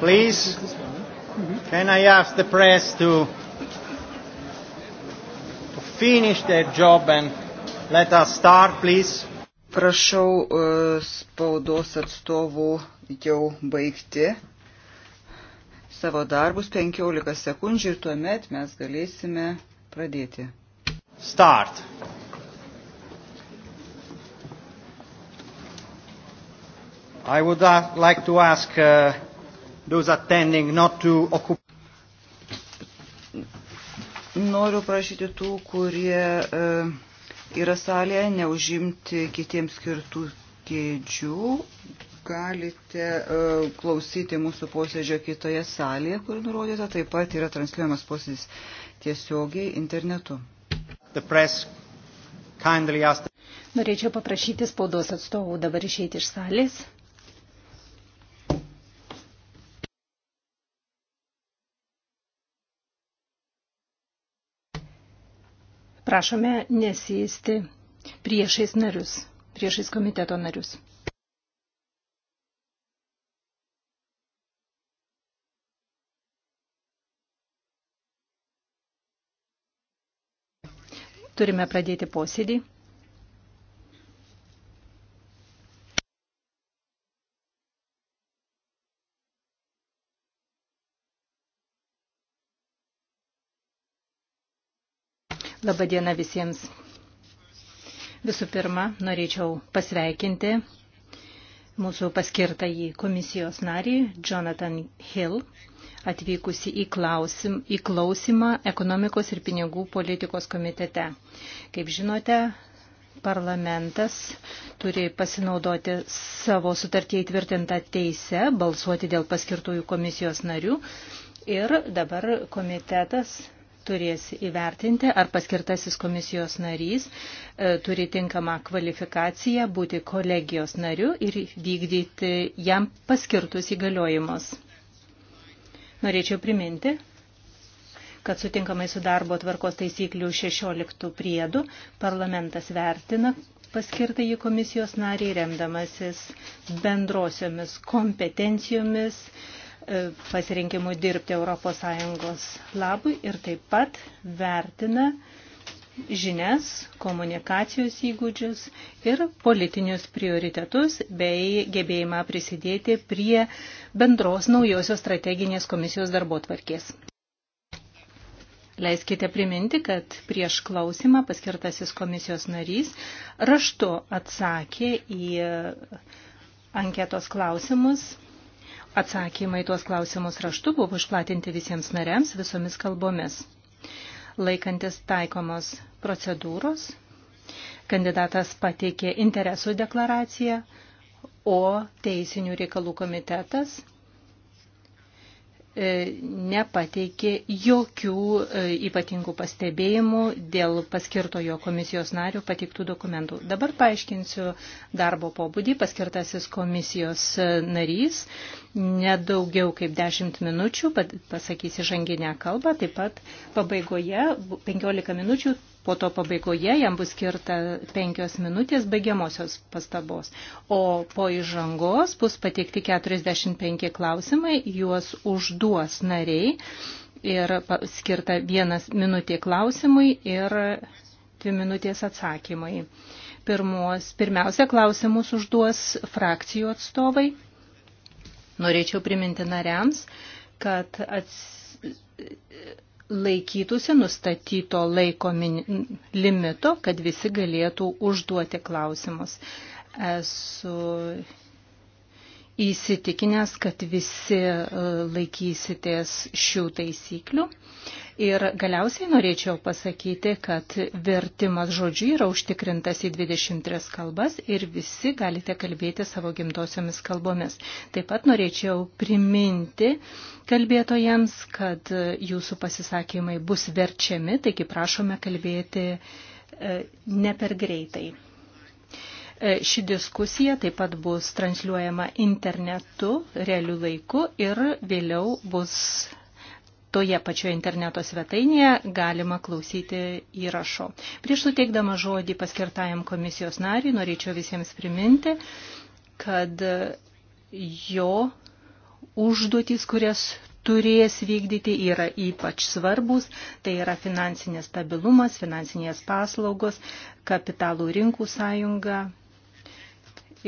Please, can I ask the press to, to finish their job and let us start, please? Prašau e, spaudos atstovų jau baigti savo darbus 15 sekundžių ir tuomet mes galėsime pradėti. Start. I would uh, like to ask uh, those attending not to occupy. Noriu prašyti tų, kurie e, yra salėje, neužimti kitiems skirtų kėdžių. Galite e, klausyti mūsų posėdžio kitoje salėje, kur nurodyta. Taip pat yra transliuojamas posėdis tiesiogiai internetu. Norėčiau paprašyti spaudos atstovų dabar išeiti iš salės. Prašome nesėsti priešais narius, priešais komiteto narius. Turime pradėti posėdį. Labadiena visiems. Visų pirma, norėčiau pasveikinti mūsų paskirtą į komisijos narį Jonathan Hill, atvykusi į, klausim, į klausimą ekonomikos ir pinigų politikos komitete. Kaip žinote, parlamentas turi pasinaudoti savo sutartie įtvirtintą teisę, balsuoti dėl paskirtųjų komisijos narių ir dabar komitetas turės įvertinti, ar paskirtasis komisijos narys e, turi tinkamą kvalifikaciją būti kolegijos nariu ir vykdyti jam paskirtus įgaliojimus. Norėčiau priminti, kad sutinkamai su darbo tvarkos taisyklių 16 priedu parlamentas vertina paskirtąjį komisijos narį remdamasis bendrosiomis kompetencijomis, E, pasirinkimu dirbti ES labui ir taip pat vertina žinias, komunikacijos įgūdžius ir politinius prioritetus bei gebėjimą prisidėti prie bendros naujosios strateginės komisijos darbo tvarkės. Leiskite priminti, kad prieš klausimą paskirtasis komisijos narys raštu atsakė į anketos klausimus Atsakymai tuos klausimus raštu buvo išplatinti visiems nariams visomis kalbomis. Laikantis taikomos procedūros, kandidatas pateikė interesų deklaraciją, o teisinių reikalų komitetas E, nepateikė jokių e, ypatingų pastebėjimų dėl paskirtojo komisijos narių pateiktų dokumentų. Dabar paaiškinsiu darbo pobūdį. Paskirtasis komisijos e, narys nedaugiau kaip 10 minučių pasakys įžanginę kalbą, taip pat pabaigoje 15 minučių po to pabaigoje jam bus skirta penkios minutės baigiamosios pastabos, o po įžangos bus pateikti 45 klausimai, juos užduos nariai ir skirta vienas minutė klausimui ir dvi minutės atsakymai. Pirmos, pirmiausia, klausimus užduos frakcijų atstovai. Norėčiau priminti nariams, kad ats laikytųsi nustatyto laiko limito, kad visi galėtų užduoti klausimus. Esu įsitikinęs, kad visi e, laikysitės šių taisyklių. Ir galiausiai norėčiau pasakyti, kad vertimas žodžiu yra užtikrintas į 23 kalbas ir visi galite kalbėti savo gimtosiomis kalbomis. Taip pat norėčiau priminti kalbėtojams, kad jūsų pasisakymai bus verčiami, taigi prašome kalbėti e, ne per greitai. E, ši diskusija taip pat bus transliuojama internetu realiu laiku ir vėliau bus toje pačioje interneto svetainėje galima klausyti įrašo. Prieš suteikdama žodį paskirtajam komisijos nariui norėčiau visiems priminti, kad jo užduotys, kurias turės vykdyti yra ypač svarbus, tai yra finansinės stabilumas, finansinės paslaugos, kapitalų rinkų sąjunga,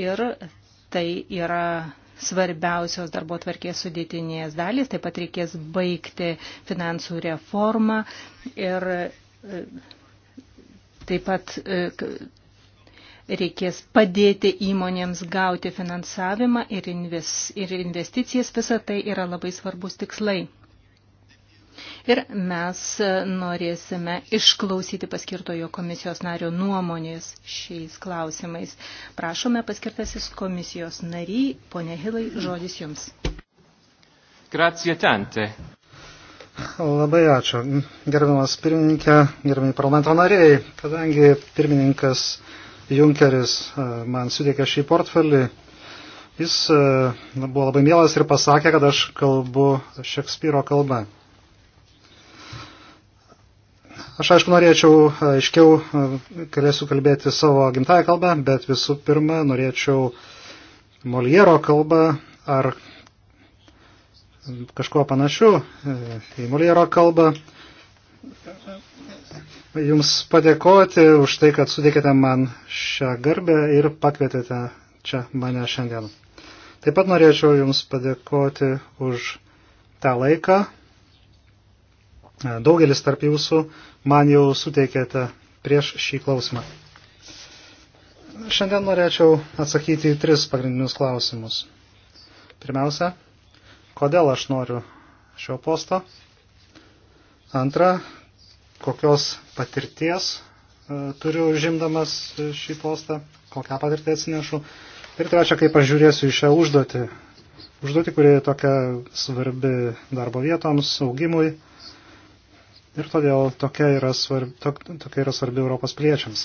ir tai yra svarbiausios darbo tvarkės sudėtinės dalys. Taip pat reikės baigti finansų reformą ir e, taip pat e, reikės padėti įmonėms gauti finansavimą ir investicijas. Visą tai yra labai svarbus tikslai ir mes norėsime išklausyti paskirtojo komisijos nario nuomonės šiais klausimais. Prašome paskirtasis komisijos nary, ponė Hilai, žodis jums. Grazie tante. Labai ačiū. Gerbiamas pirmininkė, gerbiami parlamento nariai, kadangi pirmininkas Junkeris e, man suteikė šį portfelį, jis e, buvo labai mielas ir pasakė, kad aš kalbu Šekspyro kalbą. Aš aišku norėčiau e, aiškiau, e, galėsiu kalbėti savo gimtają kalbą, bet visų pirma norėčiau Moliero kalbą ar kažkuo panašiu e, į Moliero kalbą Jums padėkoti už tai, kad sudėkite man šią garbę ir pakvietėte čia mane šiandien. Taip pat norėčiau Jums padėkoti už tą laiką, Daugelis tarp jūsų man jau suteikėte prieš šį klausimą. Šiandien norėčiau atsakyti į tris pagrindinius klausimus. Pirmiausia, kodėl aš noriu šio posto. Antra, kokios patirties e, turiu žimdamas šį postą, kokią patirtį atsinešu. Ir trečia, kaip aš žiūrėsiu į šią užduotį. Užduotį, kuri tokia svarbi darbo vietoms, augimui Ir todėl tokia yra svarbi, tok, tokia yra svarbi Europos piliečiams.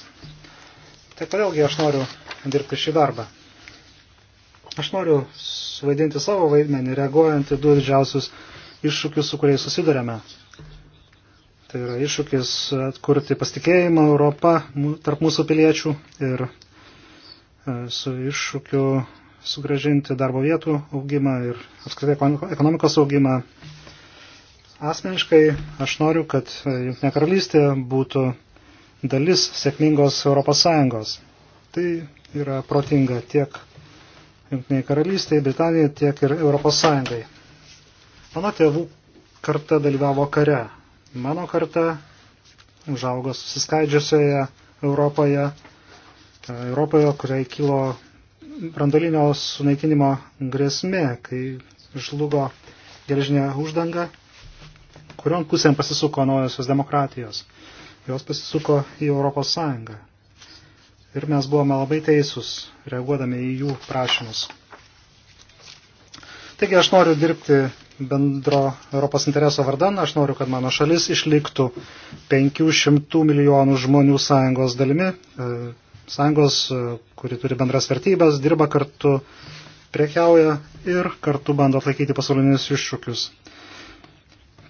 Tai kodėlgi aš noriu dirbti šį darbą? Aš noriu suvaidinti savo vaidmenį, reaguojant į du didžiausius iššūkius, su kuriais susidurėme. Tai yra iššūkis atkurti pasitikėjimą Europą tarp mūsų piliečių ir e, su iššūkiu sugražinti darbo vietų augimą ir apskritai ekonomikos augimą Asmeniškai aš noriu, kad Junktinė karalystė būtų dalis sėkmingos ES. Tai yra protinga tiek Junktiniai karalystiai, Britanijai, tiek ir ES. Mano tėvų karta dalyvavo kare. Mano karta užaugo susiskaidžiusioje Europoje, Europoje, kuriai kilo brandolinio sunaikinimo grėsmė, kai žlugo geležinė uždanga kurion pusėm pasisuko naujosios demokratijos. Jos pasisuko į Europos Sąjungą. Ir mes buvome labai teisūs, reaguodami į jų prašymus. Taigi aš noriu dirbti bendro Europos intereso vardan, aš noriu, kad mano šalis išliktų 500 milijonų žmonių sąjungos dalimi, e, sąjungos, e, kuri turi bendras vertybės, dirba kartu, priekiauja ir kartu bando atlaikyti pasaulinius iššūkius.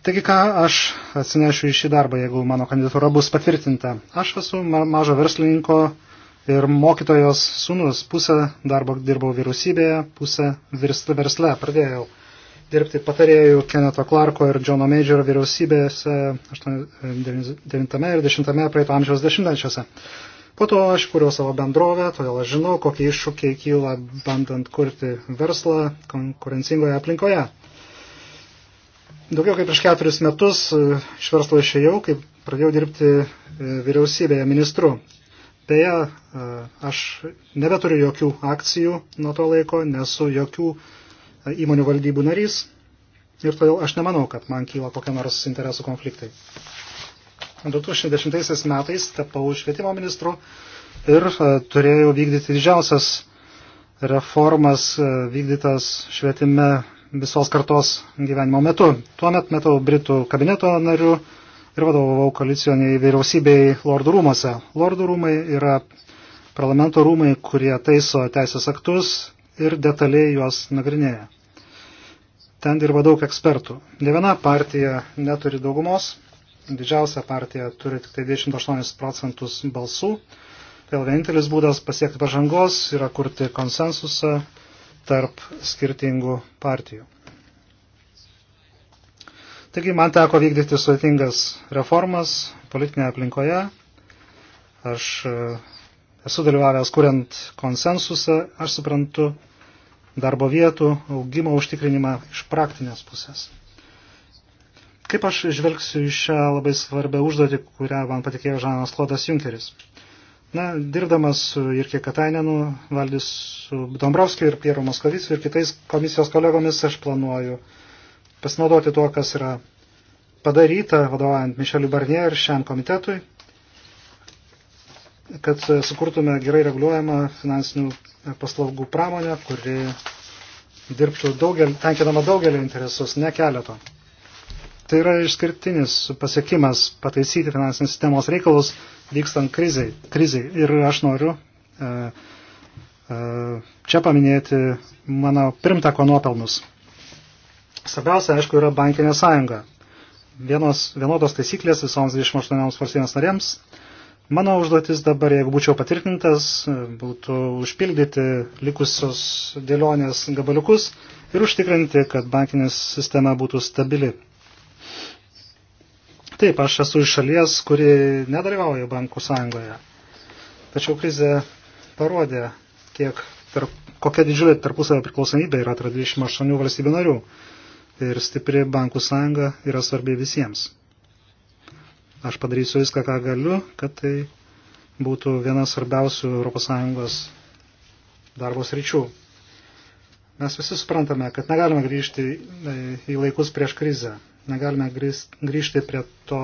Taigi, ką aš atsinešiu į šį darbą, jeigu mano kandidatūra bus patvirtinta? Aš esu mažo verslininko ir mokytojos sūnus. Pusę darbo dirbau vyriausybėje, pusę versle pradėjau dirbti patarėjų Keneto Clarko ir Johno Majoro vyriausybėse 9 ir 10 praeito amžiaus dešimtmečiuose. Po to aš kūriau savo bendrovę, todėl aš žinau, kokie iššūkiai kyla bandant kurti verslą konkurencingoje aplinkoje. Daugiau kaip prieš keturis metus e, iš verslo išėjau, kai pradėjau dirbti e, vyriausybėje ministru. Beje, e, aš nebeturiu jokių akcijų nuo to laiko, nesu jokių įmonių valdybų narys ir todėl aš nemanau, kad man kyla kokie nors interesų konfliktai. 2010 metais tapau švietimo ministru ir turėjau vykdyti didžiausias reformas vykdytas švietime visos kartos gyvenimo metu. Tuomet metau Britų kabineto nariu ir vadovavau koalicijoniai vyriausybei Lordų rūmose. Lordų rūmai yra parlamento rūmai, kurie taiso teisės aktus ir detaliai juos nagrinėja. Ten dirba daug ekspertų. Ne viena partija neturi daugumos, didžiausia partija turi tik tai 28 procentus balsų. Todėl tai vienintelis būdas pasiekti pažangos yra kurti konsensusą tarp skirtingų partijų. Taigi man teko vykdyti sudėtingas reformas politinėje aplinkoje. Aš e, esu dalyvavęs kuriant konsensusą, aš suprantu darbo vietų augimo užtikrinimą iš praktinės pusės. Kaip aš žvelgsiu į šią labai svarbę užduotį, kurią man patikėjo Žanas Klodas Junkeris? Na, dirbdamas su Irke Katainenu, Valdis Dombrovskiu ir Pieru Moskovicu ir kitais komisijos kolegomis aš planuoju pasinaudoti tuo, kas yra padaryta, vadovaujant Mišeliu Barnie ir šiam komitetui, kad sukurtume gerai reguliuojamą finansinių paslaugų pramonę, kuri dirbtų daugel, tenkinama daugelio interesus, ne keleto. Tai yra išskirtinis pasiekimas pataisyti finansinės sistemos reikalus vykstant krizai. krizai. Ir aš noriu e, e, čia paminėti mano primtako nuopelnus. Svarbiausia, aišku, yra bankinė sąjunga. Vienos, vienodos taisyklės visoms 28 valstybės narėms. Mano užduotis dabar, jeigu būčiau patvirtintas, būtų užpildyti likusios dėlionės gabaliukus ir užtikrinti, kad bankinė sistema būtų stabili Taip, aš esu iš šalies, kuri nedalyvauja bankų sąjungoje. Tačiau krizė parodė, kiek tarp, kokia didžiulė tarpusavio priklausomybė yra tarp 28 valstybių narių. Ir stipri bankų sąjunga yra svarbi visiems. Aš padarysiu viską, ką galiu, kad tai būtų viena svarbiausių ES darbos ryčių. Mes visi suprantame, kad negalime grįžti e, į laikus prieš krizę negalime grįžti prie to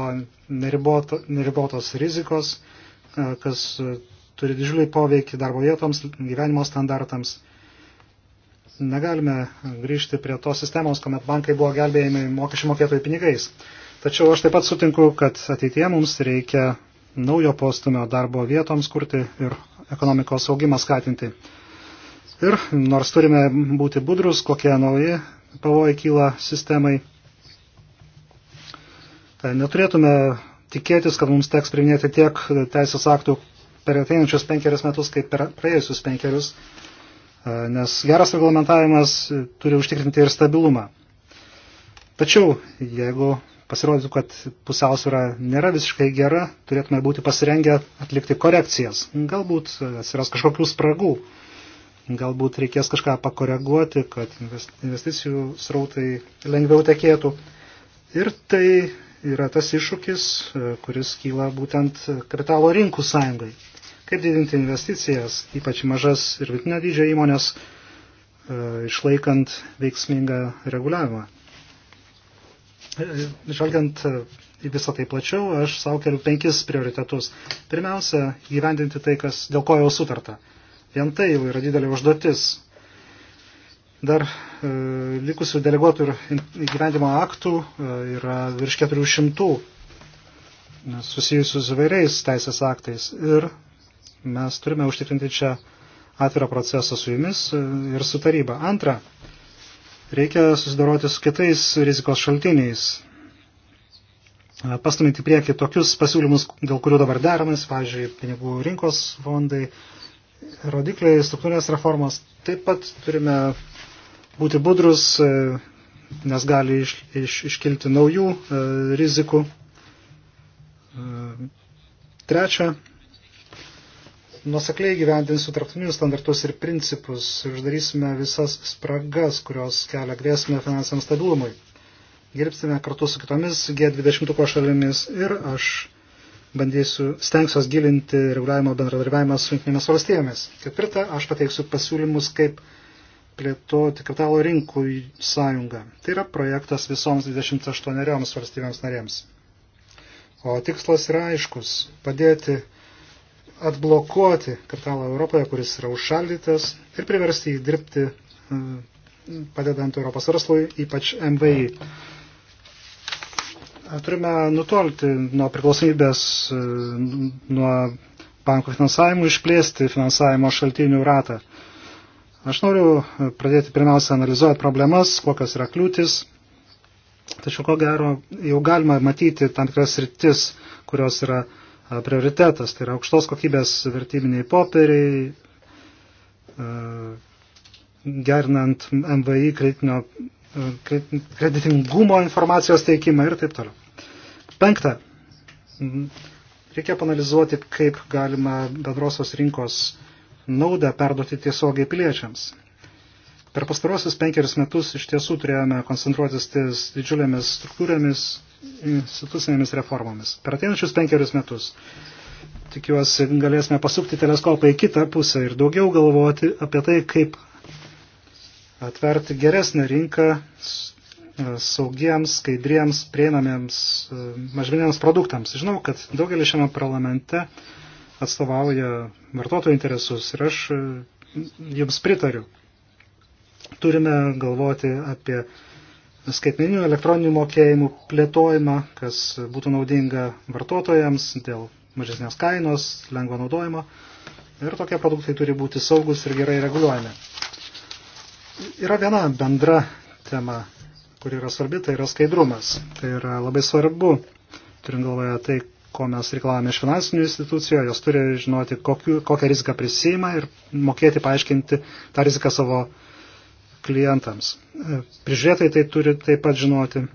neriboto, neribotos rizikos, e, kas e, turi didžiulį poveikį darbo vietoms, gyvenimo standartams. Negalime grįžti prie tos sistemos, kuomet bankai buvo gelbėjami mokesčių mokėtojų pinigais. Tačiau aš taip pat sutinku, kad ateitie mums reikia naujo postumio darbo vietoms kurti ir ekonomikos augimą skatinti. Ir nors turime būti budrus, kokie nauji pavojai kyla sistemai, E, neturėtume tikėtis, kad mums teks priminėti tiek teisės aktų per ateinančius penkerius metus, kaip per praėjusius penkerius, e, nes geras reglamentavimas turi užtikrinti ir stabilumą. Tačiau, jeigu pasirodytų, kad pusiausvėra nėra visiškai gera, turėtume būti pasirengę atlikti korekcijas. Galbūt atsiras kažkokių spragų, galbūt reikės kažką pakoreguoti, kad investicijų srautai lengviau tekėtų. Ir tai yra tas iššūkis, e, kuris kyla būtent e, kapitalo rinkų sąjungai. Kaip didinti investicijas, ypač mažas ir vidutinio dydžio įmonės, e, išlaikant veiksmingą reguliavimą. Žvelgiant į visą tai plačiau, aš savo keliu penkis prioritetus. Pirmiausia, gyvendinti tai, kas, dėl ko jau sutarta. Vien tai jau yra didelė užduotis Dar e, likusių deleguotų ir įgyvendimo aktų e, yra virš 400 e, susijusių su vairiais teisės aktais. Ir mes turime užtikrinti čia atvirą procesą su jumis e, ir su taryba. Antra, reikia susidoroti su kitais rizikos šaltiniais. E, Pastuminti prieki tokius pasiūlymus, dėl kurių dabar deramės, pavyzdžiui, pinigų rinkos fondai, rodikliai, struktūrinės reformos. Taip pat turime būti budrus, e, nes gali iš, iš, iškilti naujų e, rizikų. E, trečia, nusekliai gyvendinsiu tarptautinius standartus ir principus ir uždarysime visas spragas, kurios kelia grėsmę finansiniam stabilumui. Dirbsime kartu su kitomis G20 šalimis ir aš bandysiu, stengsiuos gilinti reguliavimo bendradarbiavimą su jungtinėmis valstybėmis. Ketvirta, aš pateiksiu pasiūlymus, kaip plėtoti kapitalo rinkų sąjungą. Tai yra projektas visoms 28 valstybėms narėms. O tikslas yra aiškus - padėti atblokuoti kapitalą Europoje, kuris yra užšaldytas ir priversti jį dirbti mm, padedant Europos verslui, ypač MVI. Turime nutolti nuo priklausomybės mm, nuo bankų finansavimų, išplėsti finansavimo šaltinių ratą. Aš noriu e, pradėti pirmiausia analizuoti problemas, kokios yra kliūtis. Tačiau ko gero jau galima matyti tam tikras rytis, kurios yra e, prioritetas. Tai yra aukštos kokybės vertybiniai popieriai, e, gerinant MVI kreditinio, kreditingumo informacijos teikimą ir taip toliau. Penkta. Reikia panalizuoti, kaip galima bendrosios rinkos uh, naudą perduoti tiesiogiai piliečiams. Per pastarosius penkerius metus iš tiesų turėjome koncentruotis ties didžiulėmis struktūrėmis, institucinėmis reformomis. Per ateinančius penkerius metus tikiuosi, galėsime pasukti teleskopą į kitą pusę ir daugiau galvoti apie tai, kaip atverti geresnę rinką e, saugiems, skaidriems, prieinamiems e, mažmeniniams produktams. Žinau, kad daugelis šiame parlamente atstovauja vartotojų interesus ir aš e, jums pritariu. Turime galvoti apie skaitmeninių elektroninių mokėjimų plėtojimą, kas būtų naudinga vartotojams dėl mažesnės kainos, lengvo naudojimo. Ir tokie produktai turi būti saugus ir gerai reguliuojami. Yra viena bendra tema, kuri yra svarbi, tai yra skaidrumas. Tai yra labai svarbu, turint galvoje tai, ko mes reikalavome iš finansinių institucijų, jos turi žinoti, kokiu, kokią riziką prisima ir mokėti paaiškinti tą riziką savo klientams. E, prižiūrėtojai tai turi taip pat žinoti. E,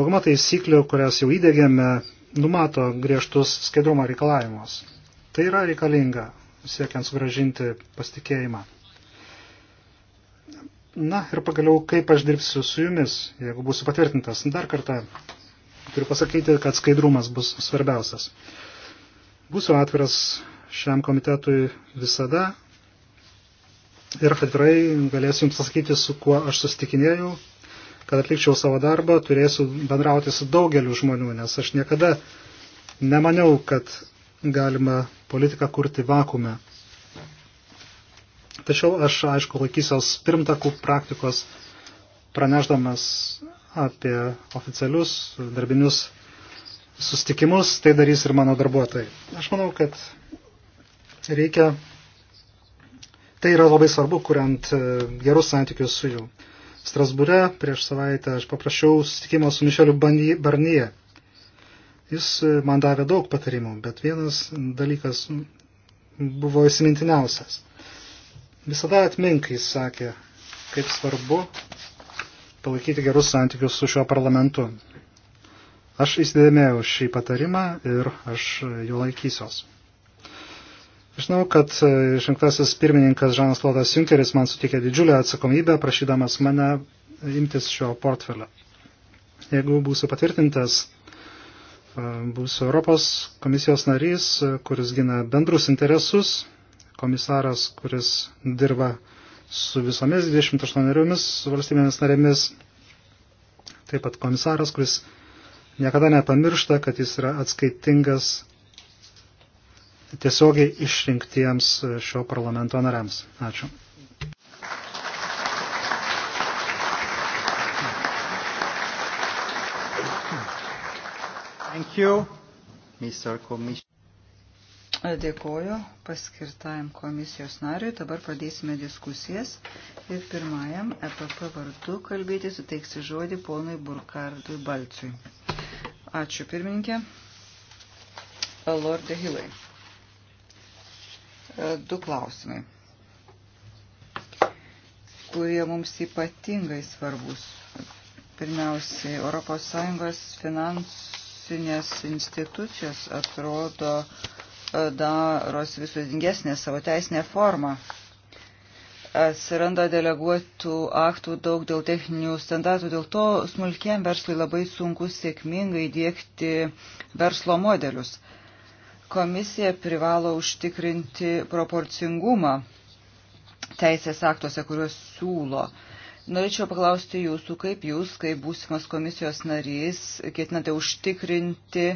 dauguma taisyklių, kurias jau įdėgėme, numato griežtus skaidrumo reikalavimus. Tai yra reikalinga, siekiant sugražinti pasitikėjimą. Na ir pagaliau, kaip aš dirbsiu su jumis, jeigu būsiu patvirtintas. Dar kartą turiu pasakyti, kad skaidrumas bus svarbiausias. Būsiu atviras šiam komitetui visada ir atvirai galėsiu Jums pasakyti, su kuo aš susitikinėjau, kad atlikčiau savo darbą, turėsiu bendrauti su daugeliu žmonių, nes aš niekada nemaniau, kad galima politiką kurti vakume. Tačiau aš, aišku, laikysiuos pirmtakų praktikos, pranešdamas apie oficialius darbinius sustikimus, tai darys ir mano darbuotojai. Aš manau, kad reikia. Tai yra labai svarbu, kuriant e, gerus santykius su jų. Strasbūre prieš savaitę aš paprašiau sustikimo su Mišeliu Barnyje. Jis e, man davė daug patarimų, bet vienas dalykas buvo įsimintiniausias. Visada atmink, jis sakė, kaip svarbu palaikyti gerus santykius su šiuo parlamentu. Aš įsidėmėjau šį patarimą ir aš jo laikysiuos. Žinau, kad e, išrinktasis pirmininkas Žanas Klodas Junkeris man sutikė didžiulę atsakomybę, prašydamas mane imtis šio portfelio. Jeigu būsiu patvirtintas, e, būsiu Europos komisijos narys, kuris gina bendrus interesus, komisaras, kuris dirba su visomis 28 valstybėmis narėmis, taip pat komisaras, kuris niekada nepamiršta, kad jis yra atskaitingas tiesiogiai išrinktiems šio parlamento nariams. Ačiū. Thank you, Mr. Commissioner. Dėkoju paskirtajam komisijos nariui. Dabar pradėsime diskusijas. Ir pirmajam EPP vardu kalbėti suteiksi žodį ponui Burkardui Balciui. Ačiū pirmininkė. Lorde Hilai. E, du klausimai, kurie mums ypatingai svarbus. Pirmiausiai, ES finansinės institucijos atrodo uh, darosi vis sudingesnė savo teisinę formą. Atsiranda deleguotų aktų daug dėl techninių standartų, dėl to smulkiam verslui labai sunku sėkmingai dėkti verslo modelius. Komisija privalo užtikrinti proporcingumą teisės aktuose, kuriuos siūlo uh, Norėčiau paklausti jūsų, kaip jūs, kaip būsimas komisijos narys, ketinate užtikrinti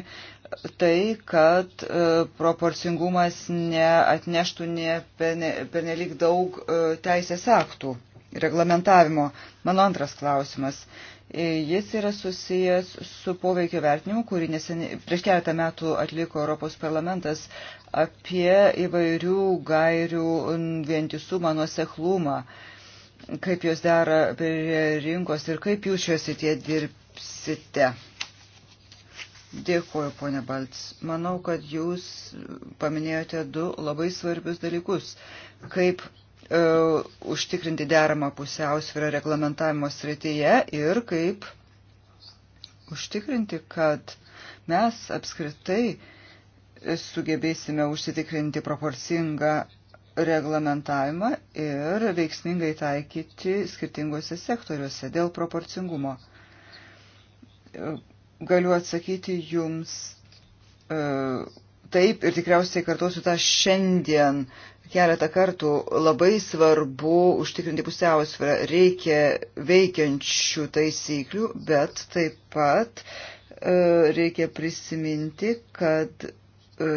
tai, kad e, proporcingumas neatneštų ne pernelyg daug e, teisės aktų reglamentavimo. Mano antras klausimas. E, jis yra susijęs su poveikio vertinimu, kurį neseniai, prieš keletą metų atliko Europos parlamentas apie įvairių gairių vientisumą, nuoseklumą. Uh, kaip jos dera prie rinkos ir kaip jūs šios įtie dirbsite. Dėkuoju, ponė Balts. Manau, kad jūs paminėjote du labai svarbius dalykus. Kaip e, užtikrinti deramą pusiausvyrą reglamentavimo srityje ir kaip užtikrinti, kad mes apskritai sugebėsime užsitikrinti proporcingą reglamentavimą ir veiksmingai taikyti skirtingose sektoriuose dėl proporcingumo. Galiu atsakyti jums e, taip ir tikriausiai kartuosiu tą šiandien keletą kartų. Labai svarbu užtikrinti pusiausvyrą. Reikia veikiančių taisyklių, bet taip pat e, reikia prisiminti, kad e,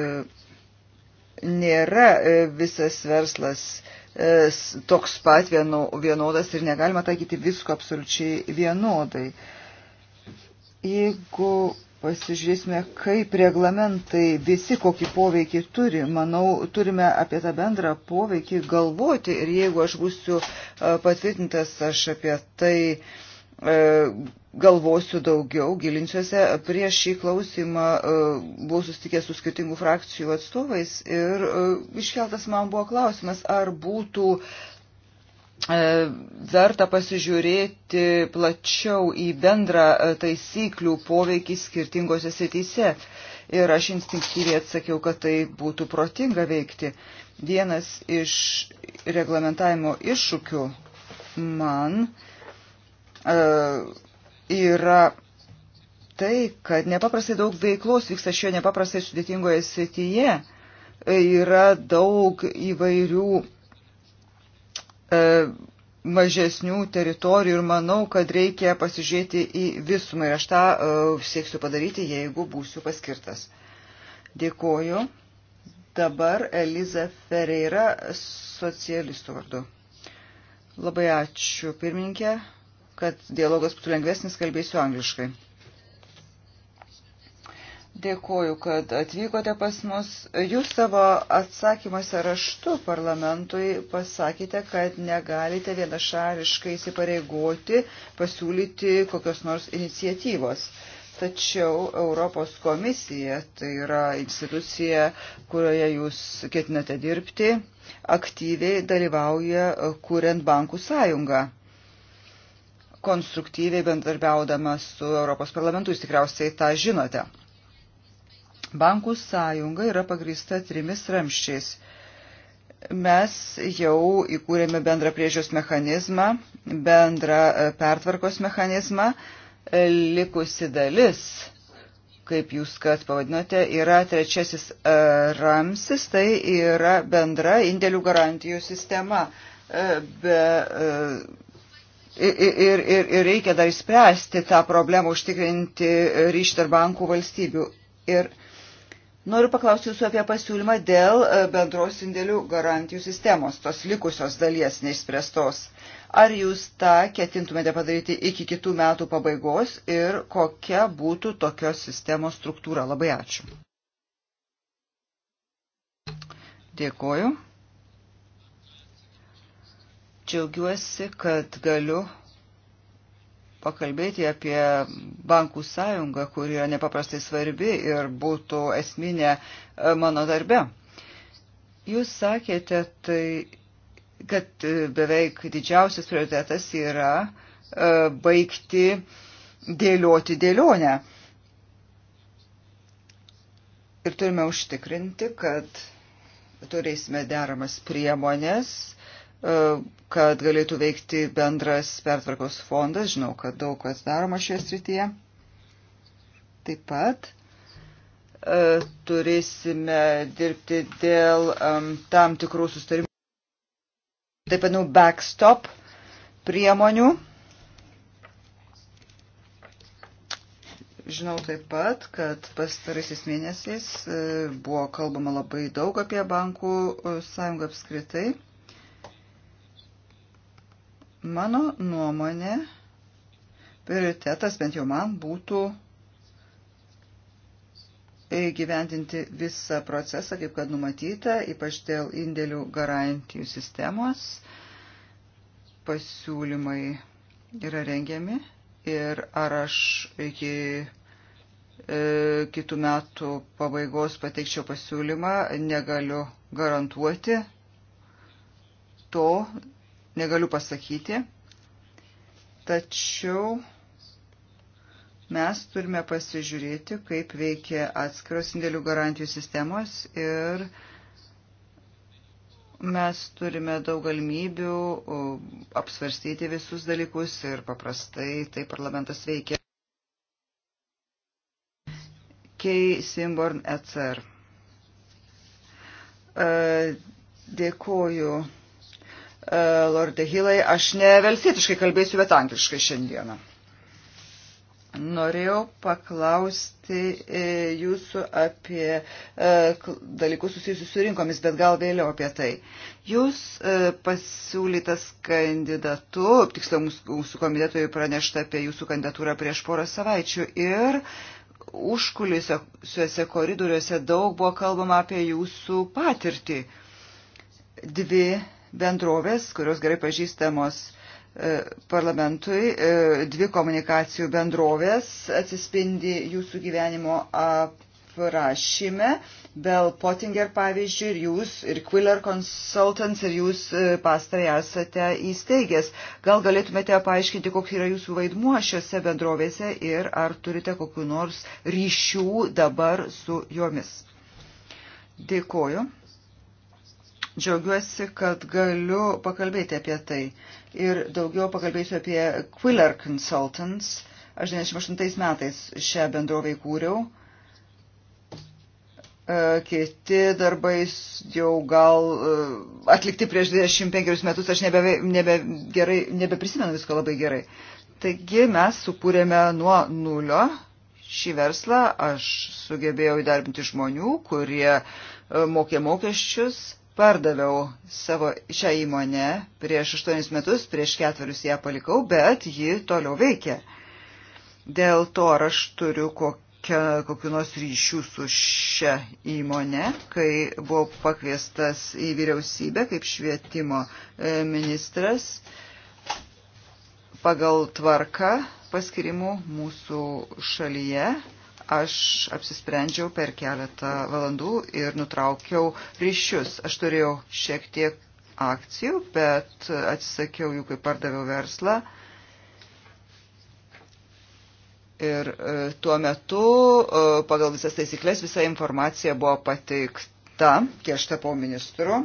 nėra e, visas verslas e, toks pat vienodas ir negalima taikyti visko absoliučiai vienodai. Jeigu pasižiūrėsime, kaip reglamentai visi kokį poveikį turi, manau, turime apie tą bendrą poveikį galvoti ir jeigu aš būsiu e, patvirtintas, aš apie tai galvosiu daugiau, gilinsiuose. Prieš šį klausimą e, buvau susitikęs su skirtingų frakcijų atstovais ir e, iškeltas man buvo klausimas, ar būtų e, verta pasižiūrėti plačiau į bendrą taisyklių poveikį skirtingose srityse. Ir aš instinktyviai atsakiau, kad tai būtų protinga veikti. Vienas iš reglamentavimo iššūkių man uh, yra tai, kad nepaprastai daug veiklos vyksta šioje nepaprastai sudėtingoje srityje. E, yra daug įvairių e, mažesnių teritorijų ir manau, kad reikia pasižiūrėti į visumą ir aš tą e, sieksiu padaryti, jeigu būsiu paskirtas. Dėkoju. Dabar Eliza Ferreira socialistų vardu. Labai ačiū, pirmininkė kad dialogas būtų lengvesnis, kalbėsiu angliškai. Dėkuoju, kad atvykote pas mus. Jūs savo atsakymuose raštu parlamentui pasakėte, kad negalite vienašališkai įsipareigoti pasiūlyti kokios nors iniciatyvos. Tačiau Europos komisija, tai yra institucija, kurioje jūs ketinate dirbti, aktyviai dalyvauja kuriant bankų sąjungą konstruktyviai bendarbiaudama su Europos parlamentu, jūs tikriausiai tą žinote. Bankų sąjunga yra pagrįsta trimis ramščiais. Mes jau įkūrėme bendrą priežios mechanizmą, bendrą e, pertvarkos mechanizmą. E, likusi dalis, kaip jūs kad pavadinote, yra trečiasis e, ramsis, tai yra bendra indėlių garantijų sistema. Be, ir, ir, ir reikia dar išspręsti tą problemą, užtikrinti ryšį tarp bankų valstybių. Ir noriu paklausti jūsų apie pasiūlymą dėl e, bendros indėlių garantijų sistemos, tos likusios dalies neišspręstos. Ar jūs tą ketintumėte padaryti iki kitų metų pabaigos ir kokia būtų tokios sistemos struktūra? Labai ačiū. Dėkoju. Džiaugiuosi, kad galiu pakalbėti apie bankų sąjungą, kuri yra nepaprastai svarbi ir būtų esminė e, mano darbe. Jūs sakėte, tai, kad e, beveik didžiausias prioritetas yra e, baigti dėlioti dėlionę. Ir turime užtikrinti, kad turėsime deramas priemonės, uh, E, kad galėtų veikti bendras pertvarkos fondas. Žinau, kad daug kas daroma šioje srityje. Taip pat e, turėsime dirbti dėl tam tikrų sustarimų, taip pat nu, backstop priemonių. Žinau taip pat, kad pastaraisiais mėnesiais e, buvo kalbama labai daug apie bankų sąjungą apskritai. Mano nuomonė, prioritetas bent jau man būtų įgyvendinti visą procesą, kaip kad numatyta, ypač dėl indėlių garantijų sistemos. Pasiūlymai yra rengiami ir ar aš iki e, kitų metų pabaigos pateikčiau pasiūlymą, negaliu garantuoti to, negaliu pasakyti. Tačiau mes turime pasižiūrėti, kaip veikia atskiros indėlių garantijų sistemos ir mes turime daug galimybių apsvarstyti visus dalykus ir paprastai tai parlamentas veikia. Kei Simborn ECR. E, dėkoju E, Lorde Hilai, aš ne velsietiškai kalbėsiu, bet angliškai šiandieną. Norėjau paklausti e, jūsų apie e, dalykus susijusius su rinkomis, bet gal vėliau apie tai. Jūs pasiūlytas kandidatu, tiksliau mūsų komitetui pranešta apie jūsų kandidatūrą prieš porą savaičių ir užkulisiuose koridoriuose daug buvo kalbama apie jūsų patirtį. Dvi bendrovės, kurios gerai pažįstamos e, parlamentui, e, dvi komunikacijų bendrovės atsispindi jūsų gyvenimo aprašyme. Bell Pottinger pavyzdžiui ir jūs, ir Quiller Consultants, ir jūs e, pastarai esate įsteigęs. Gal galėtumėte paaiškinti, koks yra jūsų vaidmuo šiuose bendrovėse ir ar turite kokiu nors ryšių dabar su jomis. Dėkoju. Džiaugiuosi, kad galiu pakalbėti apie tai. Ir daugiau pakalbėsiu apie Quiller Consultants. Aš 98 metais šią bendrovę įkūriau. E, kiti darbai jau gal e, atlikti prieš 25 metus, aš nebe, nebe gerai, nebeprisimenu visko labai gerai. Taigi mes sukūrėme nuo nulio šį verslą, aš sugebėjau įdarbinti žmonių, kurie e, mokė mokesčius, Pardaviau savo šią įmonę prieš 8 metus, prieš ketverius ją palikau, bet ji toliau veikia. Dėl to ar aš turiu kokią, kokiu nors ryšių su šia įmonė, kai buvau pakviestas į vyriausybę kaip švietimo e, ministras pagal tvarką paskirimų mūsų šalyje aš apsisprendžiau per keletą valandų ir nutraukiau ryšius. Aš turėjau šiek tiek akcijų, bet atsisakiau jų, kai pardaviau verslą. Ir e, tuo metu e, pagal visas taisyklės visa informacija buvo pateikta, kai aš tapau ministru.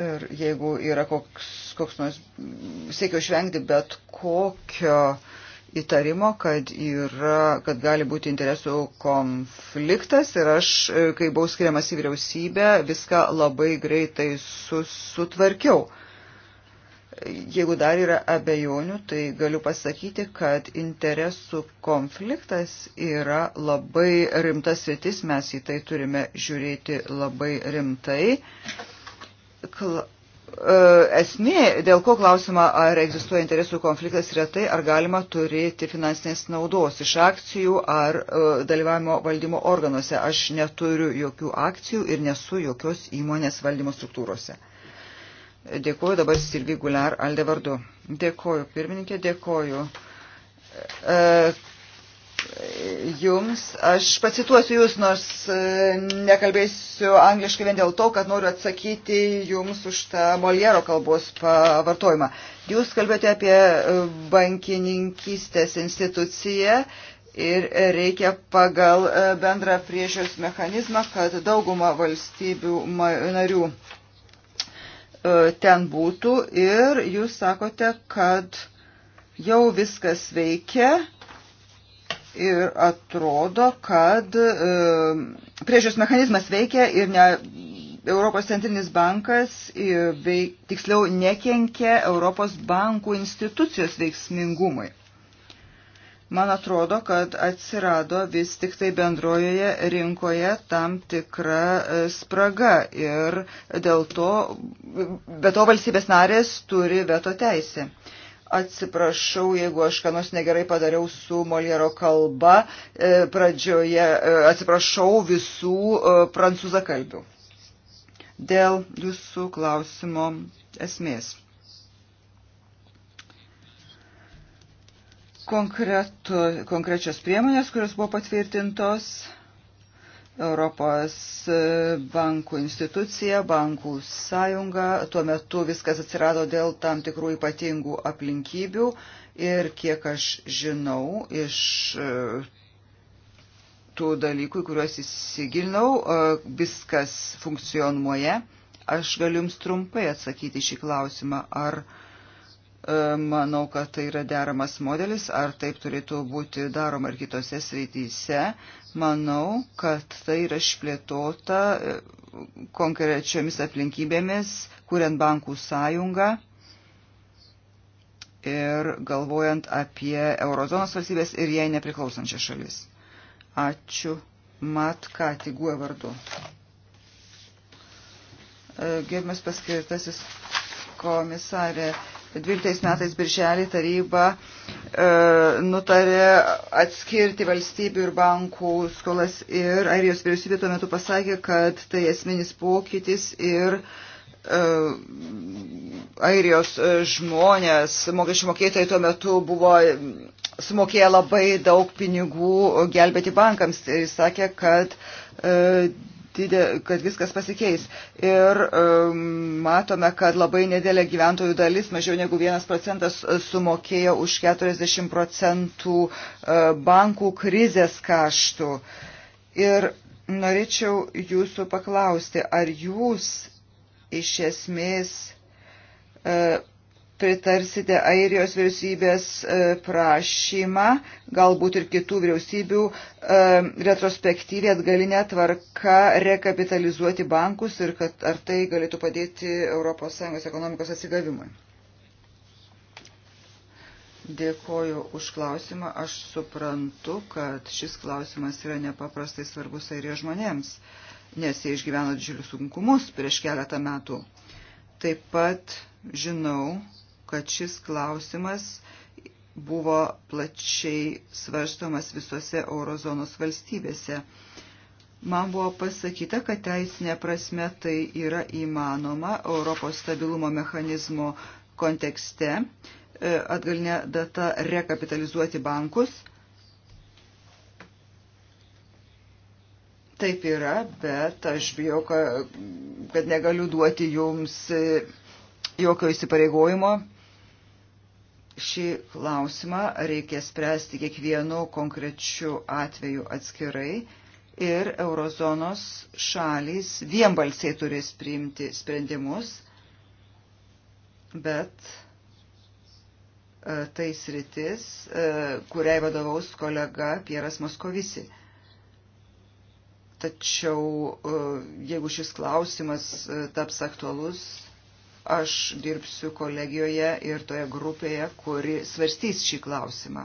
Ir jeigu yra koks, koks nors, siekiau išvengti bet kokio uh, įtarimo, kad, yra, kad gali būti interesų konfliktas ir aš, e, kai buvau skiriamas į vyriausybę, viską labai greitai sutvarkiau. Jeigu dar yra abejonių, tai galiu pasakyti, kad interesų konfliktas yra labai rimtas sritis, mes į tai turime žiūrėti labai rimtai. Kla E, esmė, dėl ko klausima, ar egzistuoja interesų konfliktas, yra tai, ar galima turėti finansinės naudos iš akcijų ar e, dalyvavimo valdymo organuose. Aš neturiu jokių akcijų ir nesu jokios įmonės valdymo struktūrose. Dėkuoju dabar Silvi Gular Alde vardu. Dėkuoju pirmininkė, dėkuoju e, jums. Aš pacituosiu jūs, nors e, nekalbėsiu angliškai vien dėl to, kad noriu atsakyti jums už tą Moliero kalbos pavartojimą. Jūs kalbėjote apie bankininkystės instituciją ir reikia pagal e, bendrą priežios mechanizmą, kad dauguma valstybių narių e, ten būtų ir jūs sakote, kad jau viskas veikia ir atrodo, kad e, priežiūros mechanizmas veikia ir ne, Europos centrinis bankas veik, tiksliau nekenkia Europos bankų institucijos veiksmingumui. Man atrodo, kad atsirado vis tik tai bendrojoje rinkoje tam tikra e, spraga ir dėl to, be to valstybės narės turi veto teisę. Atsiprašau, jeigu aš ką nors negerai padariau su Moliero kalba. E, pradžioje e, atsiprašau visų e, prancūzakalbių. Dėl jūsų klausimo esmės. Konkretu, konkrečios priemonės, kurios buvo patvirtintos Europos e, bankų institucija, bankų sąjunga. Tuo metu viskas atsirado dėl tam tikrų ypatingų aplinkybių ir kiek aš žinau iš e, tų dalykų, kuriuos įsigilinau, e, viskas funkcionuoja. Aš galiu Jums trumpai atsakyti šį klausimą, ar uh, E, manau, kad tai yra deramas modelis, ar taip turėtų būti daroma ir kitose srityse. Manau, kad tai yra išplėtota e, konkrečiomis aplinkybėmis, kuriant bankų sąjungą ir galvojant apie eurozonos valstybės ir jai nepriklausančią šalis. Ačiū. Mat, ką tik guoja vardu. E, Gerbimas paskirtasis komisarė, 12 metais birželį taryba e, nutarė atskirti valstybių ir bankų skolas ir Airijos vyriausybė tuo metu pasakė, kad tai esminis pokytis ir e, Airijos žmonės, mokesčių mokėtojai tuo metu buvo sumokėję labai daug pinigų gelbėti bankams ir tai sakė, kad e, didė, kad viskas pasikeis. Ir um, matome, kad labai nedėlė gyventojų dalis, mažiau negu 1 procentas, e, sumokėjo už 40 procentų uh, bankų krizės kaštų. Ir norėčiau jūsų paklausti, ar jūs iš esmės uh, pritarsite Airijos vyriausybės e, prašymą, galbūt ir kitų vyriausybių, e, retrospektyviai atgalinę tvarką rekapitalizuoti bankus ir kad ar tai galėtų padėti ES ekonomikos atsigavimui. Dėkoju už klausimą. Aš suprantu, kad šis klausimas yra nepaprastai svarbus airijos žmonėms, nes jie išgyveno didžiulius sunkumus prieš keletą metų. Taip pat žinau, kad šis klausimas buvo plačiai svarstomas visose eurozonos valstybėse. Man buvo pasakyta, kad teisinė prasme tai yra įmanoma Europos stabilumo mechanizmo kontekste e, atgalinė data rekapitalizuoti bankus. Taip yra, bet aš bijau, kad negaliu duoti jums e, jokio įsipareigojimo šį klausimą reikia spręsti kiekvienu konkrečiu atveju atskirai ir eurozonos šalys vienbalsiai turės priimti sprendimus, bet e, tai sritis, e, kuriai vadovaus kolega Pieras Moskovisi. Tačiau e, jeigu šis klausimas taps aktualus, Aš dirbsiu kolegijoje ir toje grupėje, kuri svarstys šį klausimą.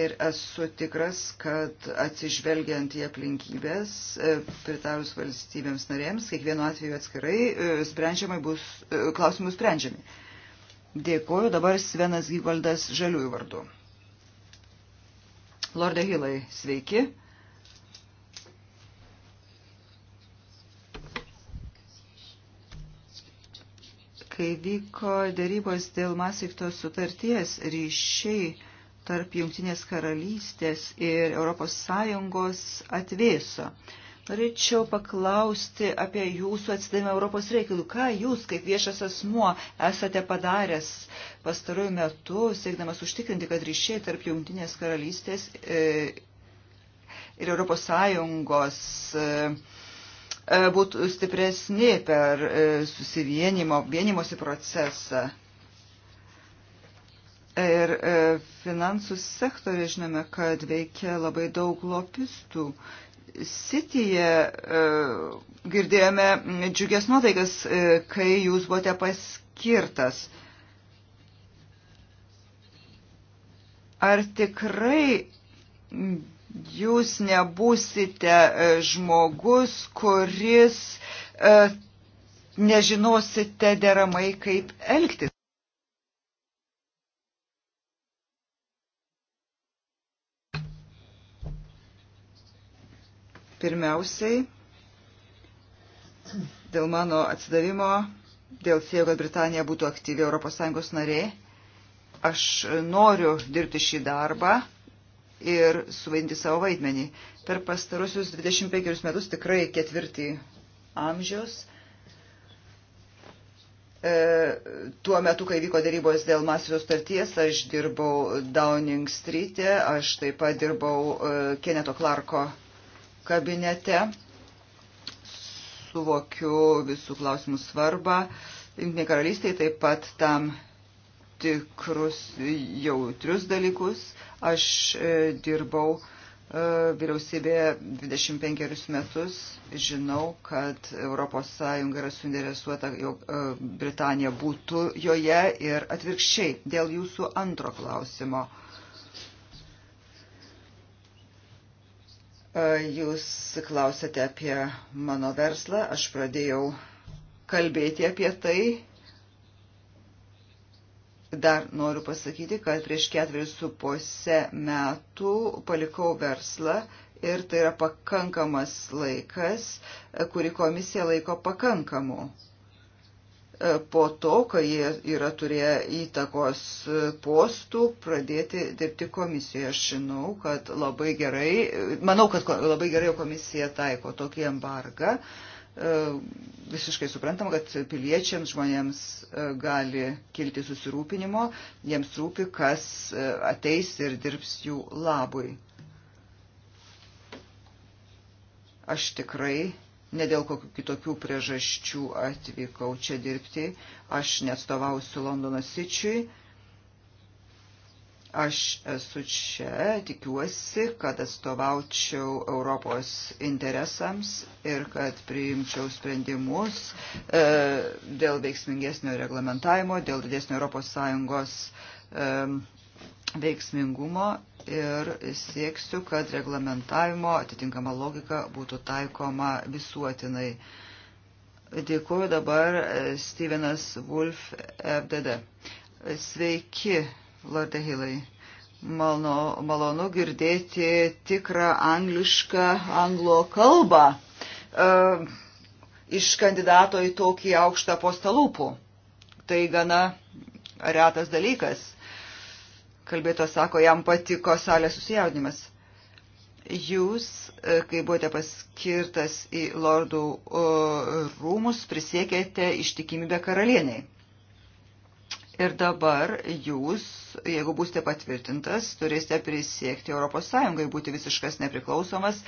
Ir esu tikras, kad atsižvelgiant į aplinkybės, e, pritarus valstybėms narėms, kiekvienu atveju atskirai e, sprendžiamai bus e, klausimų sprendžiami. Dėkuoju dabar Svenas Gygoldas Žaliųjų vardu. Lorde Hilai, sveiki. Kai vyko dėrybos dėl Masikto sutarties, ryšiai tarp Jungtinės karalystės ir ES atvėso. Norėčiau paklausti apie jūsų atsidavimą Europos reikalų. Ką jūs, kaip viešas asmuo, esate padaręs pastaruoju metu, siekdamas užtikrinti, kad ryšiai tarp Jungtinės karalystės e, ir Europos Sąjungos e, E, būtų stipresni per e, susivienimo, vienimosi procesą. Ir e, finansų sektorė žinome, kad veikia labai daug lopistų. Sityje girdėjome džiugės nuotaikas, kai jūs buvote paskirtas. Ar tikrai jūs nebūsite e, žmogus, kuris e, nežinosite deramai, kaip elgtis. Pirmiausiai, dėl mano atsidavimo, dėl siekio, kad Britanija būtų aktyvi ES narė, aš noriu dirbti šį darbą ir suvaidinti savo vaidmenį. Per pastarusius 25 metus tikrai ketvirtį amžiaus. E, tuo metu, kai vyko darybos dėl Masvijos starties, aš dirbau Downing Street, e, aš taip pat dirbau e, Keneto Clarko kabinete, suvokiu visų klausimų svarbą. Junktinė karalystė taip pat tam tikrus jautrius dalykus. Aš e, dirbau e, vyriausybėje 25 metus, žinau, kad ES yra suinteresuota, jog e, Britanija būtų joje ir atvirkščiai dėl jūsų antro klausimo. Jūs klausėte apie mano verslą, aš pradėjau kalbėti apie tai Dar noriu pasakyti, kad prieš ketverius su puse metų palikau verslą ir tai yra pakankamas laikas, kurį komisija laiko pakankamu. E, po to, kai jie yra turėję įtakos postų, pradėti dirbti komisijoje. Aš žinau, kad labai gerai, manau, kad labai gerai komisija taiko tokį embargą. Uh, E, visiškai suprantam, kad piliečiams žmonėms e, gali kilti susirūpinimo, jiems rūpi, kas e, ateis ir dirbs jų labui. Aš tikrai ne dėl kokių kitokių priežasčių atvykau čia dirbti, aš neatstovausiu Londono sičiui Aš esu čia, tikiuosi, kad atstovaučiau Europos interesams ir kad priimčiau sprendimus e, dėl veiksmingesnio reglamentavimo, dėl didesnio ES e, veiksmingumo ir sieksiu, kad reglamentavimo atitinkama logika būtų taikoma visuotinai. Dėkuoju dabar e, Stevenas Wolf FDD. Sveiki, Lorde Hilai. Malonu, malonu girdėti tikrą anglišką anglo kalbą e, iš kandidato į tokį aukštą postą lūpų. Tai gana retas dalykas. Kalbėtos sako, jam patiko salės susijaudinimas. Jūs, e, kai buvote paskirtas į lordų e, rūmus, prisiekėte ištikimybę karalieniai. Ir dabar jūs, jeigu būsite patvirtintas, turėsite prisiekti ES, būti visiškas nepriklausomas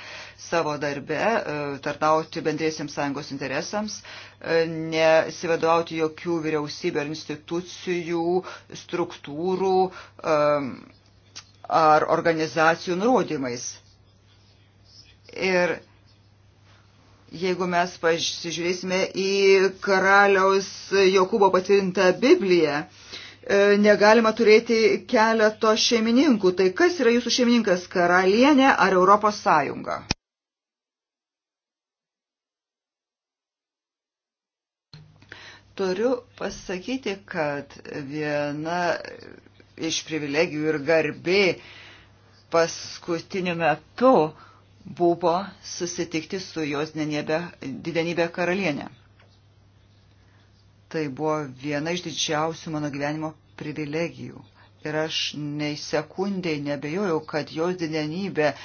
savo darbe, e, tartauti bendriesiams sąjungos interesams, e, nesivadovauti jokių vyriausybių ar institucijų, struktūrų e, ar organizacijų nurodymais. Ir jeigu mes pasižiūrėsime į karaliaus Jokūbo patvirtintą Bibliją, E, negalima turėti keleto šeimininkų. Tai kas yra jūsų šeimininkas, karalienė ar Europos Sąjunga? Turiu pasakyti, kad viena iš privilegijų ir garbė paskutiniu metu buvo susitikti su jos didenybė karalienė tai buvo viena iš didžiausių mano gyvenimo privilegijų. Ir aš nei sekundėj nebejojau, kad jos didenybė e,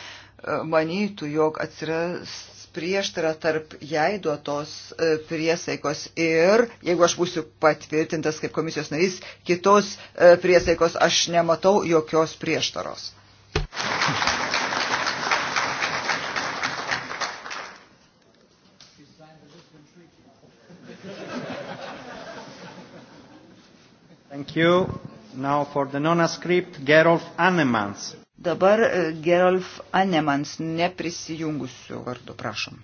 manytų, jog atsiras prieštara tarp jai duotos e, priesaikos ir, jeigu aš būsiu patvirtintas kaip komisijos narys, kitos e, priesaikos aš nematau jokios prieštaros. Thank you. Thank you. Now for the non-script Gerolf Annemans. Dabar e, Gerolf Annemans neprisijungusiu vardu, prašom.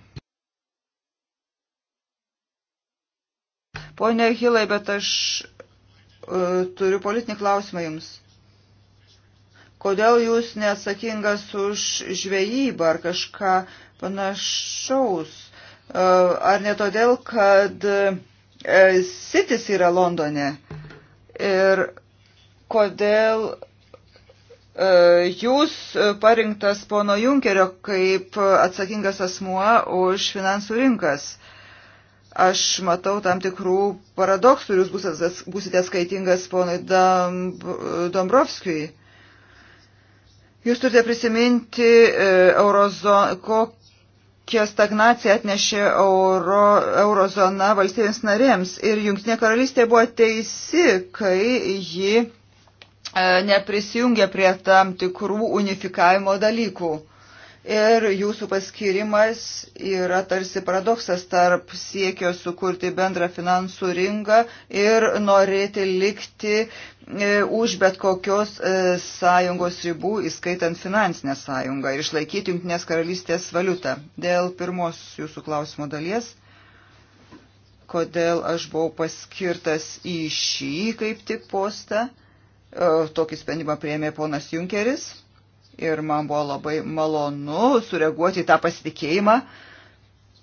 Pone Hilai, bet aš uh, turiu politinį klausimą jums. Kodėl jūs neatsakingas už žvejybą ar kažką panašaus? Uh, ar ne todėl, kad uh, sitis yra Londone? Uh, ir kodėl e, jūs parinktas pono Junkerio kaip atsakingas asmuo už finansų rinkas. Aš matau tam tikrų paradoksų ir jūs būsite skaitingas ponui Dombrovskijui. Jūs turite prisiminti, e, eurozo, kok, kokią stagnaciją atnešė euro, eurozona valstybėms narėms. Ir Junktinė karalystė buvo teisi, kai ji e, neprisijungė prie tam tikrų unifikavimo dalykų ir jūsų paskirimas yra tarsi paradoksas tarp siekio sukurti bendrą finansų ringą ir norėti likti e, už bet kokios e, sąjungos ribų, įskaitant finansinę sąjungą ir išlaikyti Junktinės karalystės valiutą. Dėl pirmos jūsų klausimo dalies kodėl aš buvau paskirtas į šį kaip tik postą. E, tokį sprendimą prieėmė ponas Junkeris ir man buvo labai malonu sureaguoti į tą pasitikėjimą.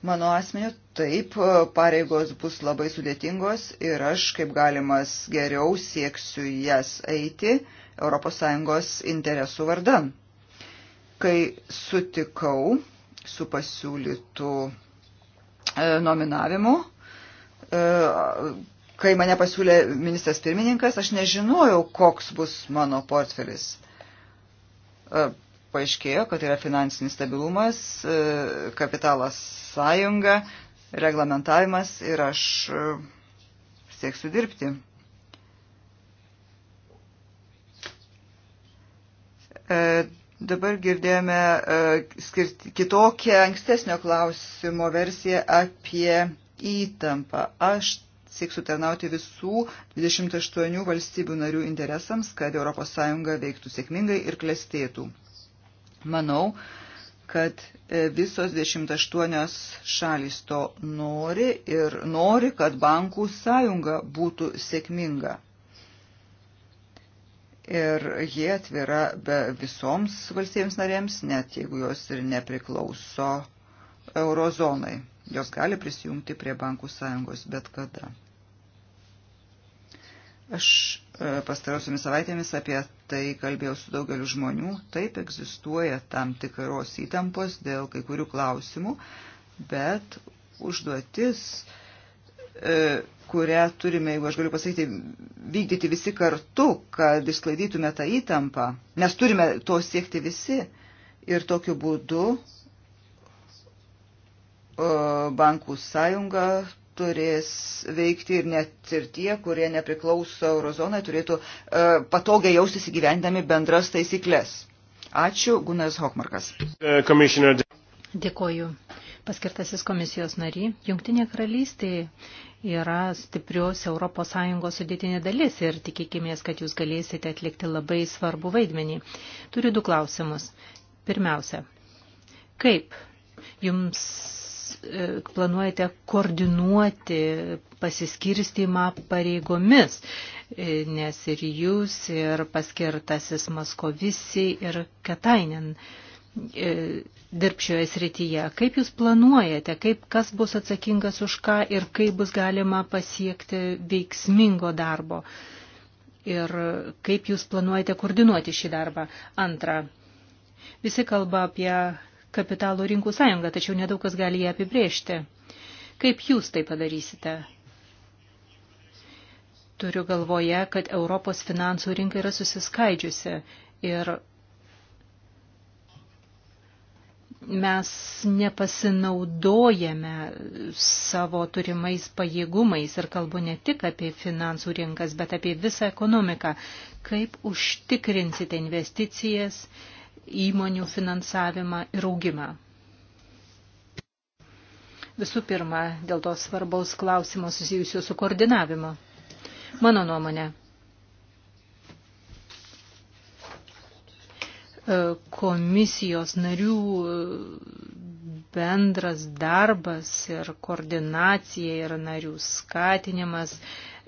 Mano asmeniu taip, e, pareigos bus labai sudėtingos ir aš kaip galimas geriau sieksiu jas eiti ES interesų vardan. Kai sutikau su pasiūlytų e, nominavimu, e, kai mane pasiūlė ministras pirmininkas, aš nežinojau, koks bus mano portfelis paaiškėjo, kad yra finansinis stabilumas, e, kapitalas sąjunga, reglamentavimas ir aš e, sieksiu dirbti. E, dabar girdėjome kitokią ankstesnio klausimo versiją apie įtampą. Aš sieksiu tarnauti visų 28 valstybių narių interesams, kad ES veiktų sėkmingai ir klestėtų. Manau, kad e, visos 28 šalys to nori ir nori, kad bankų sąjunga būtų sėkminga. Ir jie atvira be visoms valstybėms narėms, net jeigu jos ir nepriklauso eurozonai. Jos gali prisijungti prie bankų sąjungos bet kada. Aš e, pastarosiomis savaitėmis apie tai kalbėjau su daugeliu žmonių. Taip egzistuoja tam tikros įtampos dėl kai kurių klausimų, bet užduotis, e, kurią turime, jeigu aš galiu pasakyti, vykdyti visi kartu, kad išsklaidytume tą įtampą, nes turime to siekti visi ir tokiu būdu e, bankų sąjunga turės veikti ir net ir tie, kurie nepriklauso eurozonai, turėtų e, patogiai jaustis įgyvendami bendras taisyklės. Ačiū, Gunas Hokmarkas. E, Dėkoju. Paskirtasis komisijos nary, Jungtinė karalystė yra stiprios ES sudėtinė dalis ir tikėkime, kad jūs galėsite atlikti labai svarbų vaidmenį. Turiu du klausimus. Pirmiausia, kaip jums E, planuojate koordinuoti pasiskirstimą pareigomis, e, nes ir jūs, ir paskirtasis Maskovisi, ir Katainen e, dirb šioje srityje. Kaip jūs planuojate, kaip, kas bus atsakingas už ką ir kaip bus galima pasiekti veiksmingo darbo? Ir kaip jūs planuojate koordinuoti šį darbą? Antra, visi kalba apie kapitalo rinkų sąjungą, tačiau nedaug kas gali ją apibrėžti. Kaip jūs tai padarysite? Turiu galvoje, kad Europos finansų rinka yra susiskaidžiusi ir mes nepasinaudojame savo turimais pajėgumais ir kalbu ne tik apie finansų rinkas, bet apie visą ekonomiką. Kaip užtikrinsite investicijas, įmonių finansavimą ir augimą. Visų pirma, dėl to svarbaus klausimo susijusio su koordinavimu. Mano nuomonė, e, komisijos narių e, bendras darbas ir koordinacija ir narių skatinimas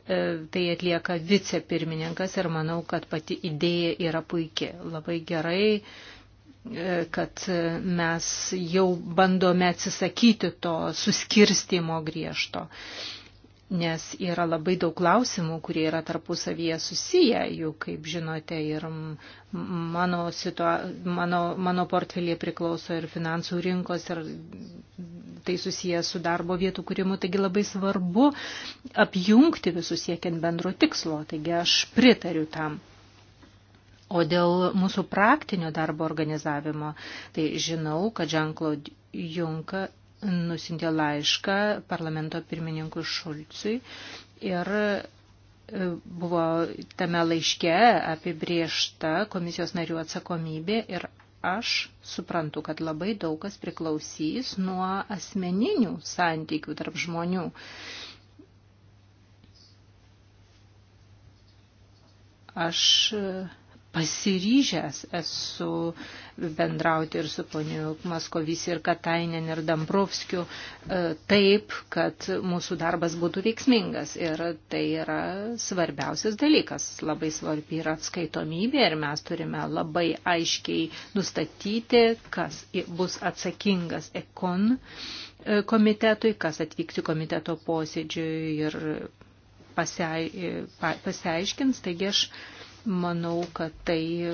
E, tai atlieka vicepirmininkas ir manau, kad pati idėja yra puikia. Labai gerai, e, kad mes jau bandome atsisakyti to suskirstimo griežto nes yra labai daug klausimų, kurie yra tarpusavyje susiję, juk, kaip žinote, ir mano, situa mano, mano portfelė priklauso ir finansų rinkos, ir tai susiję su darbo vietų kūrimu, taigi labai svarbu apjungti visus siekiant bendro tikslo, taigi aš pritariu tam. O dėl mūsų praktinio darbo organizavimo, tai žinau, kad Jean-Claude Juncker nusintė laišką parlamento pirmininkui Šulcui ir e, buvo tame laiške apibriešta komisijos narių atsakomybė ir aš suprantu, kad labai daug kas priklausys nuo asmeninių santykių tarp žmonių. Aš pasiryžęs esu bendrauti ir su poniu Maskovys ir Katainen ir Dambrovskiu e, taip, kad mūsų darbas būtų veiksmingas. Ir tai yra svarbiausias dalykas. Labai svarbi yra atskaitomybė ir mes turime labai aiškiai nustatyti, kas bus atsakingas ekon e, komitetui, kas atvyks į komiteto posėdžiui ir pasiai, e, pasiaiškins. Taigi aš Manau, kad tai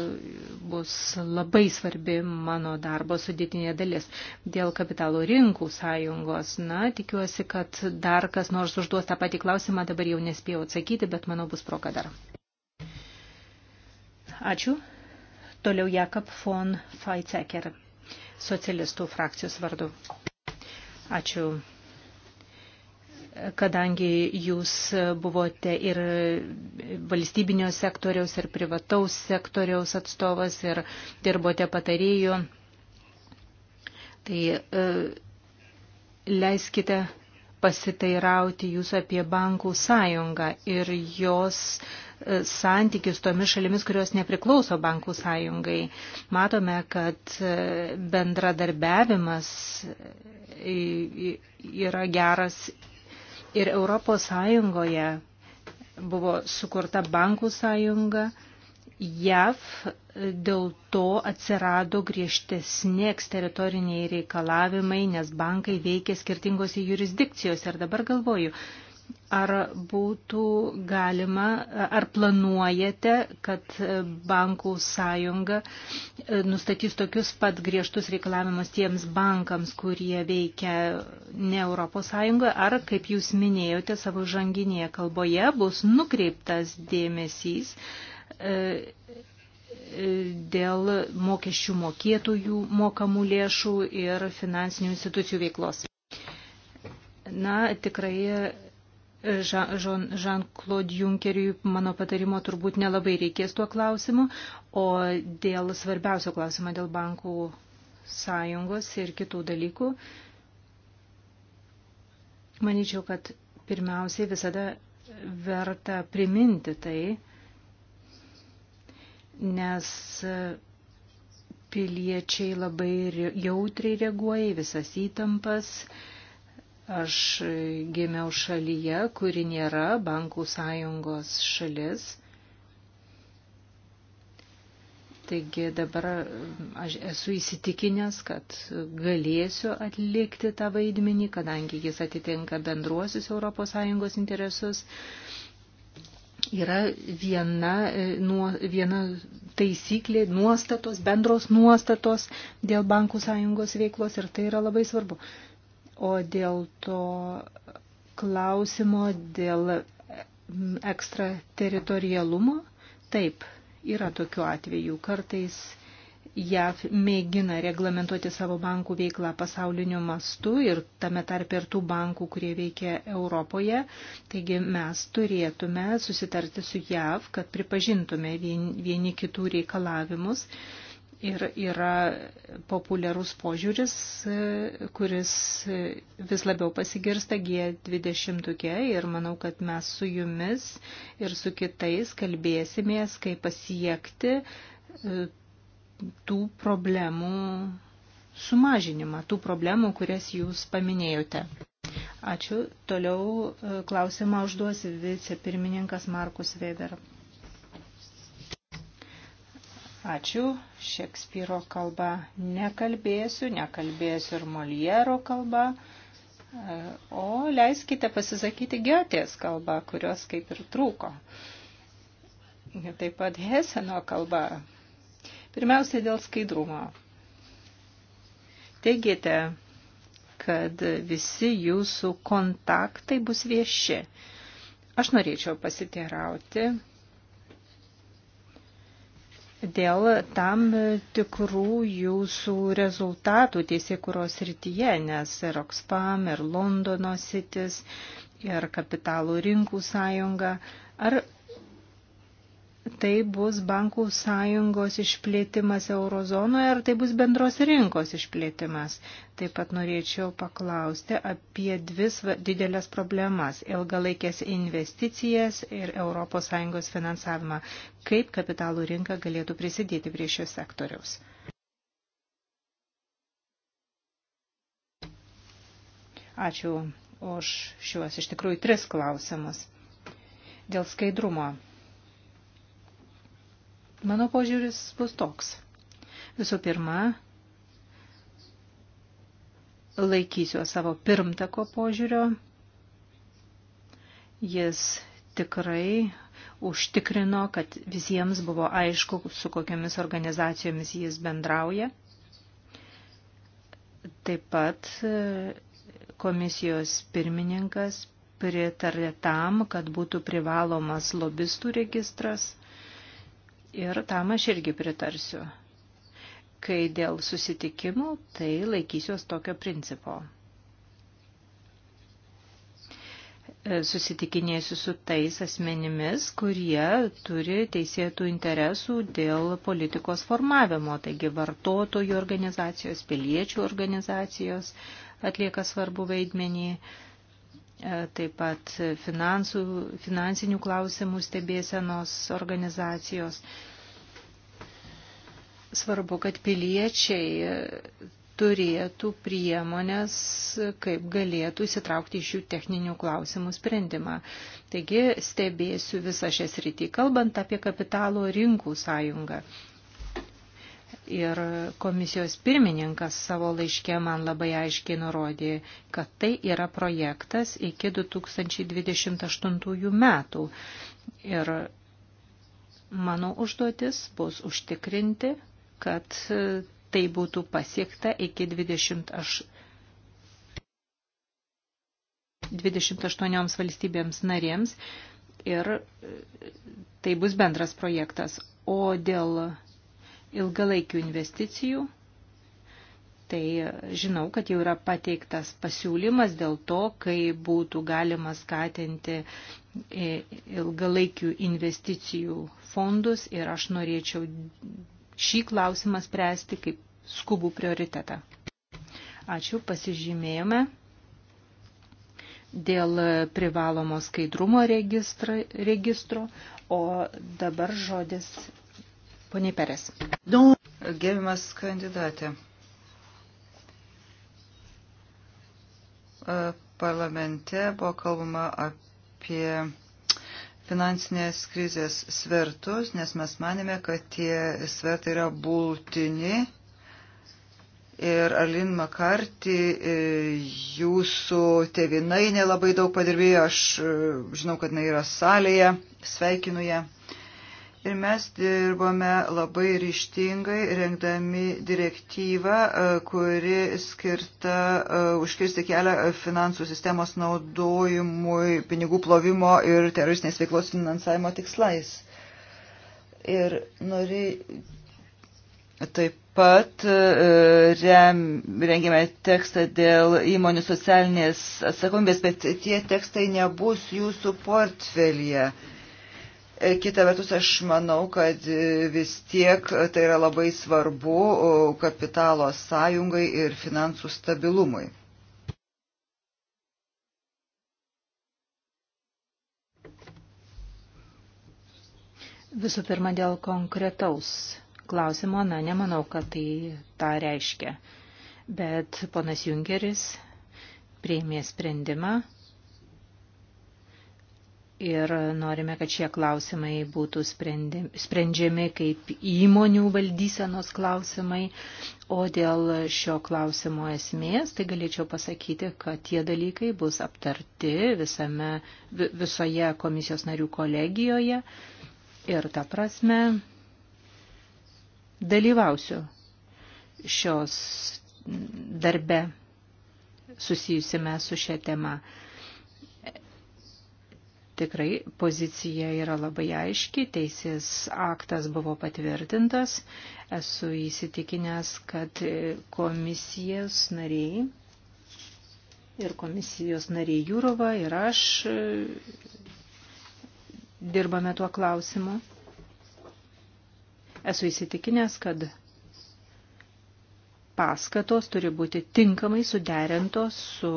bus labai svarbi mano darbo sudėtinė dalis. Dėl kapitalo rinkų sąjungos, na, tikiuosi, kad dar kas nors užduos tą patį klausimą, dabar jau nespėjau atsakyti, bet manau bus proga dar. Ačiū. Toliau Jakob von Feitzeker, socialistų frakcijos vardu. Ačiū kadangi jūs buvote ir valstybinio sektoriaus, ir privataus sektoriaus atstovas, ir dirbote patarėjų. Tai e, leiskite pasitairauti jūsų apie bankų sąjungą ir jos e, santykius tomis šalimis, kurios nepriklauso bankų sąjungai. Matome, kad e, bendradarbiavimas yra geras Ir Europos Sąjungoje buvo sukurta bankų sąjunga. JAV dėl to atsirado griežtesni eksteritoriniai reikalavimai, nes bankai veikia skirtingose jurisdikcijose. Ir dabar galvoju, ar būtų galima, ar planuojate, kad bankų sąjunga e, nustatys tokius pat griežtus reikalavimus tiems bankams, kurie veikia ne Europos sąjungoje, ar, kaip jūs minėjote savo žanginėje kalboje, bus nukreiptas dėmesys e, e, dėl mokesčių mokėtojų mokamų lėšų ir finansinių institucijų veiklos. Na, tikrai Jean-Claude Junkeriui mano patarimo turbūt nelabai reikės tuo klausimu, o dėl svarbiausio klausimo, dėl bankų sąjungos ir kitų dalykų, manyčiau, kad pirmiausiai visada verta priminti tai, nes piliečiai labai jautriai reaguoja į visas įtampas, Aš gimiau šalyje, kuri nėra bankų sąjungos šalis. Taigi dabar e, aš esu įsitikinęs, kad galėsiu atlikti tą vaidmenį, kadangi jis atitinka bendruosius ES interesus. Yra viena, e, nuo, viena taisyklė, nuostatos, bendros nuostatos dėl bankų sąjungos veiklos ir tai yra labai svarbu. O dėl to klausimo, dėl ekstrateritorialumo, taip, yra tokių atvejų. Kartais JAV mėgina reglamentuoti savo bankų veiklą pasauliniu mastu ir tame tarp ir tų bankų, kurie veikia Europoje. Taigi mes turėtume susitarti su JAV, kad pripažintume vieni kitų reikalavimus Ir yra populiarus požiūris, kuris vis labiau pasigirsta G20 ir manau, kad mes su jumis ir su kitais kalbėsimės, kaip pasiekti e, tų problemų sumažinimą, tų problemų, kurias jūs paminėjote. Ačiū. Toliau e, klausimą užduos vicepirmininkas Markus Weber. Ačiū. Šekspyro kalba nekalbėsiu, nekalbėsiu ir Moliero kalba, o leiskite pasisakyti Giotės kalba, kurios kaip ir trūko. Taip pat Heseno kalba. Pirmiausia, dėl skaidrumo. Teigite, kad visi jūsų kontaktai bus vieši. Aš norėčiau pasiteirauti, dėl tam tikrų jūsų rezultatų teisėkuros rytyje, nes ir Oxfam, ir Londono sitis, ir kapitalų rinkų sąjunga. Ar tai bus bankų sąjungos išplėtimas eurozonoje ar tai bus bendros rinkos išplėtimas. Taip pat norėčiau paklausti apie dvi didelės problemas - ilgalaikės investicijas ir ES finansavimą. Kaip kapitalų rinka galėtų prisidėti prie šios sektoriaus? Ačiū už šiuos iš tikrųjų tris klausimus. Dėl skaidrumo Mano požiūris bus toks. Visų pirma, laikysiu savo pirmtako požiūrio. Jis tikrai užtikrino, kad visiems buvo aišku, su kokiamis organizacijomis jis bendrauja. Taip pat e, komisijos pirmininkas pritarė tam, kad būtų privalomas lobistų registras Ir tam aš irgi pritarsiu. Kai dėl susitikimų, tai laikysiuos tokio principo. E, susitikinėsiu su tais asmenimis, kurie turi teisėtų interesų dėl politikos formavimo, taigi vartotojų organizacijos, piliečių organizacijos atlieka svarbu vaidmenį. E, taip pat finansų, finansinių klausimų stebėsenos organizacijos. Svarbu, kad piliečiai turėtų priemonės, kaip galėtų įsitraukti iš jų techninių klausimų sprendimą. Taigi stebėsiu visą šią sritį, kalbant apie kapitalo rinkų sąjungą. Ir komisijos pirmininkas savo laiške man labai aiškiai nurodė, kad tai yra projektas iki 2028 metų. Ir mano užduotis bus užtikrinti, kad tai būtų pasiekta iki 28. 28 valstybėms narėms ir tai bus bendras projektas. O dėl ilgalaikių investicijų. Tai e, žinau, kad jau yra pateiktas pasiūlymas dėl to, kai būtų galima skatinti e, ilgalaikių investicijų fondus ir aš norėčiau šį klausimą spręsti kaip skubų prioritetą. Ačiū, pasižymėjome dėl privalomo skaidrumo registro, registro o dabar žodis Pone Peres. Gėvimas kandidatė. E, parlamente buvo kalbama apie finansinės krizės svertus, nes mes manėme, kad tie svertai yra būtini ir Arlin Makarti, e, jūsų tevinai nelabai daug padirbėjo, aš e, žinau, kad jinai yra salėje, sveikinu ją. Ir mes dirbome labai ryštingai, rengdami direktyvą, e, kuri skirta e, užkirsti kelią e, finansų sistemos naudojimui, pinigų plovimo ir teroristinės veiklos finansavimo tikslais. Ir norėjau Taip pat rem, rengėme tekstą dėl įmonių socialinės atsakomybės, bet tie tekstai nebus jūsų portfelyje. Kita vertus, aš manau, kad vis tiek tai yra labai svarbu kapitalo sąjungai ir finansų stabilumui. Visų pirma, dėl konkretaus klausimo, na, nemanau, kad tai tą reiškia. Bet ponas Junkeris prieimė sprendimą ir norime, kad šie klausimai būtų sprendžiami kaip įmonių valdysenos klausimai. O dėl šio klausimo esmės, tai galėčiau pasakyti, kad tie dalykai bus aptarti visame, visoje komisijos narių kolegijoje. Ir ta prasme dalyvausiu šios darbe susijusime su šia tema. Tikrai pozicija yra labai aiški, teisės aktas buvo patvirtintas. Esu įsitikinęs, kad komisijos nariai ir komisijos nariai Jūrova ir aš e, dirbame tuo klausimu. Esu įsitikinęs, kad paskatos turi būti tinkamai suderintos su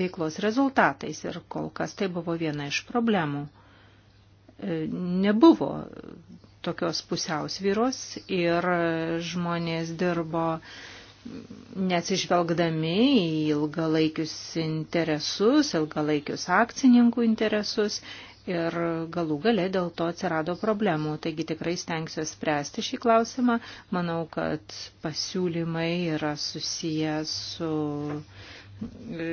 veiklos rezultatais ir kol kas tai buvo viena iš problemų. E, nebuvo tokios pusiausvyros ir žmonės dirbo neatsižvelgdami į ilgalaikius interesus, ilgalaikius akcininkų interesus ir galų gale dėl to atsirado problemų. Taigi tikrai stengsiuosi spręsti šį klausimą. Manau, kad pasiūlymai yra susiję su e,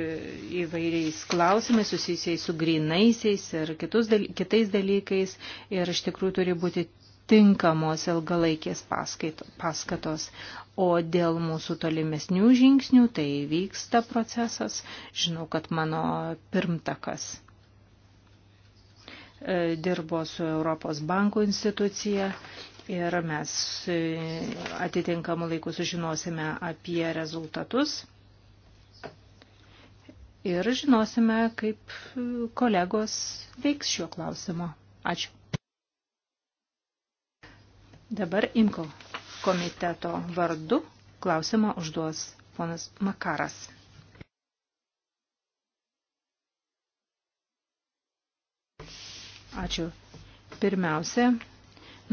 įvairiais klausimais susijusiais su grinaisiais ir kitus, kitais dalykais ir iš tikrųjų turi būti tinkamos ilgalaikės paskatos. O dėl mūsų tolimesnių žingsnių tai vyksta procesas. Žinau, kad mano pirmtakas E, dirbo su Europos bankų institucija ir mes e, atitinkamų laikų sužinosime apie rezultatus ir žinosime, kaip kolegos veiks šiuo klausimu. Ačiū. Dabar imko komiteto vardu klausimą užduos ponas Makaras. Ačiū. Pirmiausia,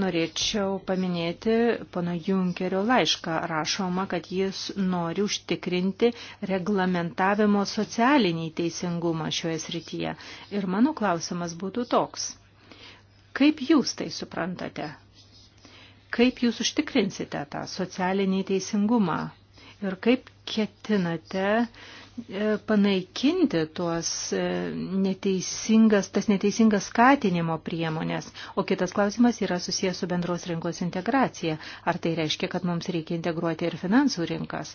norėčiau paminėti pono Junkerio laišką. Rašoma, kad jis nori užtikrinti reglamentavimo socialinį teisingumą šioje srityje. Ir mano klausimas būtų toks. Kaip jūs tai suprantate? Kaip jūs užtikrinsite tą socialinį teisingumą? Ir kaip ketinate uh, E, panaikinti tuos e, neteisingas, tas neteisingas skatinimo priemonės. O kitas klausimas yra susijęs su bendros rinkos integracija. Ar tai reiškia, kad mums reikia integruoti ir finansų rinkas?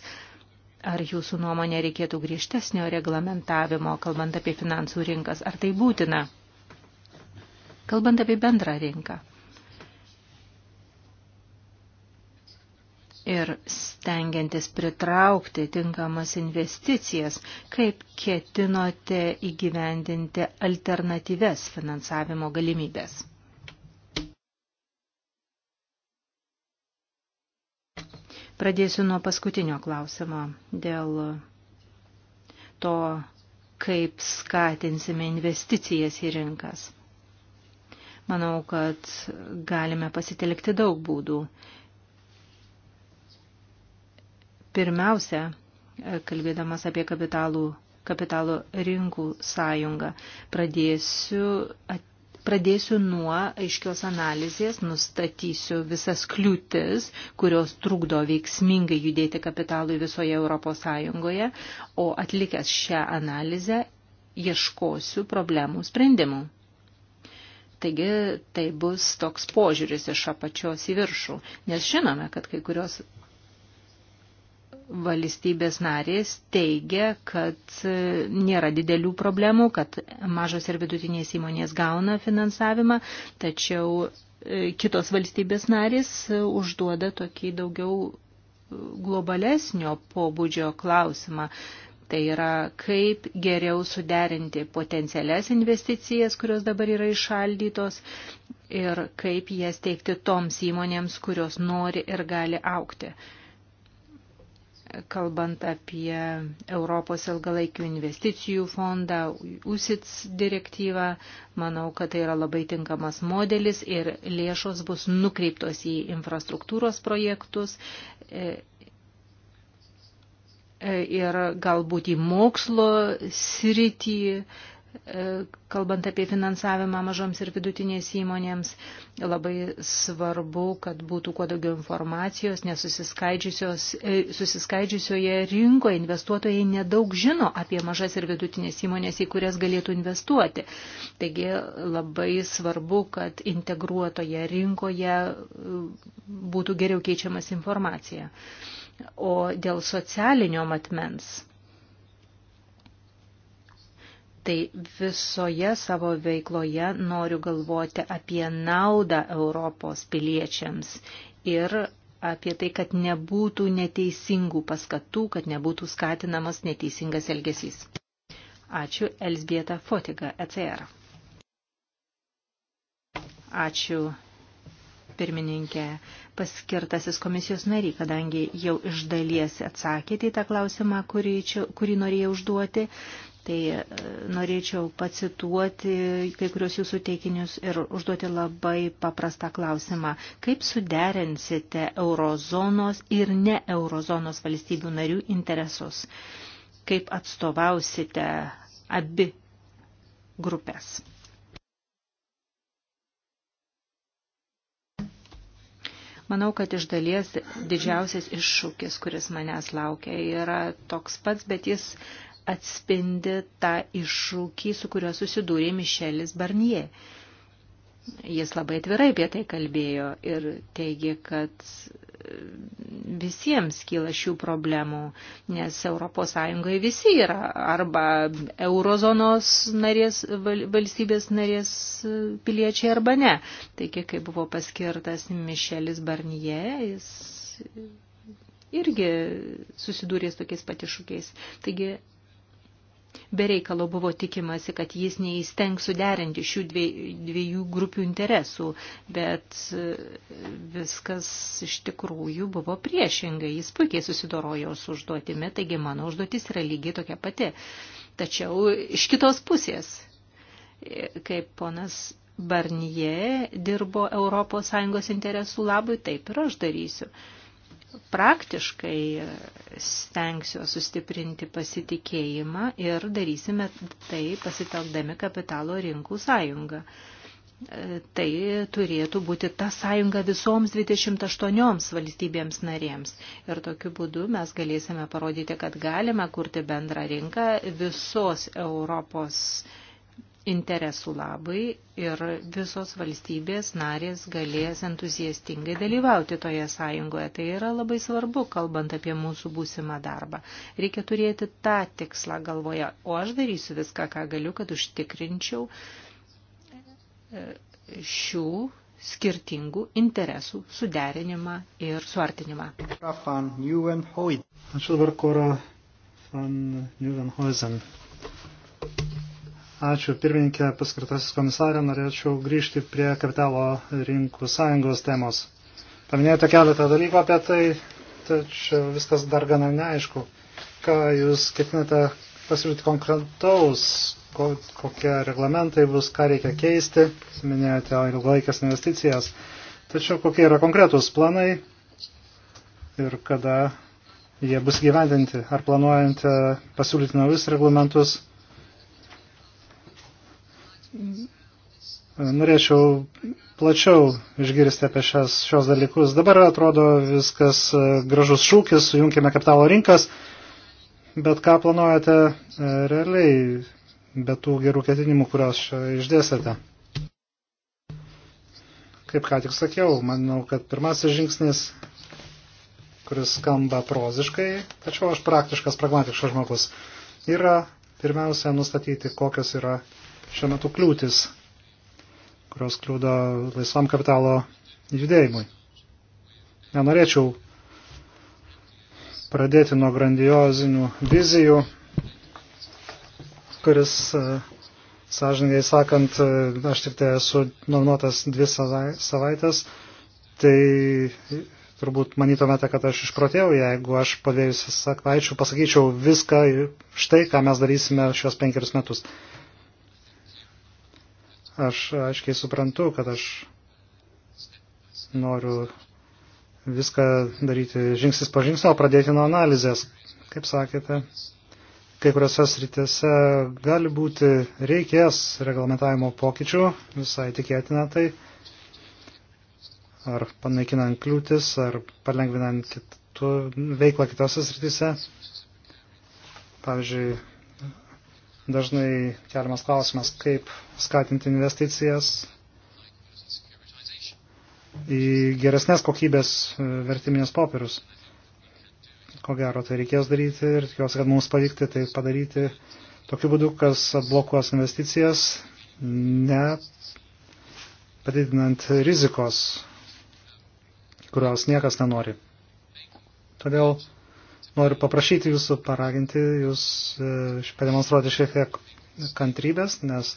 Ar jūsų nuomonė reikėtų griežtesnio reglamentavimo, kalbant apie finansų rinkas? Ar tai būtina? Kalbant apie bendrą rinką. ir stengiantis pritraukti tinkamas investicijas, kaip ketinote įgyvendinti alternatyves finansavimo galimybės? Pradėsiu nuo paskutinio klausimo dėl to, kaip skatinsime investicijas į rinkas. Manau, kad galime pasitelkti daug būdų Pirmiausia, e, kalbėdamas apie kapitalų, kapitalo rinkų sąjungą, pradėsiu, at, pradėsiu nuo aiškios analizės, nustatysiu visas kliūtis, kurios trukdo veiksmingai judėti kapitalui visoje Europos sąjungoje, o atlikęs šią analizę ieškosiu problemų sprendimų. Taigi tai bus toks požiūris iš apačios į viršų, nes žinome, kad kai kurios valstybės narės teigia, kad e, nėra didelių problemų, kad mažos ir vidutinės įmonės gauna finansavimą, tačiau e, kitos valstybės narės e, užduoda tokį daugiau globalesnio pobūdžio klausimą. Tai yra, kaip geriau suderinti potencialias investicijas, kurios dabar yra išaldytos, ir kaip jas teikti toms įmonėms, kurios nori ir gali aukti kalbant apie Europos ilgalaikių investicijų fondą, USITS direktyvą. Manau, kad tai yra labai tinkamas modelis ir lėšos bus nukreiptos į infrastruktūros projektus e, e, ir galbūt į mokslo sritį E, kalbant apie finansavimą mažoms ir vidutinės įmonėms, labai svarbu, kad būtų kuo daugiau informacijos, nes e, susiskaidžiusioje rinkoje investuotojai nedaug žino apie mažas ir vidutinės įmonės, į kurias galėtų investuoti. Taigi labai svarbu, kad integruotoje rinkoje e, būtų geriau keičiamas informacija. O dėl socialinio matmens tai visoje savo veikloje noriu galvoti apie naudą Europos piliečiams ir apie tai, kad nebūtų neteisingų paskatų, kad nebūtų skatinamas neteisingas elgesys. Ačiū Elsbieta Fotiga, ECR. Ačiū pirmininkė paskirtasis komisijos nariai, kadangi jau iš dalies atsakėte į tą klausimą, kurį, čia, kurį norėjau užduoti, Tai e, norėčiau pacituoti kai kurios jūsų teikinius ir užduoti labai paprastą klausimą. Kaip suderinsite eurozonos ir ne eurozonos valstybių narių interesus? Kaip atstovausite abi grupės? Manau, kad iš dalies didžiausias iššūkis, kuris manęs laukia, yra toks pats, bet jis atspindi tą iššūkį, su kuriuo susidūrė Mišelis Barnie. Jis labai atvirai apie tai kalbėjo ir teigė, kad visiems kyla šių problemų, nes ES visi yra arba eurozonos narės, valstybės narės piliečiai arba ne. Taigi, kai buvo paskirtas Mišelis Barnie, jis irgi susidūrė su tokiais patišūkiais. Taigi Bereikalo buvo tikimasi, kad jis neįstengs suderinti šių dviejų grupių interesų, bet e, viskas iš tikrųjų buvo priešingai. Jis puikiai susidorojo su užduotimi, taigi mano užduotis yra lygiai tokia pati. Tačiau iš kitos pusės, e, kaip ponas Barnie dirbo ES interesų labui, taip ir aš darysiu praktiškai stengsiu sustiprinti pasitikėjimą ir darysime tai pasitelkdami kapitalo rinkų sąjungą. Tai turėtų būti ta sąjunga visoms 28 valstybėms narėms. Ir tokiu būdu mes galėsime parodyti, kad galime kurti bendrą rinką visos Europos interesų labai ir visos valstybės narės galės entuziastingai dalyvauti toje sąjungoje. Tai yra labai svarbu, kalbant apie mūsų būsimą darbą. Reikia turėti tą tikslą galvoje, o aš darysiu viską, ką galiu, kad užtikrinčiau e, šių skirtingų interesų suderinimą ir suartinimą. Ačiū dabar, Kora van Neuwenhuizen. Ačiū pirmininkė, paskirtasis komisarė, norėčiau grįžti prie kapitalo rinkų sąjungos temos. Paminėjote keletą dalykų apie tai, tačiau viskas dar gana neaišku. Ką jūs ketinate pasiūlyti konkretaus, ko, kokie reglamentai bus, ką reikia keisti, minėjote ilgalaikės investicijas, tačiau kokie yra konkretūs planai ir kada jie bus gyvendinti, ar planuojant pasiūlyti naujus reglamentus Norėčiau plačiau išgirsti apie šias, šios dalykus. Dabar atrodo viskas e, gražus šūkis, sujungime kapitalo rinkas, bet ką planuojate e, realiai be tų gerų ketinimų, kurios čia išdėsite? Kaip ką tik sakiau, manau, kad pirmasis žingsnis, kuris skamba proziškai, tačiau aš praktiškas, pragmatiškas žmogus, yra pirmiausia nustatyti, kokios yra šiuo metu kliūtis, kurios kliūda laisvam kapitalo judėjimui. Nenorėčiau pradėti nuo grandiozinių vizijų, kuris, e, sąžininkai sakant, e, aš tik tai esu nominuotas dvi savaitės, tai turbūt manytumėte, kad aš išprotėjau, jeigu aš pavėjusi sakvaičių pasakyčiau viską, štai ką mes darysime šios penkerius metus. Aš aiškiai suprantu, kad aš noriu viską daryti žingsnis po žingsnio, pradėti nuo analizės. Kaip sakėte, kai kuriuose sritėse gali būti reikės reglamentavimo pokyčių, visai tikėtina tai, ar panaikinant kliūtis, ar palengvinant kitų, veiklą kitose srityse. Pavyzdžiui, dažnai keliamas klausimas, kaip skatinti investicijas į geresnės kokybės e, vertiminės popierius. Ko gero, tai reikės daryti ir tikiuosi, kad mums pavykti tai padaryti tokiu būdu, kas blokuos investicijas, ne padidinant rizikos, kurios niekas nenori. Todėl Noriu paprašyti jūsų, paraginti jūs e, pademonstruoti šiek tiek kantrybės, nes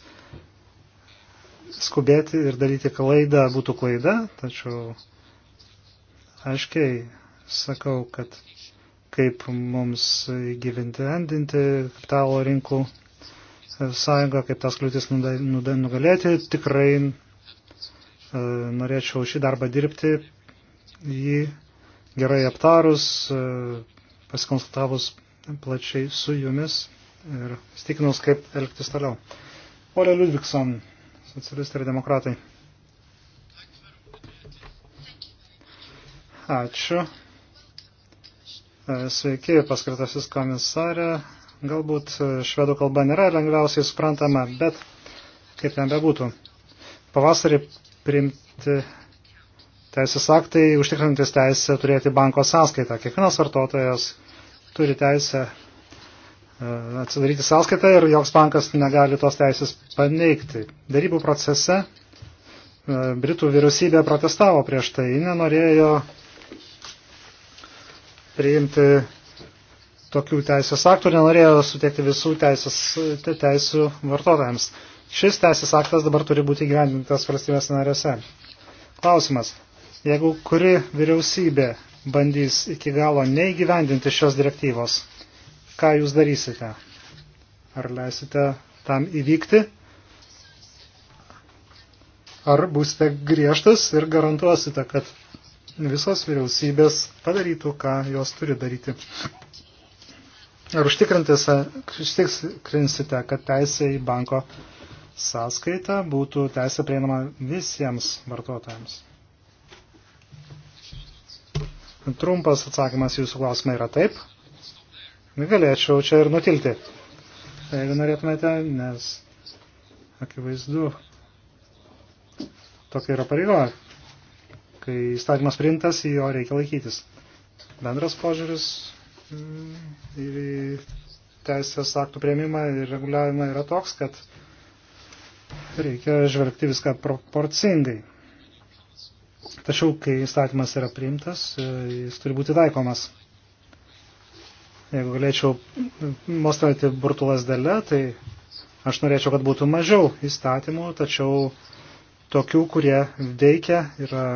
skubėti ir daryti klaidą būtų klaida, tačiau aiškiai sakau, kad kaip mums įgyvendinti kapitalo rinkų e, sąjungą, kaip tas kliūtis nugalėti, tikrai e, norėčiau šį darbą dirbti, jį gerai aptarus, pasikonsultavus plačiai su jumis ir stikinus, kaip elgtis toliau. Polė Ludvikson, socialistai ir demokratai. Ačiū. Sveiki, paskirtasis komisarė. Galbūt švedų kalba nėra lengviausiai suprantama, bet kaip ten bebūtų. Pavasarį priimti teisės aktai užtikrinantis teisę turėti banko sąskaitą. Kiekvienas vartotojas turi teisę e, atsidaryti sąskaitą ir joks bankas negali tos teisės paneigti. Darybų procese e, Britų vyriausybė protestavo prieš tai, nenorėjo priimti tokių teisės aktų, nenorėjo suteikti visų teisės, teisų vartotojams. Šis teisės aktas dabar turi būti gyvendintas valstybės narėse. Klausimas. Jeigu kuri vyriausybė bandys iki galo neįgyvendinti šios direktyvos, ką jūs darysite? Ar leisite tam įvykti? Ar būsite griežtas ir garantuosite, kad visos vyriausybės padarytų, ką jos turi daryti? Ar užtikrinsite, kad teisė į banko sąskaitą būtų teisė prieinama visiems vartotojams? Trumpas atsakymas jūsų klausimą yra taip. Galėčiau čia ir nutilti, jeigu norėtumėte, nes akivaizdu, tokia yra pareiga. Kai įstatymas priimtas, jo reikia laikytis. Bendras požiūris mm, į teisės aktų prieimimą ir reguliavimą yra toks, kad reikia žvelgti viską proporcingai. Tačiau, kai įstatymas yra priimtas, e, jis turi būti taikomas. Jeigu galėčiau mostelėti burtų lasdelę, tai aš norėčiau, kad būtų mažiau įstatymų, tačiau tokių, kurie veikia, yra,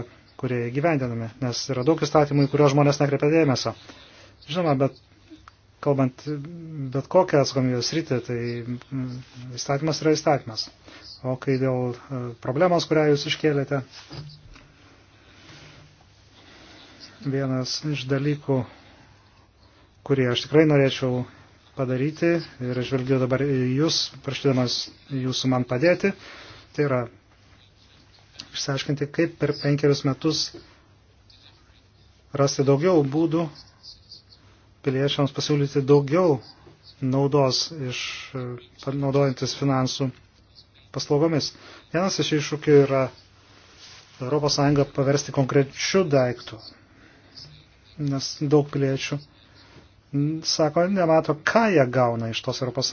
kurie įgyvendinami, nes yra daug įstatymų, į kuriuos žmonės nekreipia dėmesio. Žinoma, bet kalbant bet kokią atsakomybės rytį, tai mm, įstatymas yra įstatymas. O kai dėl e, problemos, kurią jūs iškėlėte, vienas iš dalykų, kurį aš tikrai norėčiau padaryti ir aš žvelgiu dabar į jūs, prašydamas jūsų man padėti, tai yra išsiaiškinti, kaip per penkerius metus rasti daugiau būdų piliečiams pasiūlyti daugiau naudos iš naudojantis finansų paslaugomis. Vienas iš iššūkių yra ES paversti konkrečių daiktų nes daug piliečių sako, nemato, ką jie gauna iš tos ES,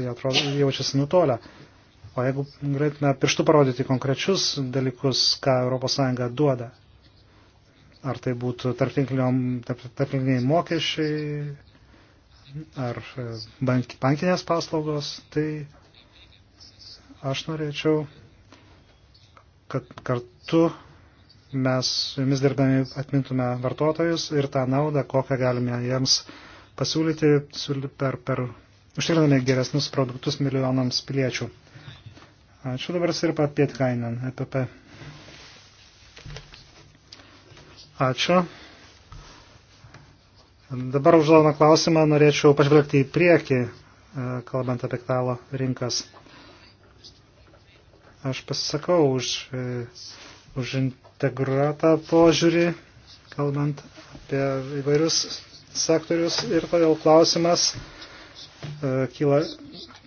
jie atrodo, jaučiasi nutolę. O jeigu galėtume pirštų parodyti konkrečius dalykus, ką ES duoda, ar tai būtų tarptinkliniai mokesčiai, ar e, bank, bankinės paslaugos, tai aš norėčiau, kad kartu mes jomis dirbdami atmintume vartotojus ir tą naudą, kokią galime jiems pasiūlyti per, per užtikrinami geresnius produktus milijonams piliečių. Ačiū dabar ir pat Pietkainen, EPP. Ačiū. Dabar užduodamą klausimą norėčiau pažvelgti į priekį, e, kalbant apie kapitalo rinkas. Aš pasisakau už e, už integruotą požiūrį, kalbant apie įvairius sektorius. Ir todėl klausimas e, kyla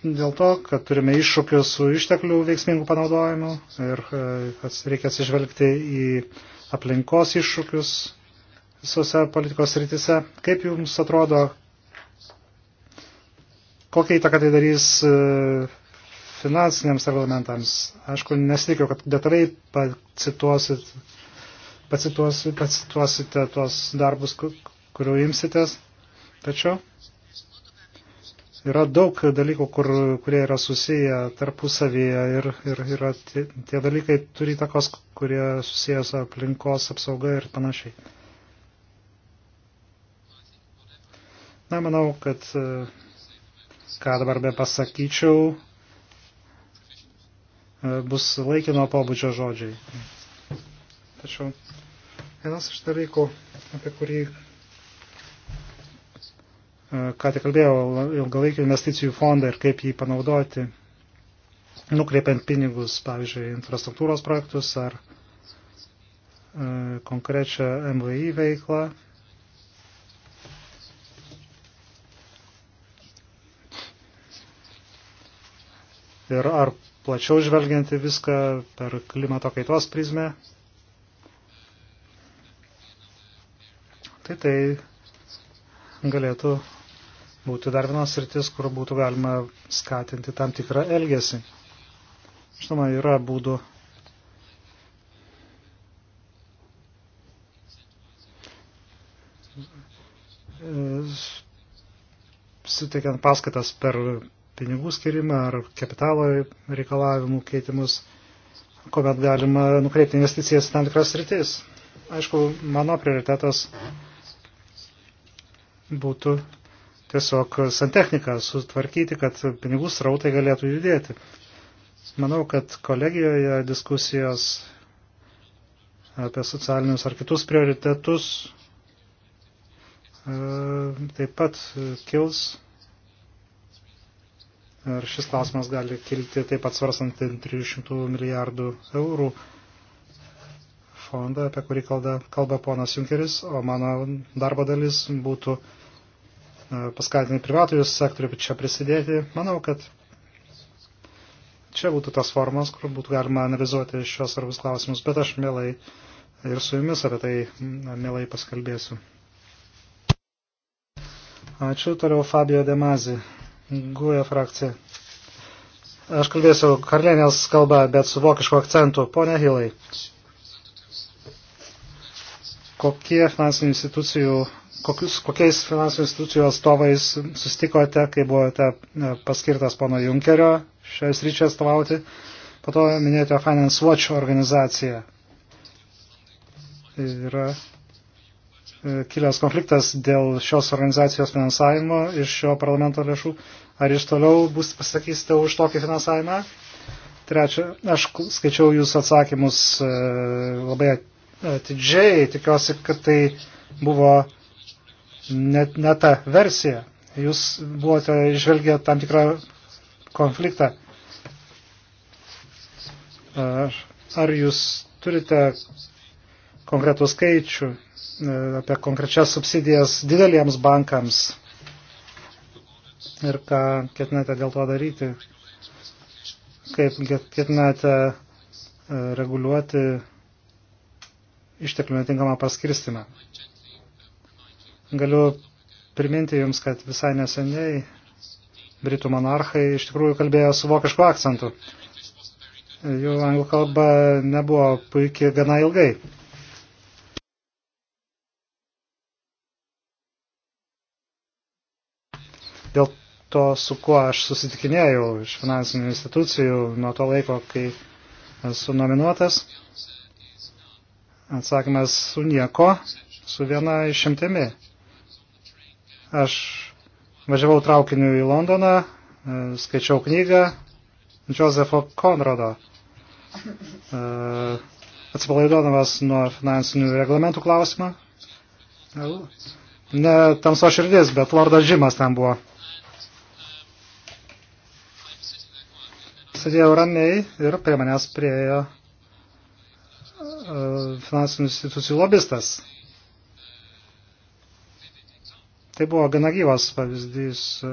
dėl to, kad turime iššūkių su išteklių veiksmingų panaudojimu ir e, kad reikia atsižvelgti į aplinkos iššūkius visose politikos rytise. Kaip jums atrodo, kokią įtaką tai darys e, finansiniams argumentams. Aišku, nesitikiu, kad detaliai pacituosit, pacituosit, pacituosite tuos darbus, kurių imsitės. Tačiau yra daug dalykų, kur, kurie yra susiję tarpusavyje ir, ir yra tie, tie dalykai turi takos, kurie susiję su aplinkos apsauga ir panašiai. Na, manau, kad ką dabar be pasakyčiau, E, bus laikino pobūdžio žodžiai. Tačiau vienas iš dalykų, apie kurį e, ką tik kalbėjau, ilgalaikių investicijų fondą ir kaip jį panaudoti, nukreipiant pinigus, pavyzdžiui, infrastruktūros projektus ar e, konkrečią MVI veiklą. Ir ar plačiau žvelgianti viską per klimato kaitos prizmę. Tai tai galėtų būti dar vienas sritis, kur būtų galima skatinti tam tikrą elgesį. Žinoma, yra būdų suteikiant paskatas per pinigų skirimą ar kapitalo reikalavimų keitimus, kuomet galima nukreipti investicijas į tam tikras rytis. Aišku, mano prioritetas būtų tiesiog santechniką sutvarkyti, kad pinigų srautai galėtų judėti. Manau, kad kolegijoje diskusijos apie socialinius ar kitus prioritetus e, taip pat kils Ar šis klausimas gali kilti taip pat svarstant 300 milijardų eurų fondą, apie kurį kalba, kalba ponas Junkeris, o mano darbo dalis būtų e, paskatinti privatojų sektorių čia prisidėti. Manau, kad čia būtų tas formas, kur būtų galima analizuoti šios svarbus klausimus, bet aš mielai ir su jumis apie tai mielai paskalbėsiu. Ačiū, toliau Fabio Demazi. Guja frakcija. Aš kalbėsiu karalienės kalbą, bet su vokišku akcentu. Pone Hilai, kokie finansinių institucijų, kokius, kokiais finansinių institucijų atstovais sustikote, kai buvote e, paskirtas pono Junkerio šioje sričioje atstovauti? Po to minėjote Finance Watch organizaciją. Yra E, kilęs konfliktas dėl šios organizacijos finansavimo iš šio parlamento lėšų. Ar iš toliau bus pasakysite už tokį finansavimą? Trečia, aš skaičiau jūsų atsakymus e, labai atidžiai, tikiuosi, kad tai buvo net ne ta versija. Jūs buvote išvelgę tam tikrą konfliktą. E, ar jūs turite konkretų skaičių e, apie konkrečias subsidijas dideliems bankams ir ką ketinate dėl to daryti, kaip ketinate e, reguliuoti išteklių netinkamą paskirstimą. Galiu priminti Jums, kad visai neseniai Britų monarchai iš tikrųjų kalbėjo su vokišku akcentu. Jų anglų kalba nebuvo puikiai gana ilgai. Dėl to, su kuo aš susitikinėjau iš finansinių institucijų nuo to laiko, kai esu nominuotas, atsakymas su nieko, su viena išimtimi. Aš važiavau traukiniu į Londoną, e, skaičiau knygą Josefo Konrado. E, atsipalaiduodamas nuo finansinių reglamentų klausimą. Ne tamso širdis, bet Lordas Žymas ten buvo. sėdėjau ramiai ir prie manęs priejo e, finansinių institucijų lobistas. Tai buvo gana gyvas pavyzdys e,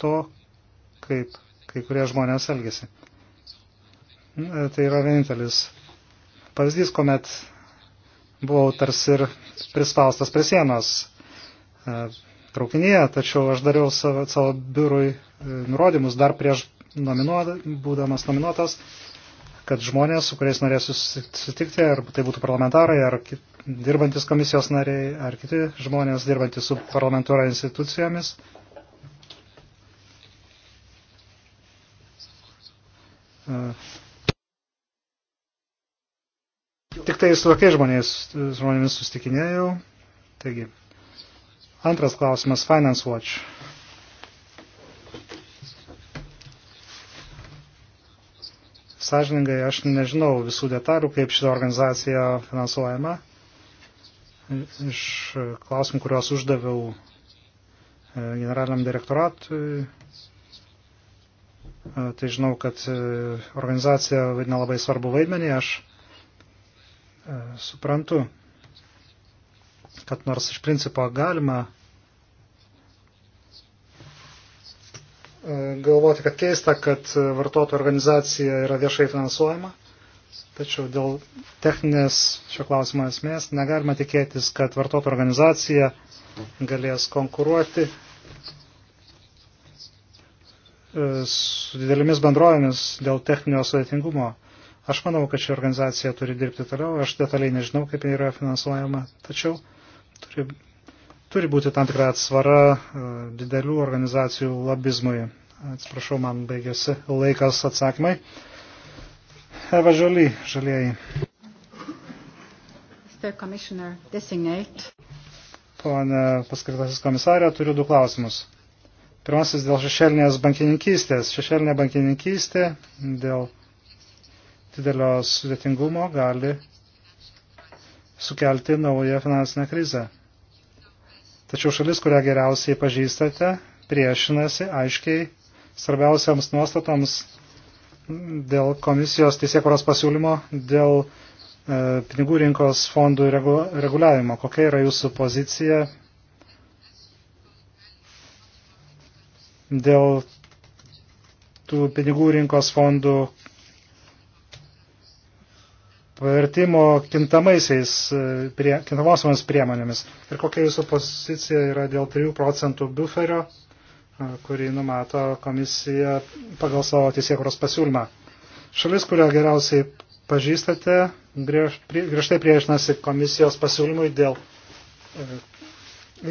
to, kaip kai kurie žmonės elgesi. E, tai yra vienintelis pavyzdys, kuomet buvau tarsi ir prispaustas prie sienos traukinyje, tačiau aš dariau savo, savo biurui nurodymus dar prieš nominuot, būdamas nominuotas, kad žmonės, su kuriais norėsiu susitikti, ar tai būtų parlamentarai, ar kit, dirbantis komisijos nariai, ar kiti žmonės dirbantis su parlamentaro institucijomis, Tik tai su tokiais žmonės, žmonėmis sustikinėjau. Taigi, antras klausimas, Finance Watch. Sažiningai, aš nežinau visų detalių, kaip šita organizacija finansuojama. Iš klausimų, kuriuos uždaviau e, generaliniam direktoratui, e, tai žinau, kad e, organizacija vaidina labai svarbu vaidmenį. Aš suprantu, kad nors iš principo galima galvoti, kad keista, kad vartotojų organizacija yra viešai finansuojama, tačiau dėl techninės šio klausimo esmės negalima tikėtis, kad vartotojų organizacija galės konkuruoti e, su didelėmis bendrovėmis dėl techninio sudėtingumo. Aš manau, kad ši organizacija turi dirbti toliau, aš detaliai nežinau, kaip ji yra finansuojama, tačiau turi turi būti tam tikra atsvara e, didelių organizacijų lobizmui. Atsiprašau, man baigėsi laikas atsakymai. Eva Žoly, žalieji. Pone paskirtasis komisarė, turiu du klausimus. Pirmasis dėl šešėlinės bankininkystės. Šešėlinė bankininkystė dėl didelio sudėtingumo gali sukelti naują finansinę krizę. Tačiau šalis, kurią geriausiai pažįstate, priešinasi aiškiai svarbiausiams nuostatoms dėl komisijos teisėkuros pasiūlymo dėl e, pinigų rinkos fondų regu, reguliavimo. Kokia yra jūsų pozicija dėl tų pinigų rinkos fondų vertimo kintamaisiais, e, prie, kintamosiomis priemonėmis. Ir kokia jūsų pozicija yra dėl 3 procentų buferio, e, kurį numato komisija pagal savo teisėkuros pasiūlymą. Šalis, kurio geriausiai pažįstate, griež, prie, griežtai priešinasi komisijos pasiūlymui dėl e,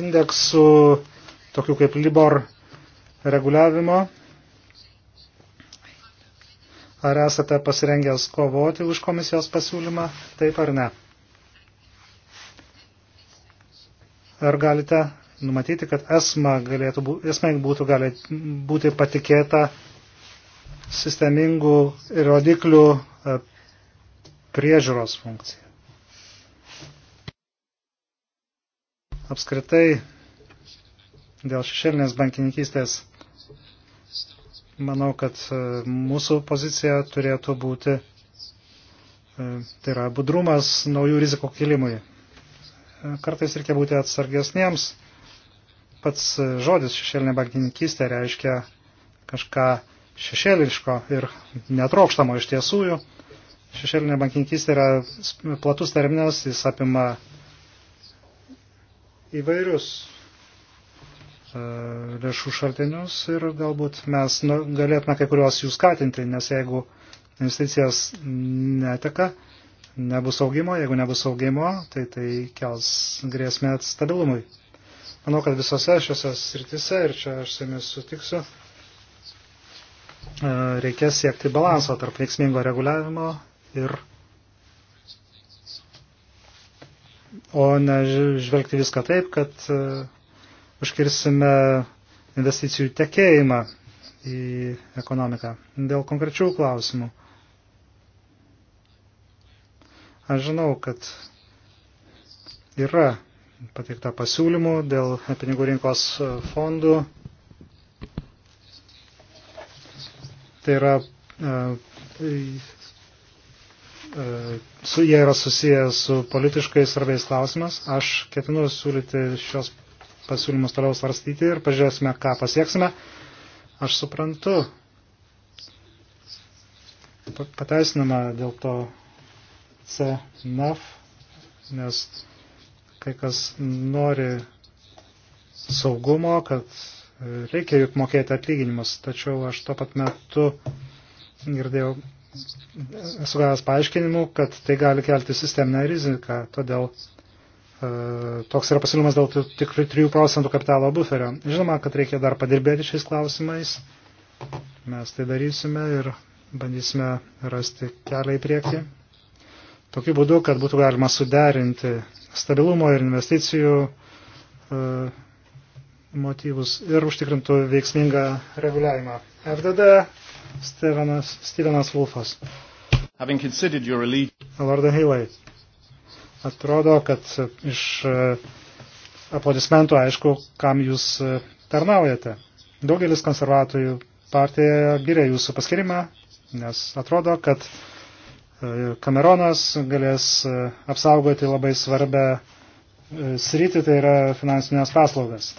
indeksų, tokių kaip Libor reguliavimo Ar esate pasirengęs kovoti už komisijos pasiūlymą, taip ar ne? Ar galite numatyti, kad esma galėtų, esmai būtų gali būti patikėta sistemingų rodiklių e, priežiūros funkcija? Apskritai, dėl šešėlinės bankininkystės manau, kad e, mūsų pozicija turėtų būti, e, tai yra budrumas naujų rizikų kilimui. E, kartais reikia būti atsargesniems. Pats žodis šešėlinė bankininkystė reiškia kažką šešėliško ir netrokštamo iš tiesų jų. Šešėlinė bankininkystė yra platus terminas, jis apima įvairius E, lėšų šaltinius ir galbūt mes nu, galėtume kai kuriuos jų skatinti, nes jeigu investicijas neteka, nebus augimo, jeigu nebus augimo, tai tai kels grėsmę stabilumui. Manau, kad visose šiose sritise, ir čia aš su jumis sutiksiu, e, reikės siekti balanso tarp veiksmingo reguliavimo ir o ne žvelgti viską taip, kad e, užkirsime investicijų tekėjimą į ekonomiką. Dėl konkrečių klausimų. Aš žinau, kad yra pateikta pasiūlymų dėl pinigų rinkos fondų. Tai yra, e, e, su, jie yra susiję su politiškai svarbiais klausimas. Aš ketinu siūlyti šios pasiūlymus toliau svarstyti ir pažiūrėsime, ką pasieksime. Aš suprantu pateisinama dėl to CNAF, nes kai kas nori saugumo, kad reikia juk mokėti atlyginimus, tačiau aš tuo pat metu girdėjau, esu gavęs paaiškinimų, kad tai gali kelti sisteminę riziką, todėl E, toks yra pasiūlymas dėl tik 3 procentų kapitalo buferio. Žinoma, kad reikia dar padirbėti šiais klausimais. Mes tai darysime ir bandysime rasti kelią į priekį. Tokiu būdu, kad būtų galima suderinti stabilumo ir investicijų e, motyvus ir užtikrintų veiksmingą reguliavimą. FDD Stevenas, Stevenas Wolfas. Lorda Hilai. Atrodo, kad iš e, aplodismentų aišku, kam jūs e, tarnaujate. Daugelis konservatorių partijoje gyrė jūsų paskirimą, nes atrodo, kad e, Kameronas galės apsaugoti labai svarbę sritį, tai yra finansinės paslaugas.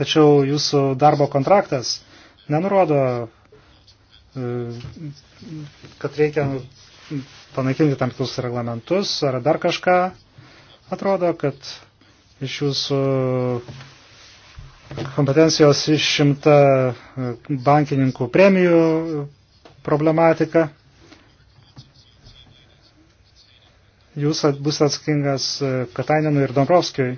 Tačiau jūsų darbo kontraktas nenurodo, kad reikia panaikinti tam tikrus reglamentus ar dar kažką. Atrodo, kad iš jūsų kompetencijos išimta e, bankininkų premijų problematika. Jūs bus atsakingas e, Katainenui ir Dombrovskijui.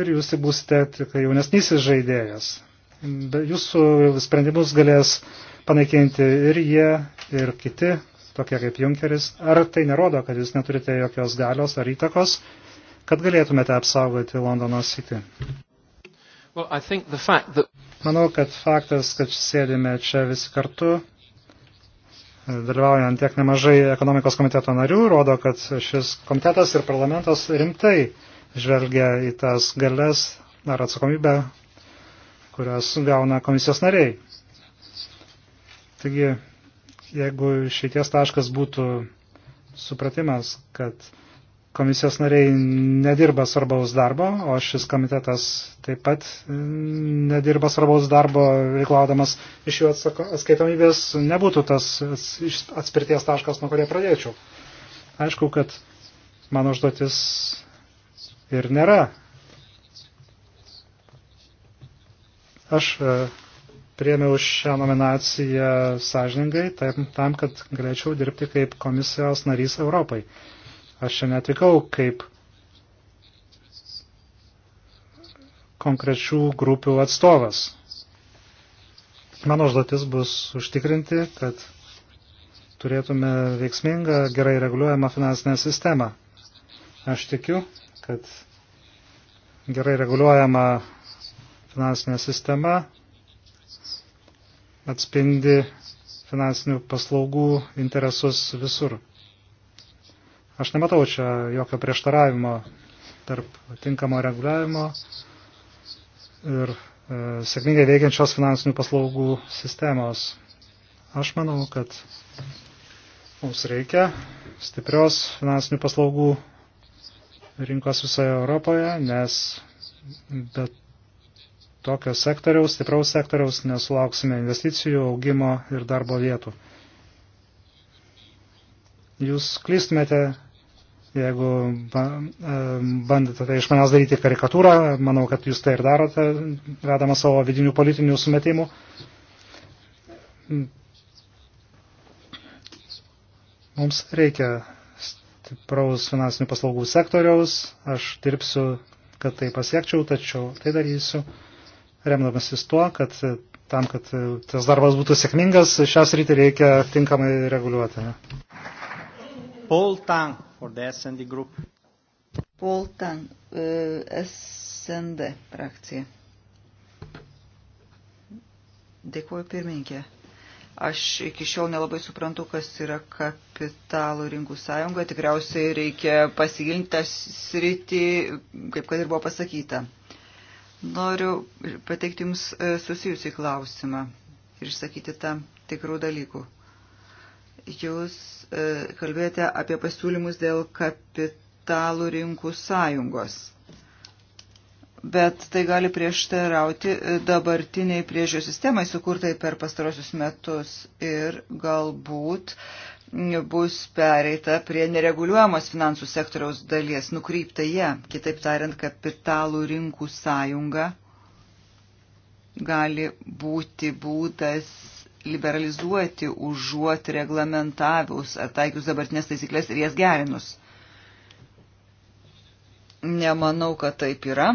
Ir jūs tai būsite tik jaunesnysis žaidėjas. Jūsų sprendimus galės panaikinti ir jie, ir kiti tokie kaip Junkeris, ar tai nerodo, kad jūs neturite jokios galios ar įtakos, kad galėtumėte apsaugoti Londono City? Well, that... Manau, kad faktas, kad sėdime čia visi kartu, dalyvaujant tiek nemažai ekonomikos komiteto narių, rodo, kad šis komitetas ir parlamentas rimtai žvelgia į tas galės ar atsakomybę, kurias gauna komisijos nariai. Taigi jeigu išeities taškas būtų supratimas, kad komisijos nariai nedirba svarbaus darbo, o šis komitetas taip pat nedirba svarbaus darbo, reiklaudamas iš jų atskaitomybės, nebūtų tas atspirties taškas, nuo kurio pradėčiau. Aišku, kad mano užduotis ir nėra. Aš e, priemiau šią nominaciją sąžiningai, tam, kad galėčiau dirbti kaip komisijos narys Europai. Aš čia netikau kaip konkrečių grupių atstovas. Mano užduotis bus užtikrinti, kad turėtume veiksmingą, gerai reguliuojamą finansinę sistemą. Aš tikiu, kad gerai reguliuojama finansinė sistema atspindi finansinių paslaugų interesus visur. Aš nematau čia jokio prieštaravimo tarp tinkamo reguliavimo ir e, sėkmingai veikiančios finansinių paslaugų sistemos. Aš manau, kad mums reikia stiprios finansinių paslaugų rinkos visoje Europoje, nes bet tokio sektoriaus, stipraus sektoriaus, nesulauksime investicijų, augimo ir darbo vietų. Jūs klystumėte, jeigu e, bandote tai iš manęs daryti karikatūrą, manau, kad jūs tai ir darote, vedama savo vidinių politinių sumetimų. Mums reikia stipraus finansinių paslaugų sektoriaus, aš dirbsiu, kad tai pasiekčiau, tačiau tai darysiu remdamasis tuo, kad e, tam, kad e, tas darbas būtų sėkmingas, šias rytį reikia tinkamai reguliuoti. Paul Tang for the SND group. Paul Tang, uh, e, SND frakcija. Dėkuoju pirmininkė. Aš iki šiol nelabai suprantu, kas yra kapitalų rinkų sąjunga. Tikriausiai reikia pasigilinti tą sritį, kaip kad ir buvo pasakyta. Noriu pateikti Jums e, susijusį klausimą ir išsakyti tam tikrų dalykų. Jūs e, kalbėjote apie pasiūlymus dėl kapitalų rinkų sąjungos, bet tai gali prieštarauti e, dabartiniai priežiūros sistemai sukurtai per pastarosius metus ir galbūt uh, bus pereita prie nereguliuojamos finansų sektoriaus dalies, nukreipta jie, kitaip tariant, kapitalų rinkų sąjunga gali būti būdas liberalizuoti užuot reglamentavus, attaikius dabartinės taisyklės ir jas gerinus. Nemanau, kad taip yra.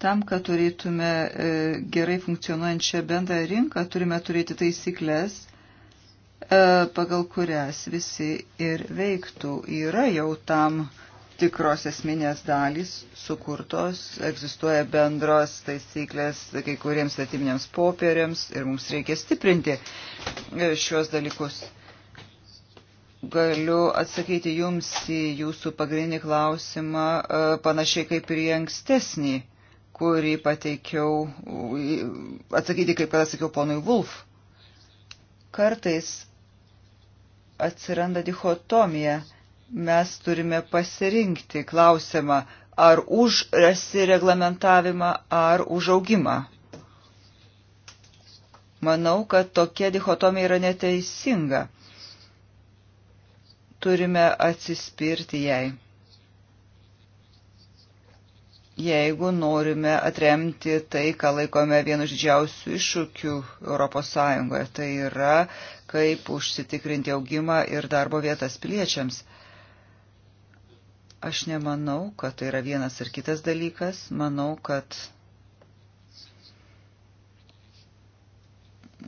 Tam, kad turėtume e, gerai funkcionuojančią bendrą rinką, turime turėti taisyklės, e, pagal kurias visi ir veiktų. Yra jau tam tikros esminės dalys sukurtos, egzistuoja bendros taisyklės kai kuriems statyminiams popieriams ir mums reikia stiprinti e, šiuos dalykus. Galiu atsakyti jums į jūsų pagrindinį klausimą panašiai kaip ir į ankstesnį kurį pateikiau, atsakyti, kaip kada sakiau ponui Wolf. Kartais atsiranda dichotomija. Mes turime pasirinkti klausimą, ar už esi reglamentavimą, ar už augimą. Manau, kad tokia dichotomija yra neteisinga. Turime atsispirti jai jeigu norime atremti tai, ką laikome vienu iš didžiausių iššūkių ES, tai yra kaip užsitikrinti augimą ir darbo vietas piliečiams. Aš nemanau, kad tai yra vienas ar kitas dalykas, manau, kad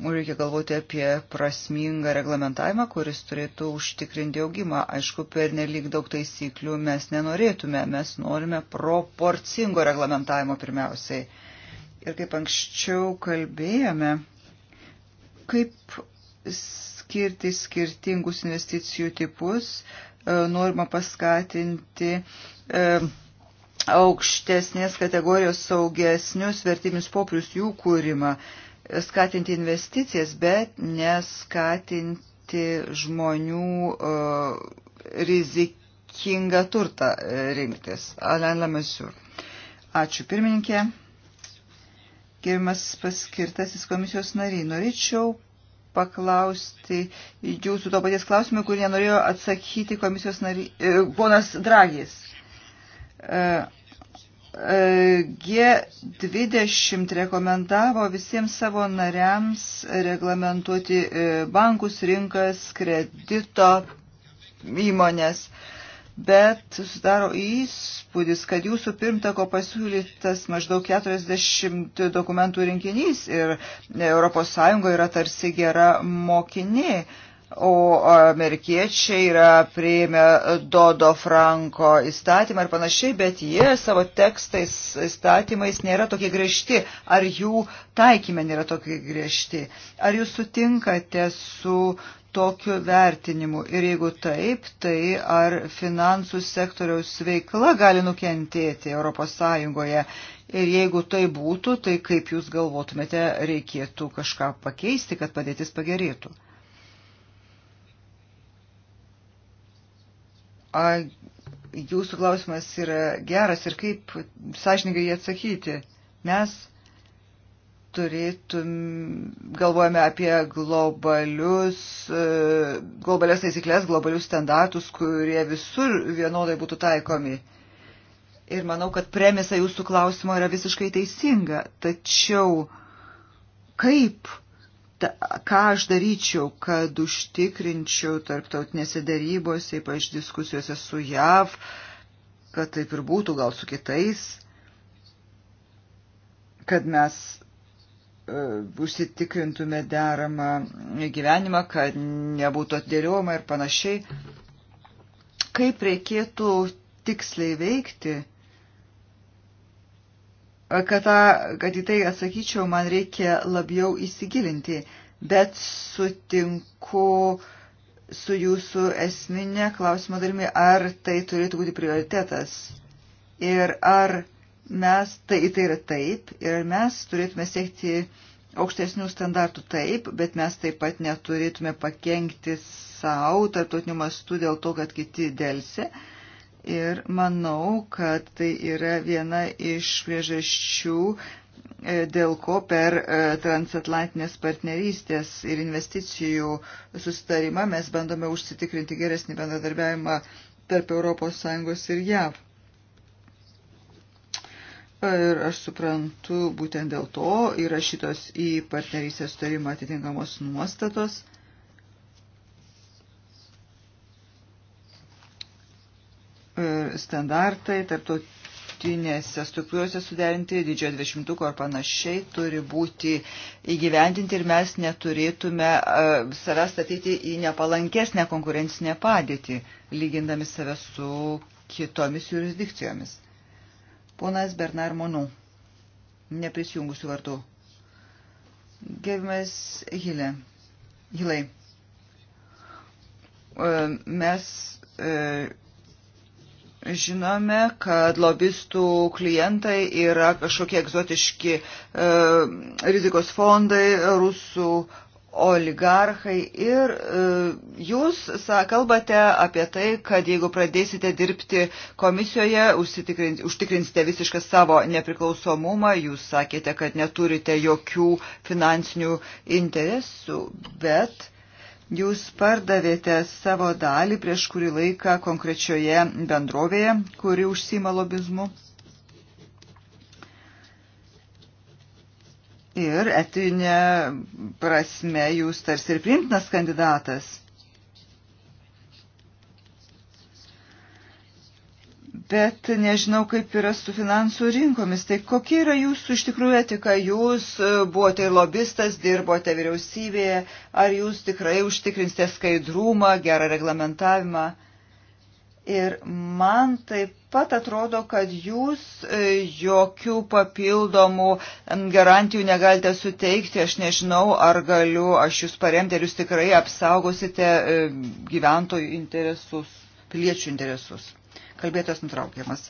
reikia galvoti apie prasmingą reglamentavimą, kuris turėtų užtikrinti augimą. Aišku, per nelik daug taisyklių mes nenorėtume, mes norime proporcingo reglamentavimo pirmiausiai. Ir kaip anksčiau kalbėjome, kaip skirti skirtingus investicijų tipus, e, norima paskatinti e, aukštesnės kategorijos saugesnius vertimius popierius jų kūrimą skatinti investicijas, bet neskatinti žmonių e, rizikingą turtą e, rinktis. Alain Lamasiur. Ačiū pirmininkė. Gerimas paskirtasis komisijos nariai. Norėčiau paklausti jūsų to paties klausimą, kurį norėjo atsakyti komisijos nariai, e, ponas Dragis. E, G20 rekomendavo visiems savo nariams reglamentuoti e, bankus, rinkas, kredito įmonės, bet susidaro įspūdis, kad jūsų pirmtako pasiūlytas maždaug 40 dokumentų rinkinys ir ES yra tarsi gera mokinė o amerikiečiai yra prieimę Dodo Franko įstatymą ir panašiai, bet jie savo tekstais įstatymais nėra tokie griežti, ar jų taikymė nėra tokie griežti. Ar jūs sutinkate su tokiu vertinimu ir jeigu taip, tai ar finansų sektoriaus veikla gali nukentėti ES ir jeigu tai būtų, tai kaip jūs galvotumėte, reikėtų kažką pakeisti, kad padėtis pagerėtų? A, jūsų klausimas yra geras ir kaip sąžininkai jį atsakyti. Mes turėtum, galvojame apie globalius, e, globalias taisyklės, globalius standartus, kurie visur vienodai būtų taikomi. Ir manau, kad premisa jūsų klausimo yra visiškai teisinga. Tačiau kaip ką aš daryčiau, kad užtikrinčiau tarptautinėse darybose, ypač diskusijose su JAV, kad taip ir būtų, gal su kitais, kad mes uh, užsitikrintume deramą gyvenimą, kad nebūtų atdėliojama ir panašiai. Kaip reikėtų tiksliai veikti? Kad, ta, kad į tai atsakyčiau, man reikia labiau įsigilinti, bet sutinku su jūsų esminė klausimo dalimi, ar tai turėtų būti prioritetas ir ar mes, tai, tai yra taip, ir mes turėtume siekti aukštesnių standartų taip, bet mes taip pat neturėtume pakengti savo tarptautiniu mastu dėl to, kad kiti dėlsi. Uh, Ir manau, kad tai yra viena iš priežasčių, e, dėl ko per e, transatlantinės partnerystės ir investicijų sustarimą mes bandome užsitikrinti geresnį bendradarbiavimą tarp ES ir JAV. Ir aš suprantu, būtent dėl to įrašytos į partnerystės sutarimą atitinkamos nuostatos. standartai tarptautinėse struktūrose suderinti, didžiojo dvidešimtuko ar panašiai turi būti įgyvendinti ir mes neturėtume e, save statyti į nepalankesnę konkurencinę padėtį, lygindami save su kitomis jurisdikcijomis. Ponas Bernard Monų, neprisijungusių vardu. Gerbimas Hilė. Hilai. E, mes e, Žinome, kad lobistų klientai yra kažkokie egzotiški e, rizikos fondai, rusų oligarchai ir e, jūs sa, kalbate apie tai, kad jeigu pradėsite dirbti komisijoje, užtikrinsite visišką savo nepriklausomumą, jūs sakėte, kad neturite jokių finansinių interesų, bet e, Jūs pardavėte savo dalį prieš kurį laiką konkrečioje bendrovėje, kuri užsima lobizmu. Ir etinė prasme jūs tarsi ir primtinas kandidatas. bet nežinau, kaip yra su finansų rinkomis. Tai kokia yra jūsų iš tikrųjų etika? Jūs e, buvote lobistas, dirbote vyriausybėje, ar jūs tikrai užtikrinsite skaidrumą, gerą reglamentavimą? Ir man taip pat atrodo, kad jūs e, jokių papildomų garantijų negalite suteikti. Aš nežinau, ar galiu aš jūs paremti, ar jūs tikrai apsaugosite e, gyventojų interesus, piliečių interesus. Kalbėtas nutraukiamas.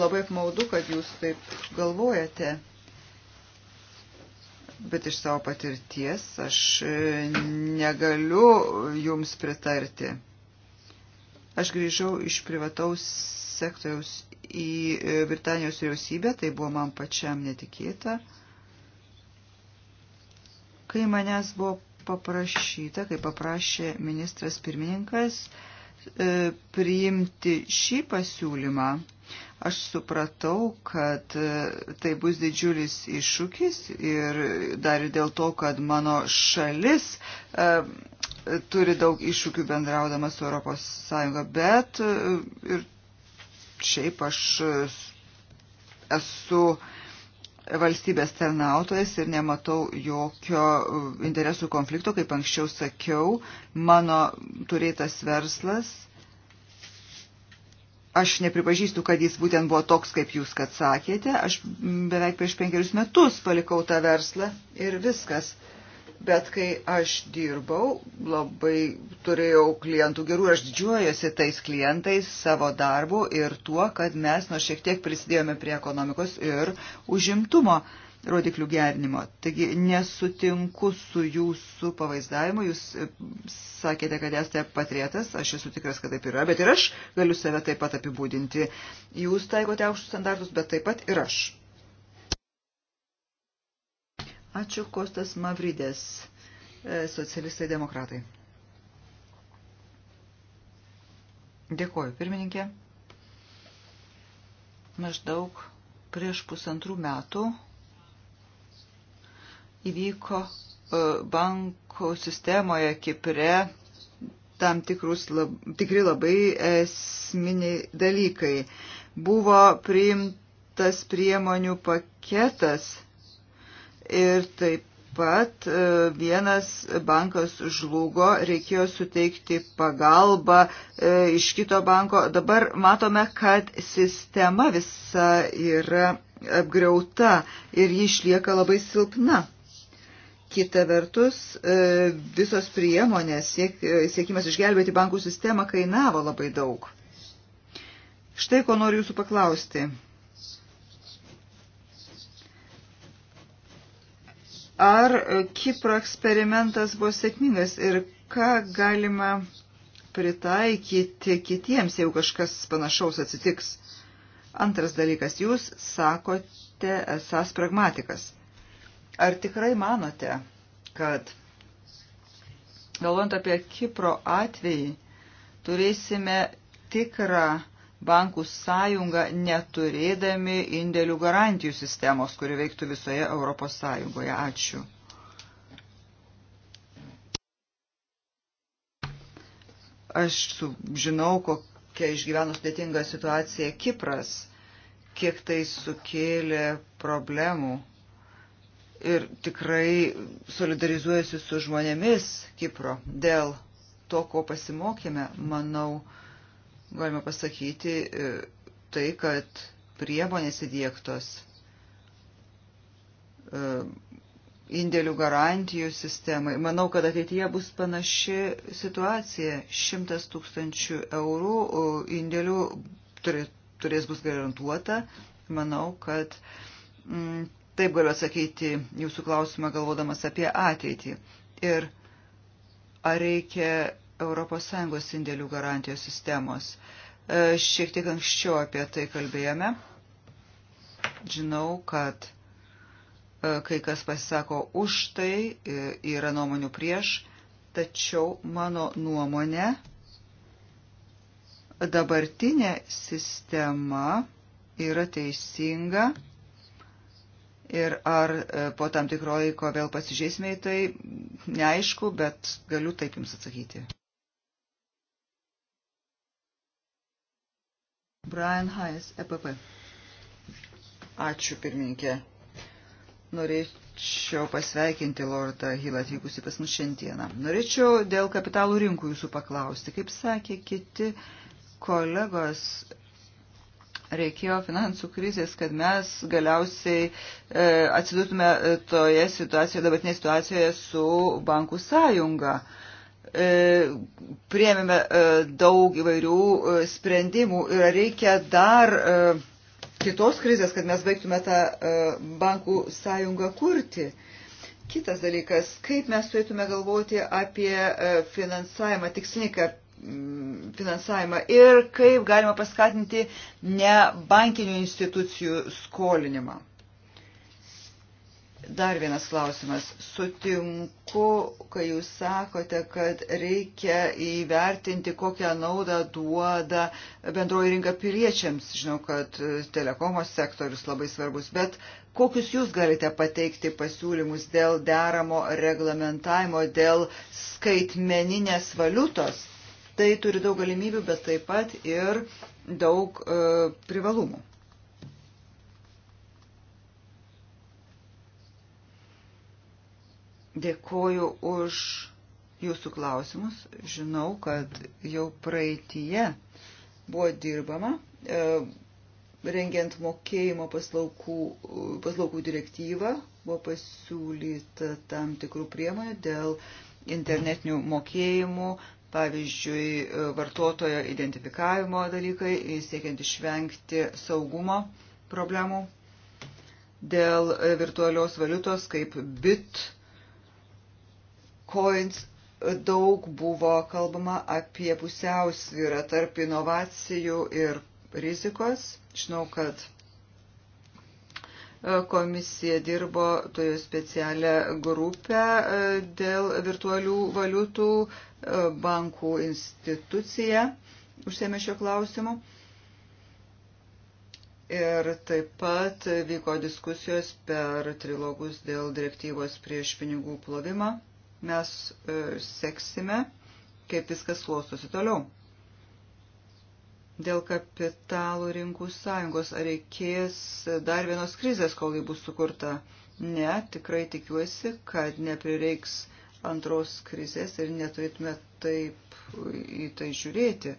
Labai apmaudu, kad jūs taip galvojate, bet iš savo patirties aš e, negaliu jums pritarti. Aš grįžau iš privataus sektoriaus į e, Britanijos vyriausybę, tai buvo man pačiam netikėta. Kai manęs buvo paprašyta, kai paprašė ministras pirmininkas, E, priimti šį pasiūlymą, aš supratau, kad e, tai bus didžiulis iššūkis ir dar ir dėl to, kad mano šalis e, turi daug iššūkių bendraudama su Europos Sąjunga, bet ir šiaip aš esu valstybės tarnautojas ir nematau jokio interesų konflikto, kaip anksčiau sakiau, mano turėtas verslas. Aš nepripažįstu, kad jis būtent buvo toks, kaip jūs, kad sakėte. Aš beveik prieš penkerius metus palikau tą verslą ir viskas. Uh, bet kai aš dirbau, labai turėjau klientų gerų ir aš didžiuojuosi tais klientais savo darbu ir tuo, kad mes nuo šiek tiek prisidėjome prie ekonomikos ir užimtumo rodiklių gerinimo. Taigi nesutinku su jūsų pavaizdavimu, jūs e, sakėte, kad esate patrietas, aš esu tikras, kad taip yra, bet ir aš galiu save taip pat apibūdinti. Jūs taikote aukštus standartus, bet taip pat ir aš. Ačiū Kostas Mavridės, e, socialistai demokratai. Dėkoju, pirmininkė. Maždaug prieš pusantrų metų įvyko e, bankų sistemoje Kipre tam tikrus, lab, tikri labai esminiai dalykai. Buvo priimtas priemonių paketas ir taip pat e, vienas bankas žlugo, reikėjo suteikti pagalbą e, iš kito banko. Dabar matome, kad sistema visa yra apgriauta ir ji išlieka labai silpna. Kita vertus, e, visos priemonės siek, siekimas išgelbėti bankų sistemą kainavo labai daug. Štai ko noriu jūsų paklausti. Ar Kipro eksperimentas buvo sėkmingas ir ką galima pritaikyti kitiems, jeigu kažkas panašaus atsitiks? Antras dalykas, jūs sakote esas pragmatikas. Ar tikrai manote, kad galvojant apie Kipro atvejį, turėsime tikrą bankų sąjungą neturėdami indėlių garantijų sistemos, kuri veiktų visoje Europos sąjungoje. Ačiū. Aš žinau, kokia išgyveno sudėtinga situacija Kipras, kiek tai sukėlė problemų. Ir tikrai solidarizuojasi su žmonėmis Kipro dėl to, ko pasimokėme, manau, uh, galime pasakyti e, tai, kad priemonės įdėktos e, indėlių garantijų sistemai. Manau, kad ateityje bus panaši situacija. Šimtas tūkstančių eurų indėlių turės bus garantuota. Manau, kad mm, taip galiu atsakyti jūsų klausimą galvodamas apie ateitį. Ir ar reikia ES indėlių garantijos sistemos. E, šiek tiek anksčiau apie tai kalbėjome. Žinau, kad e, kai kas pasisako už tai, e, yra nuomonių prieš, tačiau mano nuomonė dabartinė sistema yra teisinga ir ar po tam tikro laiko vėl pasižiūrėsime į tai, neaišku, bet galiu taip jums atsakyti. Brian Hayes, EPP. Ačiū, pirmininkė. Norėčiau pasveikinti Lordą Hill atvykusi pas mus šiandieną. Norėčiau dėl kapitalų rinkų jūsų paklausti. Kaip sakė kiti kolegos, reikėjo finansų krizės, kad mes galiausiai e, atsidurtume toje situacijoje, dabartinėje situacijoje su bankų sąjunga. E, E, priemėme e, daug įvairių e, sprendimų ir reikia dar kitos krizės, kad mes baigtume tą bankų sąjungą kurti. Kitas dalykas, kaip mes turėtume galvoti apie finansavimą, tikslinį finansavimą ir kaip galima paskatinti ne bankinių institucijų skolinimą. Dar vienas klausimas. Sutinku, kai jūs sakote, kad reikia įvertinti, kokią naudą duoda bendroji rinka piliečiams. Žinau, kad telekomos sektorius labai svarbus, bet kokius jūs galite pateikti pasiūlymus dėl deramo reglamentavimo, dėl skaitmeninės valiutos? Tai turi daug galimybių, bet taip pat ir daug e, privalumų. Dėkoju už jūsų klausimus. Žinau, kad jau praeitie buvo dirbama e, rengiant mokėjimo paslaugų, paslaugų direktyvą, buvo pasiūlyta tam tikrų priemonių dėl internetinių mokėjimų, pavyzdžiui, e, vartotojo identifikavimo dalykai, siekiant išvengti saugumo problemų, dėl e, virtualios valiutos kaip bit Coins e, daug buvo kalbama apie pusiausvyrą tarp inovacijų ir rizikos. Žinau, kad e, komisija dirbo toje specialią grupę e, dėl virtualių valiutų, bankų institucija užsėmė šio klausimu. Ir taip pat vyko diskusijos per trilogus dėl direktyvos prieš pinigų plovimą. Mes e, seksime, kaip viskas klostosi toliau. Dėl kapitalų rinkų sąjungos ar reikės dar vienos krizės, kol ji bus sukurta? Ne, tikrai tikiuosi, kad neprireiks antros krizės ir neturėtume taip į tai žiūrėti.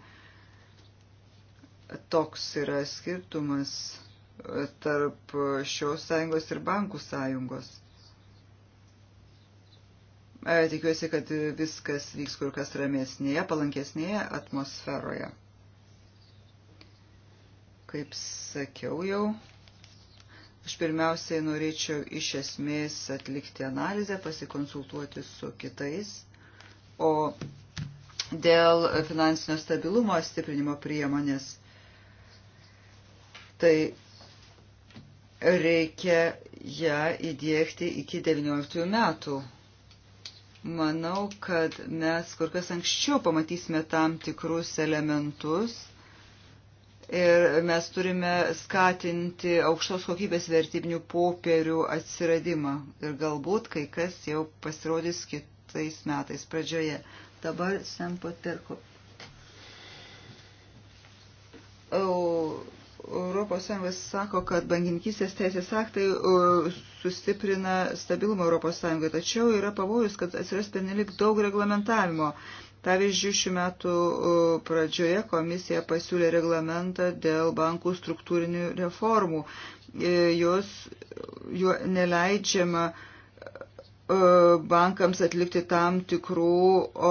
Toks yra skirtumas e, tarp šios sąjungos ir bankų sąjungos. E, tikiuosi, kad viskas vyks kur kas ramesnėje, palankesnėje atmosferoje. Kaip sakiau jau, aš pirmiausiai norėčiau iš esmės atlikti analizę, pasikonsultuoti su kitais, o dėl finansinio stabilumo stiprinimo priemonės, tai reikia ją įdėkti iki 19 metų Manau, kad mes kur kas anksčiau pamatysime tam tikrus elementus ir mes turime skatinti aukštos kokybės vertybinių popierių atsiradimą ir galbūt kai kas jau pasirodys kitais metais pradžioje. Dabar Sempo Terko. Europos Sąjungos sako, kad bankininkystės teisės aktai sustiprina stabilumą ES, tačiau yra pavojus, kad atsiras pernelik daug reglamentavimo. Pavyzdžiui, šių metų pradžioje komisija pasiūlė reglamentą dėl bankų struktūrinių reformų. E, jos juo neleidžiama bankams atlikti tam tikrų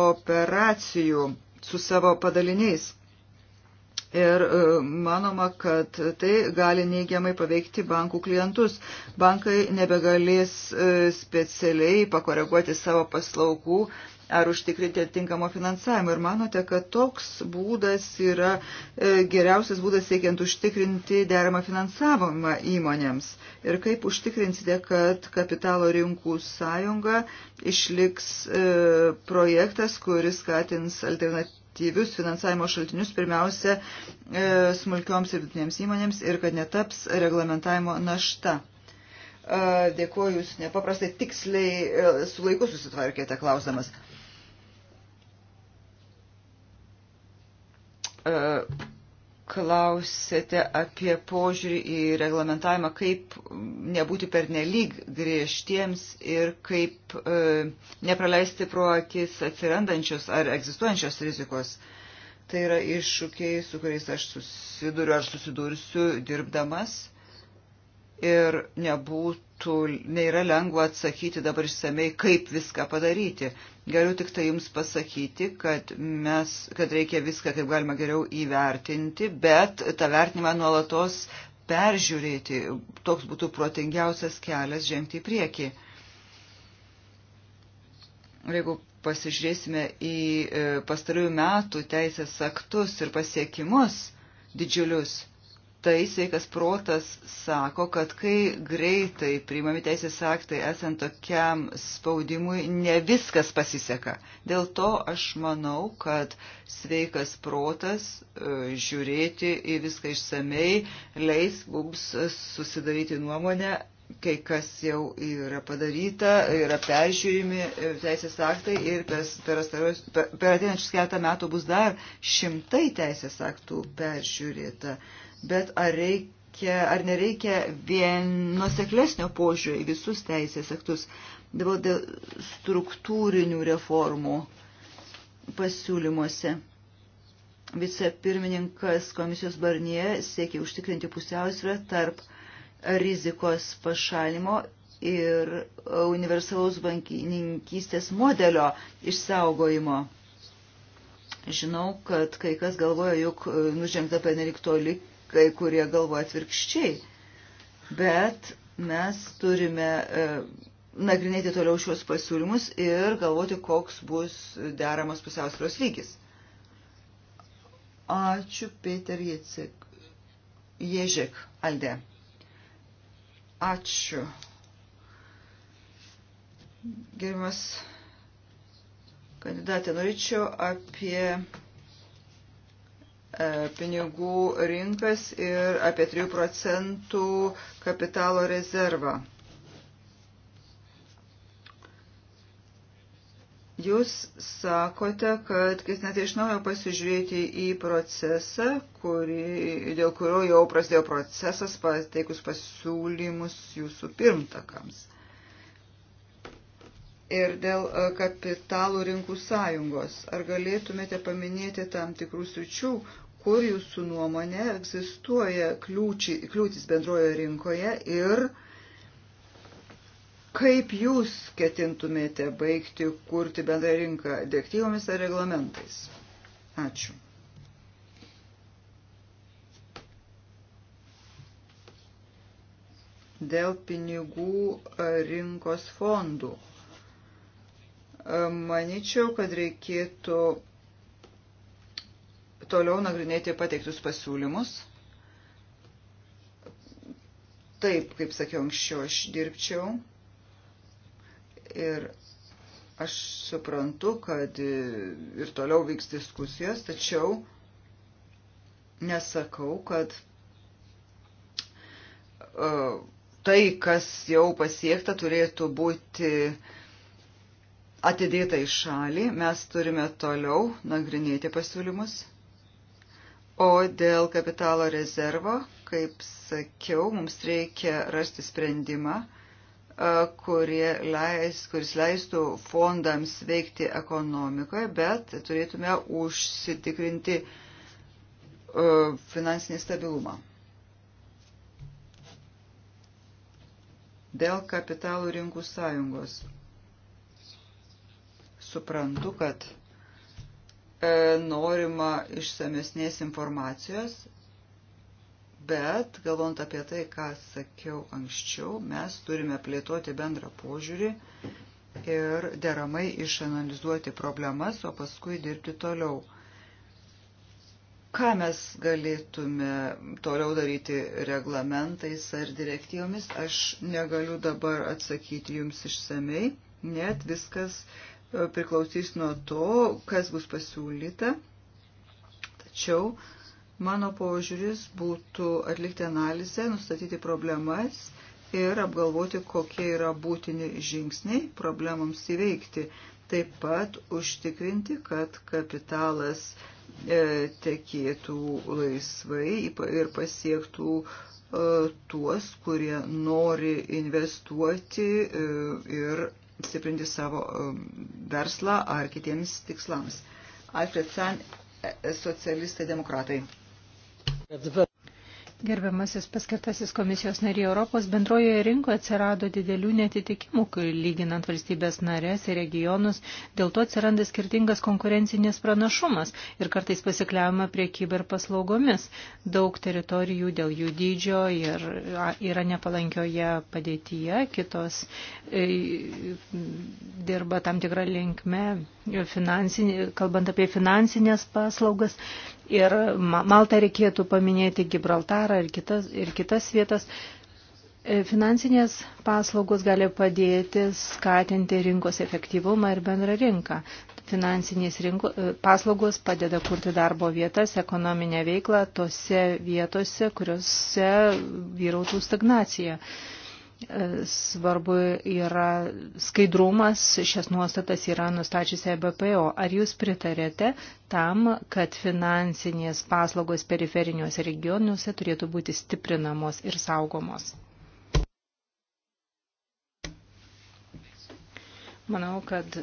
operacijų su savo padaliniais. Ir e, manoma, kad tai gali neigiamai paveikti bankų klientus. Bankai nebegalės e, specialiai pakoreguoti savo paslaugų ar užtikrinti atitinkamą finansavimą. Ir manote, kad toks būdas yra e, geriausias būdas siekiant užtikrinti deramą finansavimą įmonėms. Ir kaip užtikrinsite, kad kapitalo rinkų sąjunga išliks projektas, kuris skatins alternatyvą alternatyvius finansavimo šaltinius pirmiausia e, smulkioms ir vidutinėms įmonėms ir kad netaps reglamentavimo našta. E, Dėkuoju, jūs nepaprastai tiksliai e, su laiku susitvarkėte klausimas klausėte apie požiūrį į reglamentavimą, kaip nebūti pernelyg griežtiems ir kaip e, nepraleisti pro akis atsirandančios ar egzistuojančios rizikos. Tai yra iššūkiai, su kuriais aš susiduriu ar susidursiu dirbdamas ir nebūtų, nėra lengva atsakyti dabar išsamei, kaip viską padaryti. Galiu tik tai jums pasakyti, kad, mes, kad reikia viską kaip galima geriau įvertinti, bet tą vertinimą nuolatos peržiūrėti. Toks būtų protingiausias kelias žengti į priekį. Jeigu pasižiūrėsime į e, pastarųjų metų teisės aktus ir pasiekimus didžiulius, tai sveikas protas sako, kad kai greitai priimami teisės aktai esant tokiam spaudimui, ne viskas pasiseka. Dėl to aš manau, kad sveikas protas e, žiūrėti į viską išsamei leis mums susidaryti nuomonę, kai kas jau yra padaryta, yra peržiūrimi teisės aktai ir per, per, per ateinančius keletą metų bus dar šimtai teisės aktų peržiūrėta. Uh, bet ar, reikia, ar nereikia vien nuseklesnio požiūrį į visus teisės aktus. Dabar dėl struktūrinių reformų pasiūlymuose. Vicepirmininkas komisijos Barnie siekia užtikrinti pusiausvę tarp rizikos pašalimo ir universalaus bankininkystės modelio išsaugojimo. Žinau, kad kai kas galvoja, jog nužengta penelik toli, kai kurie galvoja atvirkščiai. Bet mes turime e, nagrinėti toliau šios pasiūlymus ir galvoti, koks bus deramas pusiausvėros lygis. Ačiū, Peter Jėcik. Ježek, Alde. Ačiū. Gerimas kandidatė, norėčiau apie E, pinigų rinkas ir apie 3 procentų kapitalo rezervą. Jūs sakote, kad kai net iš naujo pasižiūrėti į procesą, kuri, dėl kurio jau prasidėjo procesas pateikus pasiūlymus jūsų pirmtakams. Ir dėl e, kapitalų rinkų sąjungos. Ar galėtumėte paminėti tam tikrų sričių, kur jūsų nuomonė egzistuoja kliūči, kliūtis bendrojo rinkoje ir kaip jūs ketintumėte baigti kurti bendrą rinką direktyvomis ar reglamentais? Ačiū. Dėl pinigų e, rinkos fondų. E, Maničiau, kad reikėtų toliau nagrinėti pateiktus pasiūlymus. Taip, kaip sakiau anksčiau, aš dirbčiau ir aš suprantu, kad ir toliau vyks diskusijos, tačiau nesakau, kad uh, tai, kas jau pasiekta, turėtų būti atidėta į šalį. Mes turime toliau nagrinėti pasiūlymus. O dėl kapitalo rezervo, kaip sakiau, mums reikia rasti sprendimą, leis, kuris leistų fondams veikti ekonomikoje, bet turėtume užsitikrinti finansinį stabilumą. Dėl kapitalų rinkų sąjungos suprantu, kad E, norima išsamesnės informacijos, bet galvant apie tai, ką sakiau anksčiau, mes turime plėtoti bendrą požiūrį ir deramai išanalizuoti problemas, o paskui dirbti toliau. Ką mes galėtume toliau daryti reglamentais ar direktyvomis, aš negaliu dabar atsakyti jums išsamei, net viskas priklausys nuo to, kas bus pasiūlyta. Tačiau mano požiūris būtų atlikti analizę, nustatyti problemas ir apgalvoti, kokie yra būtini žingsniai problemams įveikti. Taip pat užtikrinti, kad kapitalas e, tekėtų laisvai ir pasiektų e, tuos, kurie nori investuoti e, ir stiprinti savo um, verslą ar kitiems tikslams. Alfred San, e, socialistai demokratai. Gerbiamasis paskirtasis komisijos nariai Europos bendrojoje rinkoje atsirado didelių netitikimų, kai lyginant valstybės narės ir regionus, dėl to atsiranda skirtingas konkurencinės pranašumas ir kartais pasikliavama prie kiber paslaugomis. Daug teritorijų dėl jų dydžio ir yra nepalankioje padėtyje, kitos e, dirba tam tikrą linkme, kalbant apie finansinės paslaugas ir Maltą reikėtų paminėti, Gibraltarą ir kitas, ir kitas vietas. E, finansinės paslaugos gali padėti skatinti rinkos efektyvumą ir bendrą rinką. Finansinės rinko, e, paslaugos padeda kurti darbo vietas, ekonominę veiklą tose vietose, kuriuose vyrautų stagnacija. E, svarbu yra skaidrumas, šias nuostatas yra nustačiusi e BPO. Ar jūs pritarėte tam, kad finansinės paslaugos periferiniuose regioniuose turėtų būti stiprinamos ir saugomos? Manau, kad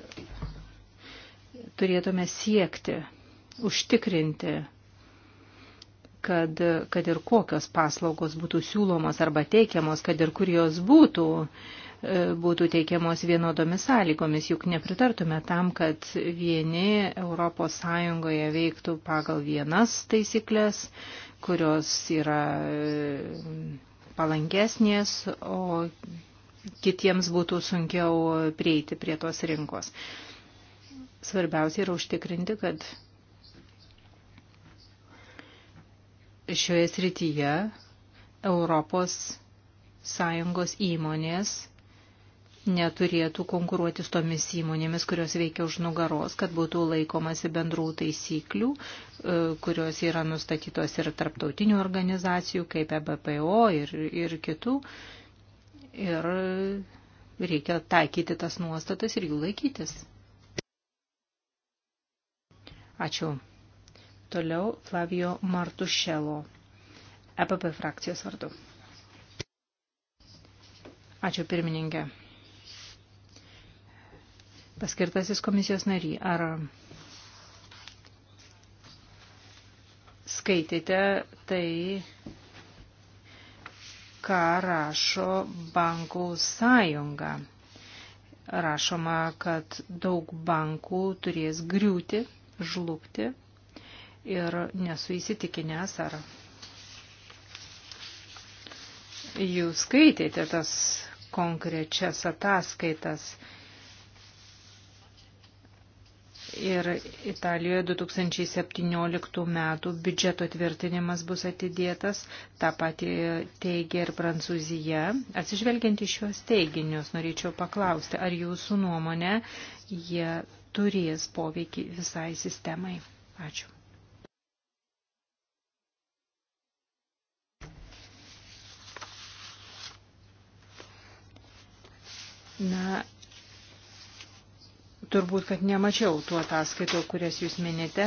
turėtume siekti, užtikrinti kad, kad ir kokios paslaugos būtų siūlomos arba teikiamos, kad ir kur jos būtų, e, būtų teikiamos vienodomis sąlygomis, juk nepritartume tam, kad vieni ES veiktų pagal vienas taisyklės, kurios yra e, palankesnės, o kitiems būtų sunkiau prieiti prie tos rinkos. Svarbiausia yra užtikrinti, kad šioje srityje Europos Sąjungos įmonės neturėtų konkuruoti su tomis įmonėmis, kurios veikia už nugaros, kad būtų laikomasi bendrų taisyklių, e, kurios yra nustatytos ir tarptautinių organizacijų, kaip EBPO ir, ir kitų. Ir reikia taikyti tas nuostatas ir jų laikytis. Ačiū. Toliau Flavio Martušelo, EPP frakcijos vardu. Ačiū pirmininkė. Paskirtasis komisijos nary, ar skaitėte tai, ką rašo bankų sąjunga? Rašoma, kad daug bankų turės griūti, žlugti ir nesu įsitikinęs, ar jūs skaitėte tas konkrečias ataskaitas. Ir Italijoje 2017 metų biudžeto tvirtinimas bus atidėtas, tą patį teigia ir Prancūzija. Atsižvelgiant į šios teiginius, norėčiau paklausti, ar jūsų nuomonė jie turės poveikį visai sistemai. Ačiū. Na, turbūt, kad nemačiau tuo ataskaito, kurias jūs minite.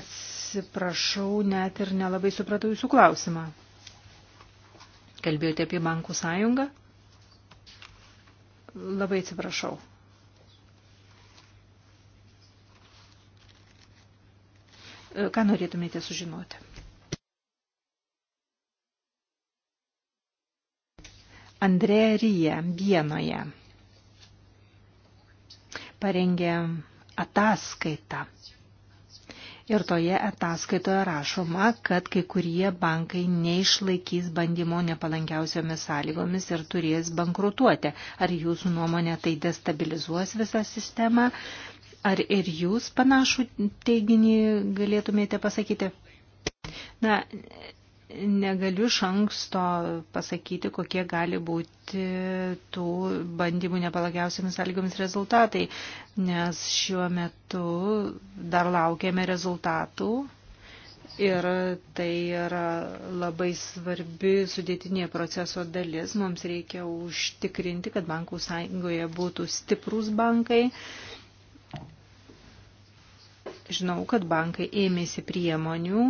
Atsiprašau, net ir nelabai supratau jūsų klausimą. Kalbėjote apie bankų sąjungą? Labai atsiprašau. Ką norėtumėte sužinoti? Andrėja Ryja Vienoje parengė ataskaitą. Ir toje ataskaitoje rašoma, kad kai kurie bankai neišlaikys bandymo nepalankiausiomis sąlygomis ir turės bankrutuoti. Ar jūsų nuomonė tai destabilizuos visą sistemą? Ar ir jūs panašų teiginį galėtumėte pasakyti? Na, negaliu šanksto pasakyti, kokie gali būti tų bandymų nepalagiausiamis sąlygomis rezultatai, nes šiuo metu dar laukiame rezultatų ir tai yra labai svarbi sudėtinė proceso dalis. Mums reikia užtikrinti, kad bankų sąjungoje būtų stiprus bankai. Žinau, kad bankai ėmėsi priemonių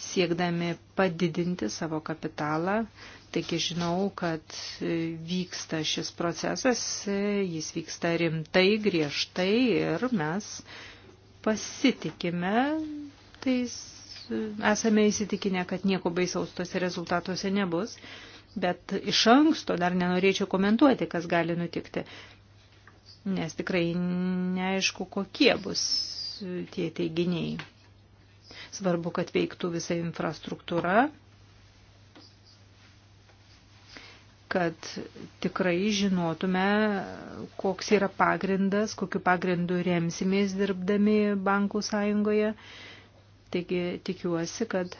siekdami padidinti savo kapitalą. Taigi žinau, kad vyksta šis procesas, jis vyksta rimtai, griežtai ir mes pasitikime, tais esame įsitikinę, kad nieko baisaus tose rezultatuose nebus, bet iš anksto dar nenorėčiau komentuoti, kas gali nutikti, nes tikrai neaišku, kokie bus tie teiginiai. Svarbu, kad veiktų visa infrastruktūra, kad tikrai žinotume, koks yra pagrindas, kokiu pagrindu remsimės dirbdami bankų sąjungoje. Taigi tikiuosi, kad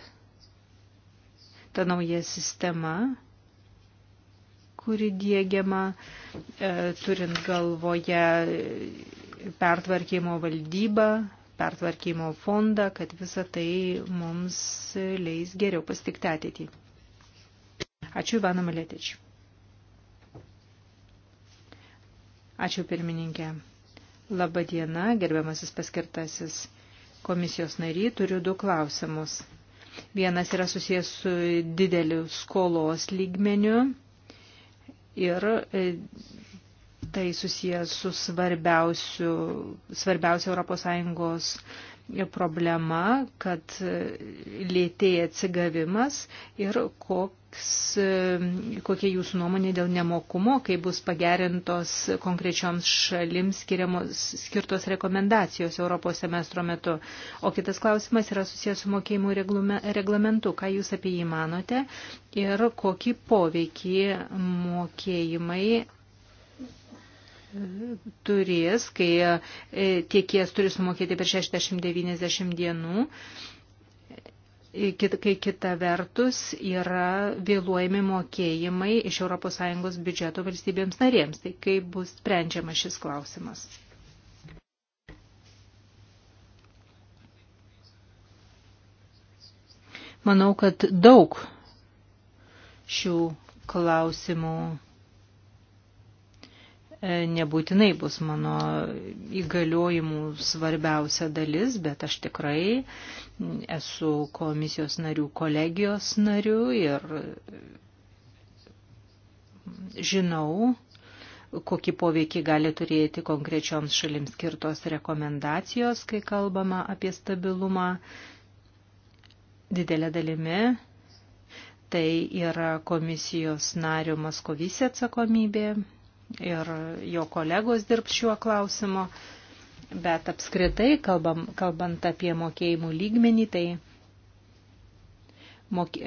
ta nauja sistema, kuri dėgiama, e, turint galvoje pertvarkymo valdybą, pertvarkymo fondą, kad visa tai mums leis geriau pasitikti ateitį. Ačiū Ivana Maletič. Ačiū pirmininkė. Labą dieną, gerbiamasis paskirtasis komisijos nary, turiu du klausimus. Vienas yra susijęs su dideliu skolos lygmeniu ir e, tai susijęs su svarbiausia ES problema, kad lėtėja atsigavimas ir koks, kokie jūsų nuomonė dėl nemokumo, kai bus pagerintos konkrečioms šalims skiriamos, skirtos rekomendacijos Europos semestro metu. O kitas klausimas yra susijęs su mokėjimų reglamentu. Ką jūs apie jį manote ir kokį poveikį mokėjimai turės, kai e, tiekėjas turi sumokėti per 60-90 dienų, e, kai kita vertus yra vėluojami mokėjimai iš ES biudžeto valstybėms narėms. Tai kaip bus sprendžiama šis klausimas? Manau, kad daug šių klausimų E, nebūtinai bus mano įgaliojimų svarbiausia dalis, bet aš tikrai esu komisijos narių kolegijos narių ir žinau, kokį poveikį gali turėti konkrečioms šalims skirtos rekomendacijos, kai kalbama apie stabilumą. Didelė dalimi tai yra komisijos nario Maskovysė atsakomybė, ir jo kolegos dirbs šiuo klausimu, bet apskritai, kalbam, kalbant apie mokėjimų lygmenį, tai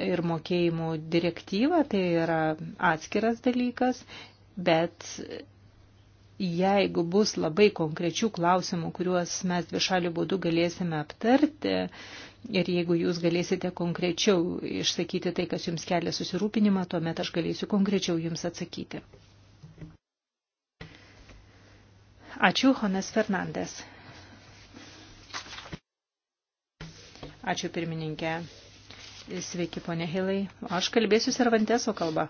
ir mokėjimų direktyva, tai yra atskiras dalykas, bet jeigu bus labai konkrečių klausimų, kuriuos mes dvišalių būdų galėsime aptarti, ir jeigu jūs galėsite konkrečiau išsakyti tai, kas jums kelia susirūpinimą, tuomet aš galėsiu konkrečiau jums atsakyti. Ačiū, Jonas Fernandes. Ačiū, pirmininkė. Sveiki, ponė Hilai. Aš kalbėsiu Servanteso kalbą.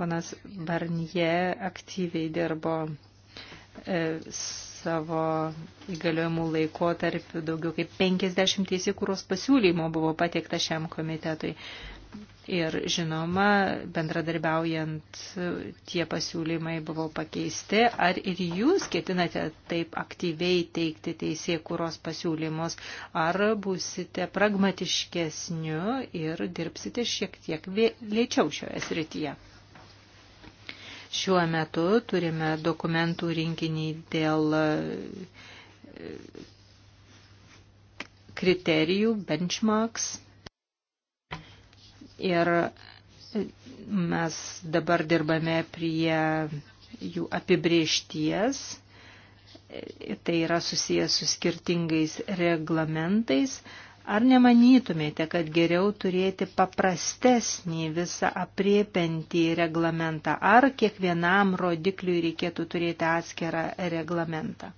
Ponas Barnie aktyviai dirbo E, savo įgaliojimų laikotarpiu daugiau kaip 50 teisėkūros pasiūlymo buvo patiekta šiam komitetui. Ir žinoma, bendradarbiaujant e, tie pasiūlymai buvo pakeisti. Ar ir jūs ketinate taip aktyviai teikti teisėkūros pasiūlymus, ar būsite pragmatiškesniu ir dirbsite šiek tiek lėčiau šioje srityje? Šiuo metu turime dokumentų rinkinį dėl e, kriterijų, benchmarks. Ir mes dabar dirbame prie jų apibriešties. E, tai yra susijęs su skirtingais reglamentais. Ar nemanytumėte, kad geriau turėti paprastesnį visą apriepentį reglamentą, ar kiekvienam rodikliui reikėtų turėti atskirą reglamentą?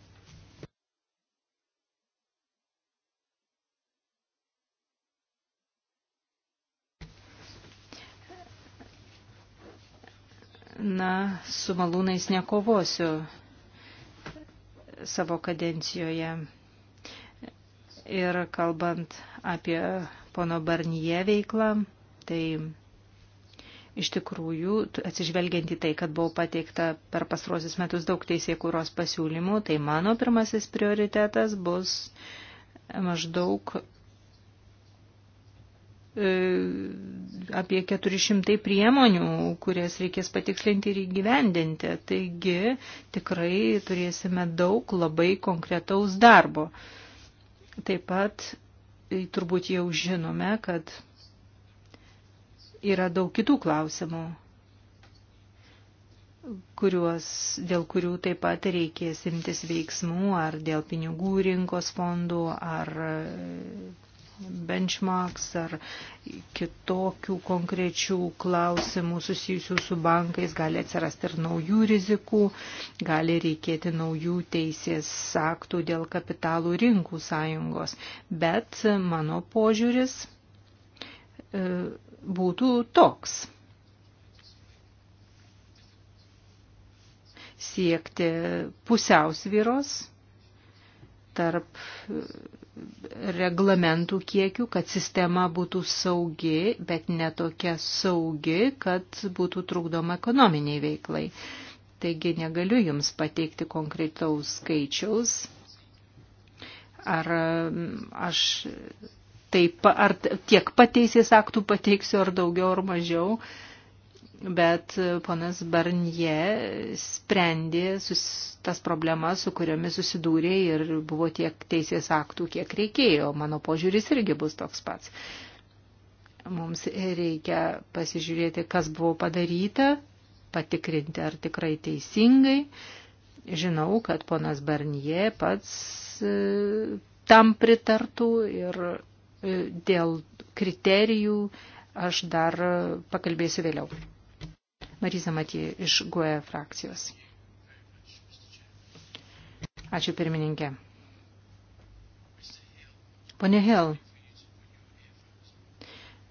Na, su malūnais nekovosiu savo kadencijoje Ir kalbant apie pono Barnyje veiklą, tai iš tikrųjų, atsižvelgiant į tai, kad buvo pateikta per pastrosius metus daug teisėkūros pasiūlymų, tai mano pirmasis prioritetas bus maždaug e, apie 400 priemonių, kurias reikės patikslinti ir įgyvendinti. Taigi tikrai turėsime daug labai konkretaus darbo. Taip pat turbūt jau žinome, kad yra daug kitų klausimų, kuriuos, dėl kurių taip pat reikės imtis veiksmų, ar dėl pinigų rinkos fondų, ar benchmarks ar kitokių konkrečių klausimų susijusių su bankais, gali atsirasti ir naujų rizikų, gali reikėti naujų teisės aktų dėl kapitalų rinkų sąjungos. Bet mano požiūris e, būtų toks. Siekti pusiausvyros tarp reglamentų kiekių, kad sistema būtų saugi, bet netokia saugi, kad būtų trukdoma ekonominiai veiklai. Taigi negaliu Jums pateikti konkretaus skaičiaus. Ar aš taip, ar tiek pateisės aktų pateiksiu, ar daugiau, ar mažiau. Uh, bet e, ponas Barnie sprendė sus, tas problemas, su kuriomis susidūrė ir buvo tiek teisės aktų, kiek reikėjo. Mano požiūris irgi bus toks pats. Mums reikia pasižiūrėti, kas buvo padaryta, patikrinti, ar tikrai teisingai. Žinau, kad ponas Barnie pats e, tam pritartų ir e, dėl kriterijų aš dar pakalbėsiu vėliau. Marisa Matija iš GUE frakcijos. Ačiū pirmininkė. Pone Hill,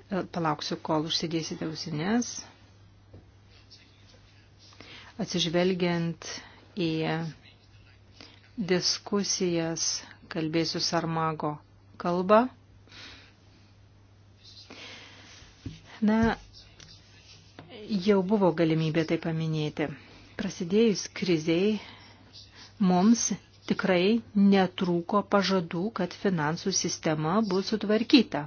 palauksiu, kol užsidėsite ausinės. Atsižvelgiant į diskusijas, kalbėsiu Sarmago kalbą. Na, jau buvo galimybė tai paminėti. Prasidėjus kriziai mums tikrai netrūko pažadų, kad finansų sistema bus sutvarkyta.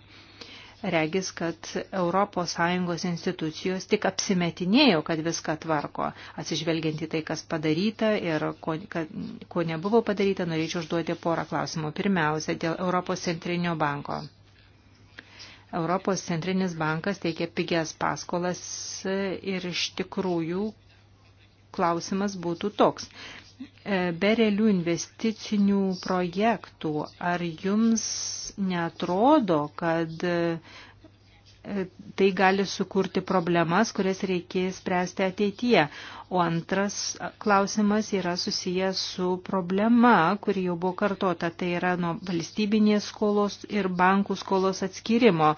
Regis, kad ES institucijos tik apsimetinėjo, kad viską tvarko. Atsižvelgiant į tai, kas padaryta ir ko, kad, ko nebuvo padaryta, norėčiau užduoti porą klausimų. Pirmiausia, dėl Europos centrinio banko. Europos centrinis bankas teikia pigias paskolas ir iš tikrųjų klausimas būtų toks. E, be realių investicinių projektų, ar jums netrodo, kad tai gali sukurti problemas, kurias reikės spręsti ateityje. O antras klausimas yra susijęs su problema, kuri jau buvo kartota, tai yra nuo valstybinės skolos ir bankų skolos atskirimo.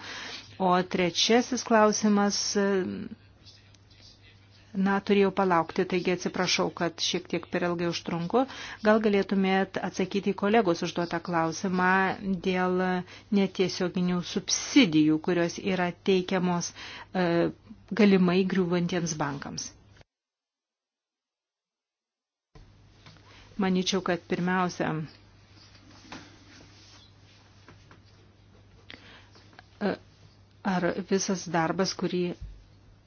O trečiasis klausimas Na, turėjau palaukti, taigi atsiprašau, kad šiek tiek per ilgai užtrunku. Gal galėtumėt atsakyti į kolegos užduotą klausimą dėl netiesioginių subsidijų, kurios yra teikiamos e, galimai griūvantiems bankams. Maničiau, kad pirmiausia. E, ar visas darbas, kurį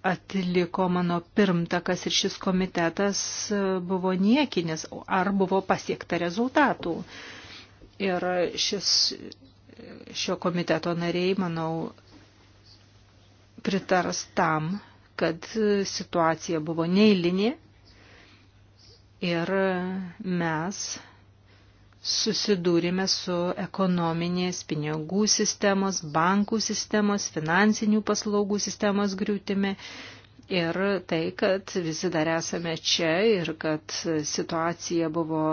atliko mano pirmtakas ir šis komitetas e, buvo niekinis, ar buvo pasiekta rezultatų. Ir šis, šio komiteto nariai, manau, pritars tam, kad situacija buvo neįlinė ir mes susidūrime su ekonominės pinigų sistemos, bankų sistemos, finansinių paslaugų sistemos griūtimi. Ir tai, kad visi dar esame čia ir kad situacija buvo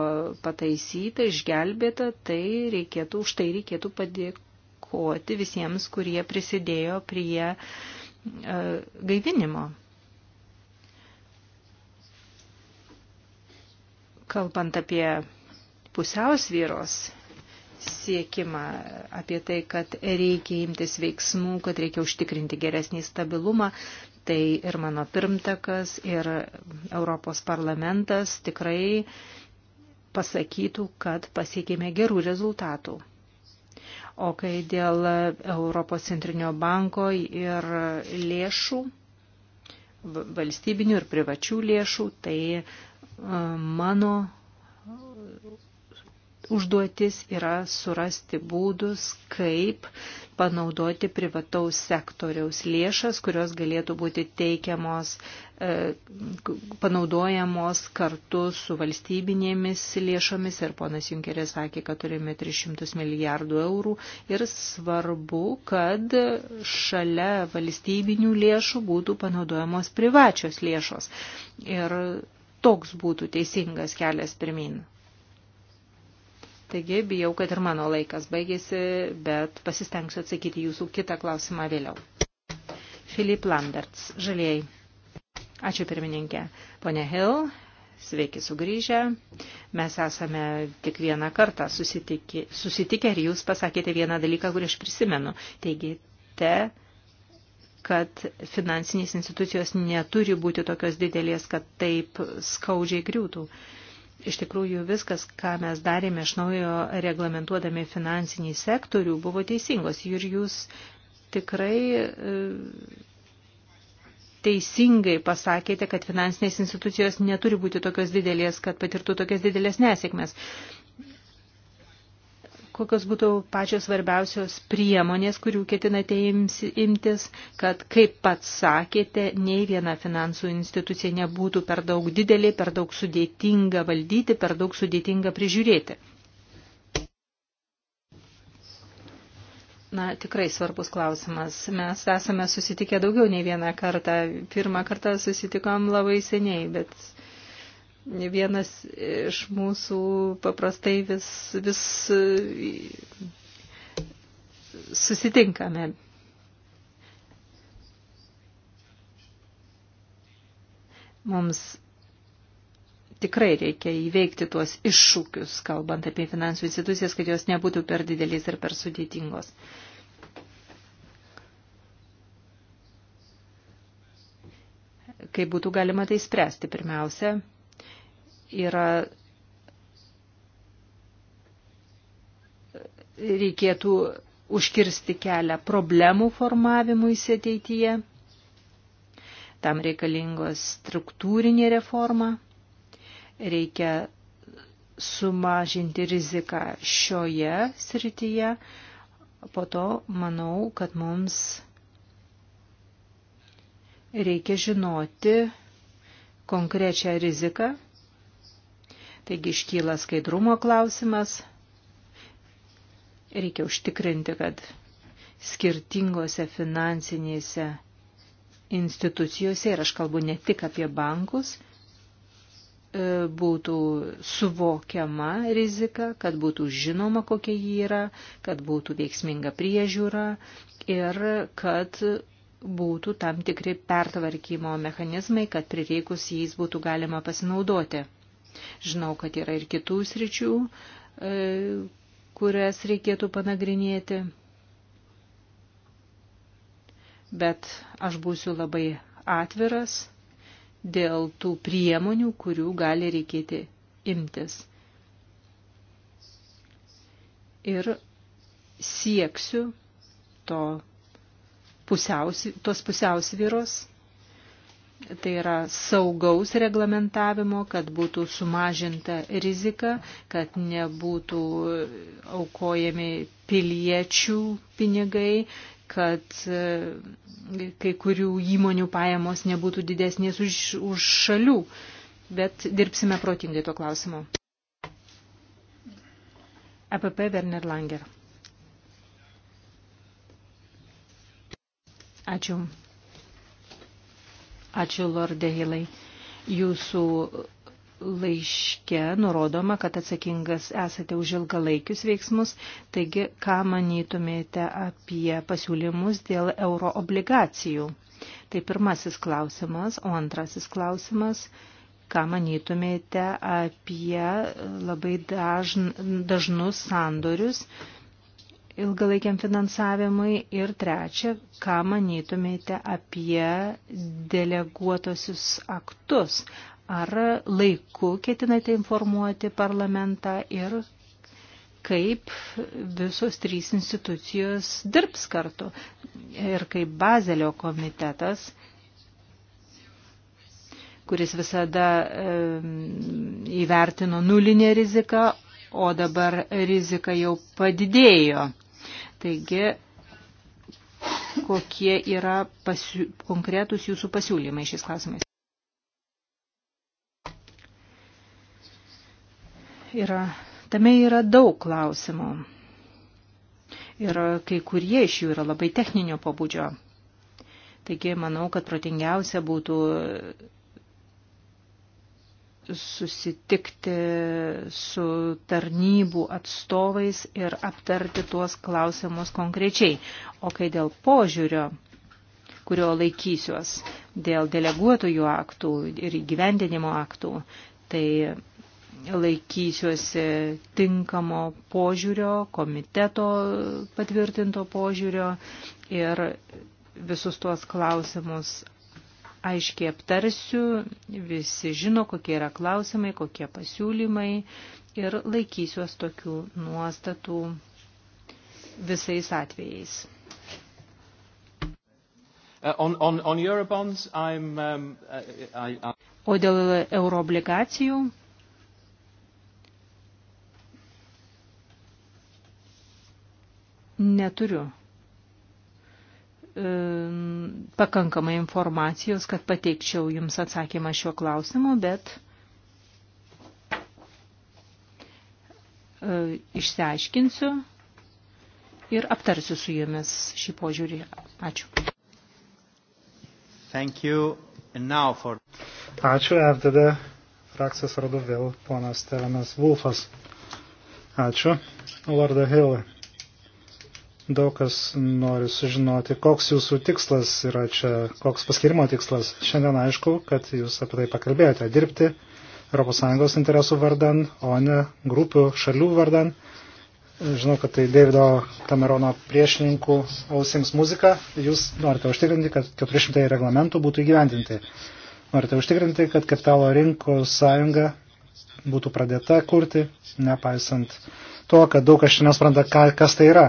pataisyta, išgelbėta, tai reikėtų, už tai reikėtų padėkoti visiems, kurie prisidėjo prie uh, gaivinimo. Kalbant apie pusiausvyros siekimą apie tai, kad reikia imtis veiksmų, kad reikia užtikrinti geresnį stabilumą. Tai ir mano pirmtakas, ir Europos parlamentas tikrai pasakytų, kad pasiekėme gerų rezultatų. O kai dėl Europos centrinio banko ir lėšų, valstybinių ir privačių lėšų, tai e, mano užduotis yra surasti būdus, kaip panaudoti privataus sektoriaus lėšas, kurios galėtų būti teikiamos, e, panaudojamos kartu su valstybinėmis lėšomis. Ir ponas Junkeris sakė, kad turime 300 milijardų eurų. Ir svarbu, kad šalia valstybinių lėšų būtų panaudojamos privačios lėšos. Ir toks būtų teisingas kelias pirmin. Taigi bijau, kad ir mano laikas baigėsi, bet pasistengsiu atsakyti jūsų kitą klausimą vėliau. Filip Lamberts, žalieji. Ačiū pirmininkė. Pone Hill, sveiki sugrįžę. Mes esame tik vieną kartą susitikę, susitikę ir jūs pasakėte vieną dalyką, kurį aš prisimenu. Teigite, kad finansinės institucijos neturi būti tokios didelės, kad taip skaudžiai griūtų. Uh, iš tikrųjų viskas, ką mes darėme iš naujo reglamentuodami finansinį sektorių, buvo teisingos ir jūs tikrai e, teisingai pasakėte, kad finansinės institucijos neturi būti tokios didelės, kad patirtų tokias didelės nesėkmės kokios būtų pačios svarbiausios priemonės, kurių ketinate imtis, kad, kaip pats sakėte, nei viena finansų institucija nebūtų per daug didelė, per daug sudėtinga valdyti, per daug sudėtinga prižiūrėti. Na, tikrai svarbus klausimas. Mes esame susitikę daugiau nei vieną kartą. Pirmą kartą susitikom labai seniai, bet Vienas iš mūsų paprastai vis, vis susitinkame. Mums tikrai reikia įveikti tuos iššūkius, kalbant apie finansų institucijas, kad jos nebūtų per didelės ir per sudėtingos. Kaip būtų galima tai spręsti? Pirmiausia, yra reikėtų užkirsti kelią problemų formavimui ateityje. Tam reikalingos struktūrinė reforma. Reikia sumažinti riziką šioje srityje. Po to manau, kad mums reikia žinoti konkrečią riziką Taigi iškyla skaidrumo klausimas. Reikia užtikrinti, kad skirtingose finansinėse institucijose, ir aš kalbu ne tik apie bankus, e, būtų suvokiama rizika, kad būtų žinoma, kokia jį yra, kad būtų veiksminga priežiūra ir kad būtų tam tikri pertvarkymo mechanizmai, kad prireikus jais būtų galima pasinaudoti. Žinau, kad yra ir kitų sričių, e, kurias reikėtų panagrinėti, bet aš būsiu labai atviras dėl tų priemonių, kurių gali reikėti imtis. Ir sieksiu to pusiaus, tos pusiausvyros tai yra saugaus reglamentavimo, kad būtų sumažinta rizika, kad nebūtų aukojami piliečių pinigai, kad e, kai kurių įmonių pajamos nebūtų didesnės už, už šalių, bet dirbsime protingai tuo klausimu. APP e Werner Langer. Ačiū. Ačiū, Lorde Hilai. Jūsų laiške nurodoma, kad atsakingas esate už ilgalaikius veiksmus, taigi ką manytumėte apie pasiūlymus dėl euro obligacijų? Tai pirmasis klausimas, o antrasis klausimas, ką manytumėte apie labai dažn, dažnus sandorius, ilgalaikiam finansavimui ir trečia, ką manytumėte apie deleguotosius aktus. Ar laiku ketinate informuoti parlamentą ir kaip visos trys institucijos dirbs kartu ir kaip Bazelio komitetas, kuris visada e, įvertino nulinę riziką, o dabar rizika jau padidėjo. Taigi, kokie yra pasiū, konkretus jūsų pasiūlymai šiais klausimais? Yra, tame yra daug klausimų. Ir kai kurie iš jų yra labai techninio pobūdžio. Taigi manau, kad protingiausia būtų susitikti su tarnybų atstovais ir aptarti tuos klausimus konkrečiai. O kai dėl požiūrio, kurio laikysiuos, dėl deleguotojų aktų ir įgyvendinimo aktų, tai laikysiuosi tinkamo požiūrio, komiteto patvirtinto požiūrio ir visus tuos klausimus aiškiai aptarsiu, visi žino, kokie yra klausimai, kokie pasiūlymai ir laikysiuos tokių nuostatų visais atvejais. Uh, on, on, on Eurobonds, I'm, um, uh, I, I... O dėl euroobligacijų neturiu pakankamai informacijos, kad pateikčiau Jums atsakymą šiuo klausimu, bet e, išsiaiškinsiu ir aptarsiu su Jumis šį požiūrį. Ačiū. Thank you. And now for... Ačiū, FDD frakcijos vardu vėl ponas Stevenas Vulfas. Ačiū, Lorda Hill. Daug kas nori sužinoti, koks jūsų tikslas yra čia, koks paskirimo tikslas. Šiandien aišku, kad jūs apie tai pakalbėjote. Dirbti ES interesų vardan, o ne grupių šalių vardan. Žinau, kad tai Davido Kamerono priešininkų ausims muzika. Jūs norite užtikrinti, kad 400 reglamentų būtų įgyvendinti. Norite užtikrinti, kad kapitalo rinkų sąjunga būtų pradėta kurti, nepaisant to, kad daug kas šiandien spranta, kas tai yra.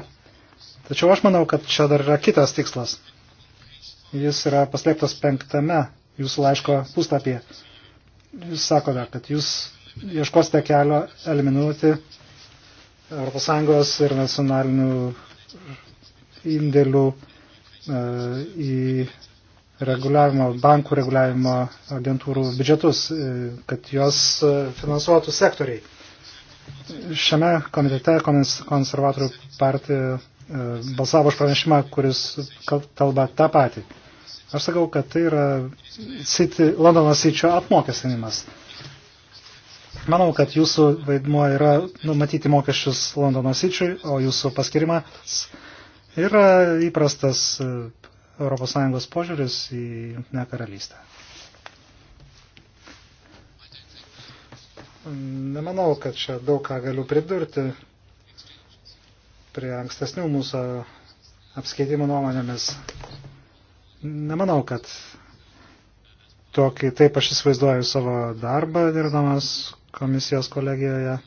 Tačiau aš manau, kad čia dar yra kitas tikslas. Jis yra paslėptas penktame jūsų laiško puslapyje. Jūs sakote, kad jūs ieškosite kelio eliminuoti ES ir nacionalinių indėlių e, į reguliavimo, bankų reguliavimo agentūrų biudžetus, e, kad jos e, finansuotų sektoriai. Šiame komitete konservatorių partija E, balsavo už pranešimą, kuris kalba tą patį. Aš sakau, kad tai yra city, Londono sičio apmokestinimas. Manau, kad jūsų vaidmuo yra numatyti mokesčius Londono sičiui, o jūsų paskirimas yra įprastas ES požiūris į Junktinę karalystę. Nemanau, kad čia daug ką galiu pridurti prie ankstesnių mūsų apskaitimų nuomonėmis. Nemanau, kad tokį, taip aš įsivaizduoju savo darbą dirbdamas komisijos kolegijoje.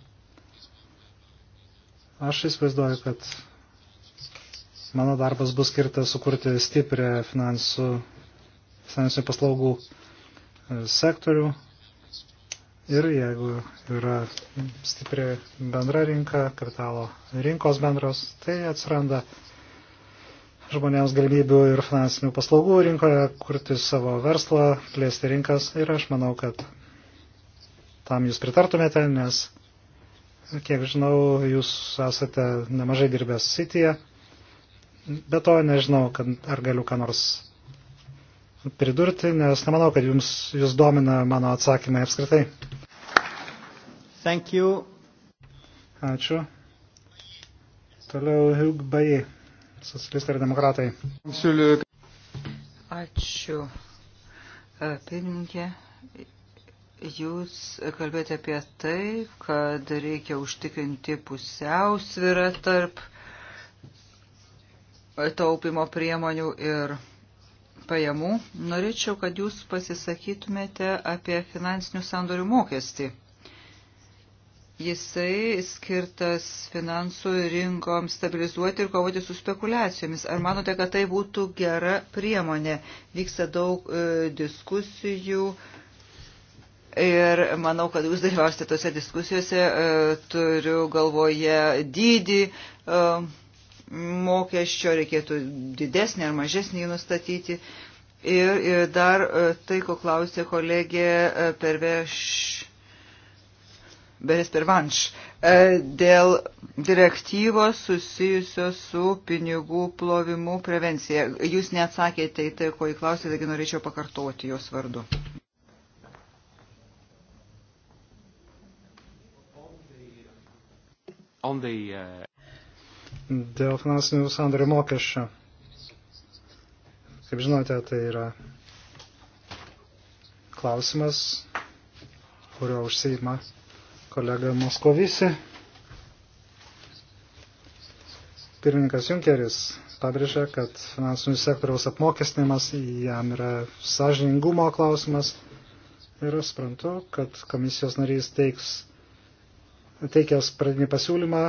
Aš įsivaizduoju, kad mano darbas bus skirtas sukurti stiprią finansų, finansinių paslaugų sektorių, Ir jeigu yra stipri bendra rinka, kapitalo rinkos bendros, tai atsiranda žmonėms galimybių ir finansinių paslaugų rinkoje, kurti savo verslą, plėsti rinkas. Ir aš manau, kad tam jūs pritartumėte, nes, kiek žinau, jūs esate nemažai dirbęs sityje. Be to nežinau, kad, ar galiu ką nors pridurti, nes nemanau, kad jums, jūs domina mano atsakymai apskritai. Thank you. Ačiū. Toliau Hug Bajai, socialistai ir demokratai. Ačiū. E, pirmininkė, Jūs kalbėjote apie tai, kad reikia užtikrinti pusiausvyrą tarp taupimo priemonių ir pajamų, norėčiau, kad jūs pasisakytumėte apie finansinių sandorių mokestį. Jisai skirtas finansų rinkoms stabilizuoti ir kovoti su spekulacijomis. Ar manote, kad tai būtų gera priemonė? Vyksta daug e, diskusijų. Ir manau, kad jūs dalyvausite tose diskusijose, e, turiu galvoje dydį e, mokesčio, reikėtų didesnį ar mažesnį jį nustatyti. Ir, ir dar e, tai, ko klausė kolegė e, Perveš, Beres Pervanš, e, dėl direktyvos susijusios su pinigų plovimu prevencija. Jūs neatsakėte į tai, ko įklausėte, taigi norėčiau pakartoti jos vardu. On the, uh dėl finansinių sandorių mokesčio. Kaip žinote, tai yra klausimas, kurio užsiima kolega Moskovisi. Pirmininkas Junkeris pabrėžia, kad finansinių sektoriaus apmokestinimas jam yra sąžiningumo klausimas. Ir aš suprantu, kad komisijos narys teiks, teikęs pradinį pasiūlymą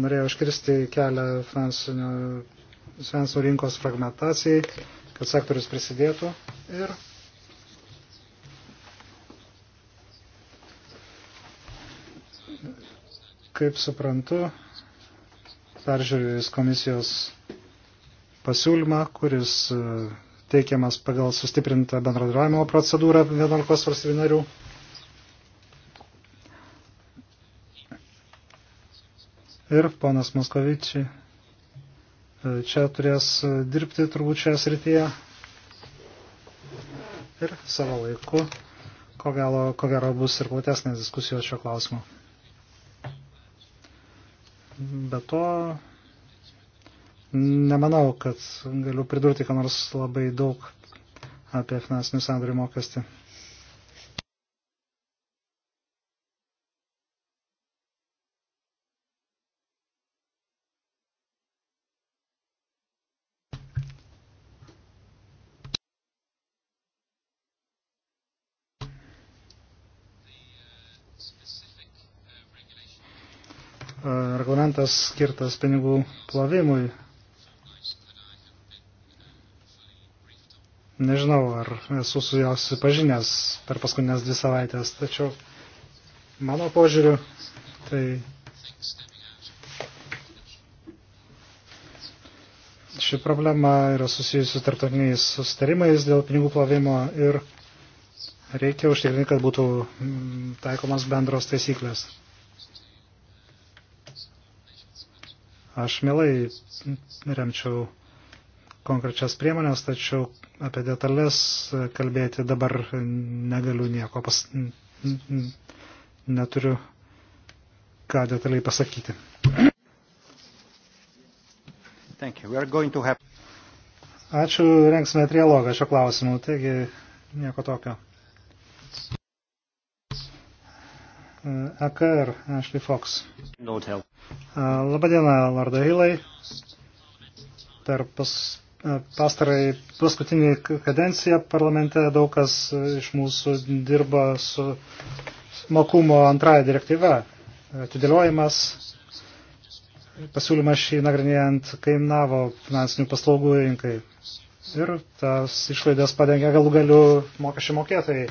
norėjo iškirsti kelią finansų rinkos fragmentacijai, kad sektorius prisidėtų ir kaip suprantu, peržiūrėjus komisijos pasiūlymą, kuris e, teikiamas pagal sustiprintą bendradarbiavimo procedūrą 11 valstybių narių. ir ponas Moskovičiai e, čia turės dirbti turbūt šioje srityje ir savo laiku, ko, galo, ko gero bus ir platesnės diskusijos šio klausimu. Be to, nemanau, kad galiu pridurti, ką nors labai daug apie finansinių sandorių mokestį. reglamentas skirtas pinigų plovimui. Nežinau, ar esu su jos susipažinęs per paskutinės dvi savaitės, tačiau mano požiūriu, tai ši problema yra susijusi su tarptautiniais sustarimais dėl pinigų plovimo ir reikia užtikrinti, kad būtų mm, taikomas bendros taisyklės. Aš mielai remčiau konkrečias priemonės, tačiau apie detalės kalbėti dabar negaliu nieko, pas, neturiu ką detaliai pasakyti. Have... Ačiū, rengsime trialogą šio klausimu, taigi nieko tokio. E, AKR Ashley Fox. E, Labadiena, Lorda Hilai. Per pas, e, pastarai paskutinį kadenciją parlamente daug kas iš mūsų dirba su mokumo antrąją direktyvą. Atidėliojimas pasiūlymas šį nagrinėjant kainavo finansinių paslaugų rinkai ir tas išlaidas padengia galų galių mokesčių mokėtojai.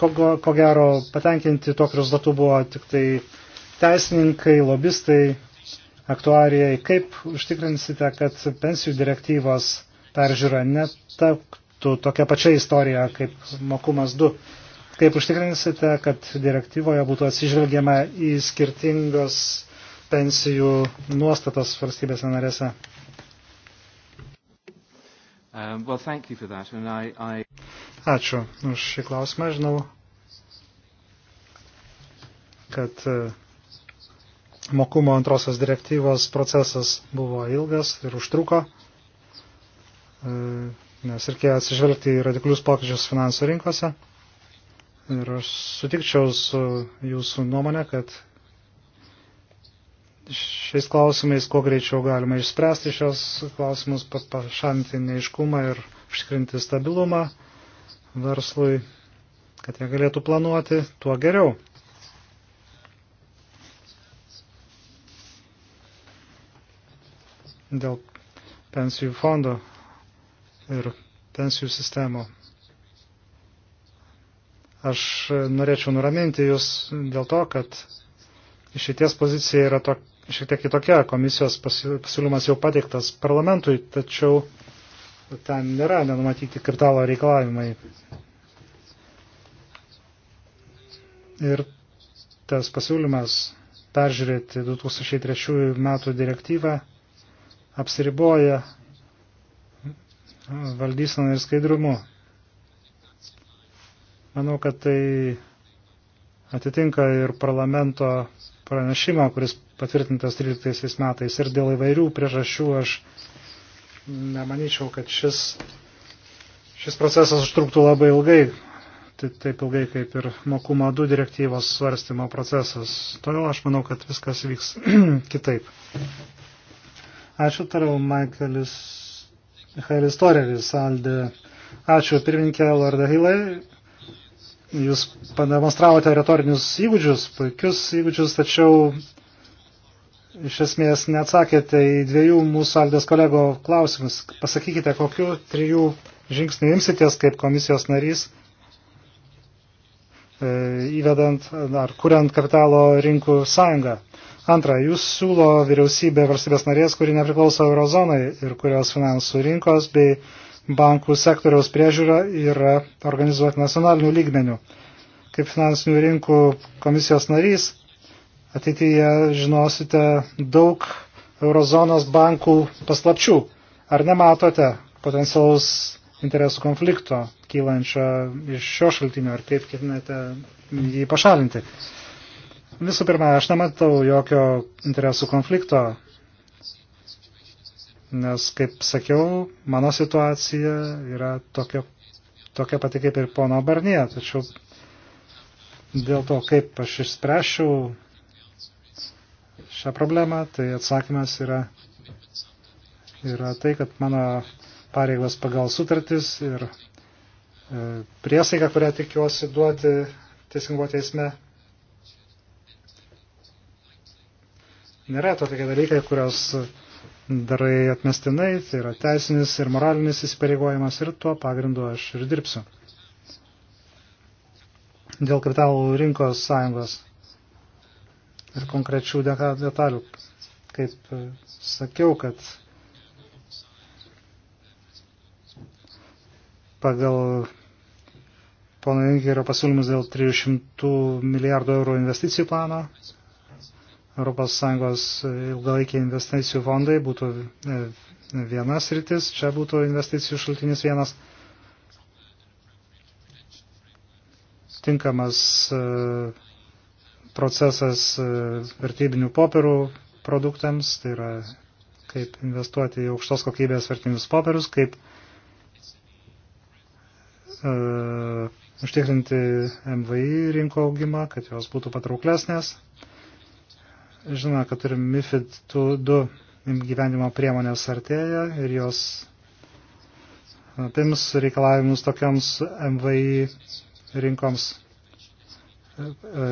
Ko, ko gero patenkinti tokius datų buvo tik tai teisininkai, lobistai, aktuarijai. Kaip užtikrinsite, kad pensijų direktyvos peržiūra netaptų tokia pačia istorija kaip mokumas 2? Kaip užtikrinsite, kad direktyvoje būtų atsižvelgiama į skirtingos pensijų nuostatas valstybėse narėse? Um, well, thank you for that, and I, I... Ačiū už šį klausimą. Žinau, kad uh, mokumo antrosios direktyvos procesas buvo ilgas ir užtruko, uh, nes reikėjo atsižvelgti į radiklius pokyčius finansų rinkose. Ir aš sutikčiau su jūsų nuomonė, kad šiais klausimais, kuo greičiau galima išspręsti šios klausimus, pašanti neiškumą ir užtikrinti stabilumą verslui, kad jie galėtų planuoti, tuo geriau. Dėl pensijų fondo ir pensijų sistemo. Aš norėčiau nuraminti jūs dėl to, kad išėties pozicija yra tok, šiek tiek kitokia. Komisijos pasiūlymas jau pateiktas parlamentui, tačiau ten nėra nenumatyti kapitalo reikalavimai. Ir tas pasiūlymas peržiūrėti 2003 metų direktyvą apsiriboja valdyseną ir skaidrumu. Manau, kad tai atitinka ir parlamento pranešimą, kuris patvirtintas 13 metais. Ir dėl įvairių priežasčių aš nemanyčiau, kad šis, šis procesas užtruktų labai ilgai, tai taip ilgai kaip ir mokumo 2 direktyvos svarstymo procesas. Todėl aš manau, kad viskas vyks kitaip. Ačiū tarau, Michaelis, Michaelis Toreris, Aldė. Ačiū pirmininkė Lorda Hilai. Jūs pademonstravote retorinius įgūdžius, puikius įgūdžius, tačiau iš esmės neatsakėte į dviejų mūsų aldės kolego klausimus. Pasakykite, kokiu trijų žingsnių imsitės kaip komisijos narys, e, įvedant ar kuriant kapitalo rinkų sąjungą. Antra, jūs siūlo vyriausybė valstybės narės, kuri nepriklauso eurozonai ir kurios finansų rinkos bei bankų sektoriaus priežiūra yra organizuoti nacionalinių lygmenių. Kaip finansinių rinkų komisijos narys, ateityje žinosite daug eurozonos bankų paslapčių. Ar nematote potencialaus interesų konflikto kylančio iš šio šaltinio, ar kaip ketinate jį pašalinti? Visų pirma, aš nematau jokio interesų konflikto, nes, kaip sakiau, mano situacija yra tokia, tokia pati kaip ir pono Barnie, tačiau dėl to, kaip aš išspręšiau šią problemą, tai atsakymas yra, yra tai, kad mano pareigos pagal sutartis ir e, priesaika, kurią tikiuosi duoti teisingo teisme. Nėra to tokie dalykai, kurios darai atmestinai, tai yra teisinis ir moralinis įsipareigojimas ir tuo pagrindu aš ir dirbsiu. Dėl kapitalų rinkos sąjungos ir konkrečių detalių. Kaip e, sakiau, kad pagal pono Junkerio pasiūlymus dėl 300 milijardų eurų investicijų plano, ES ilgalaikiai investicijų fondai būtų e, vienas rytis, čia būtų investicijų šaltinis vienas tinkamas uh, procesas e, vertybinių popierų produktams, tai yra kaip investuoti į aukštos kokybės vertybinius popierius, kaip uh, užtikrinti MVI rinko augimą, kad jos būtų patrauklesnės. Žinoma, kad turim MIFID 2 gyvenimo priemonės artėja ir jos apims reikalavimus tokiams MVI rinkoms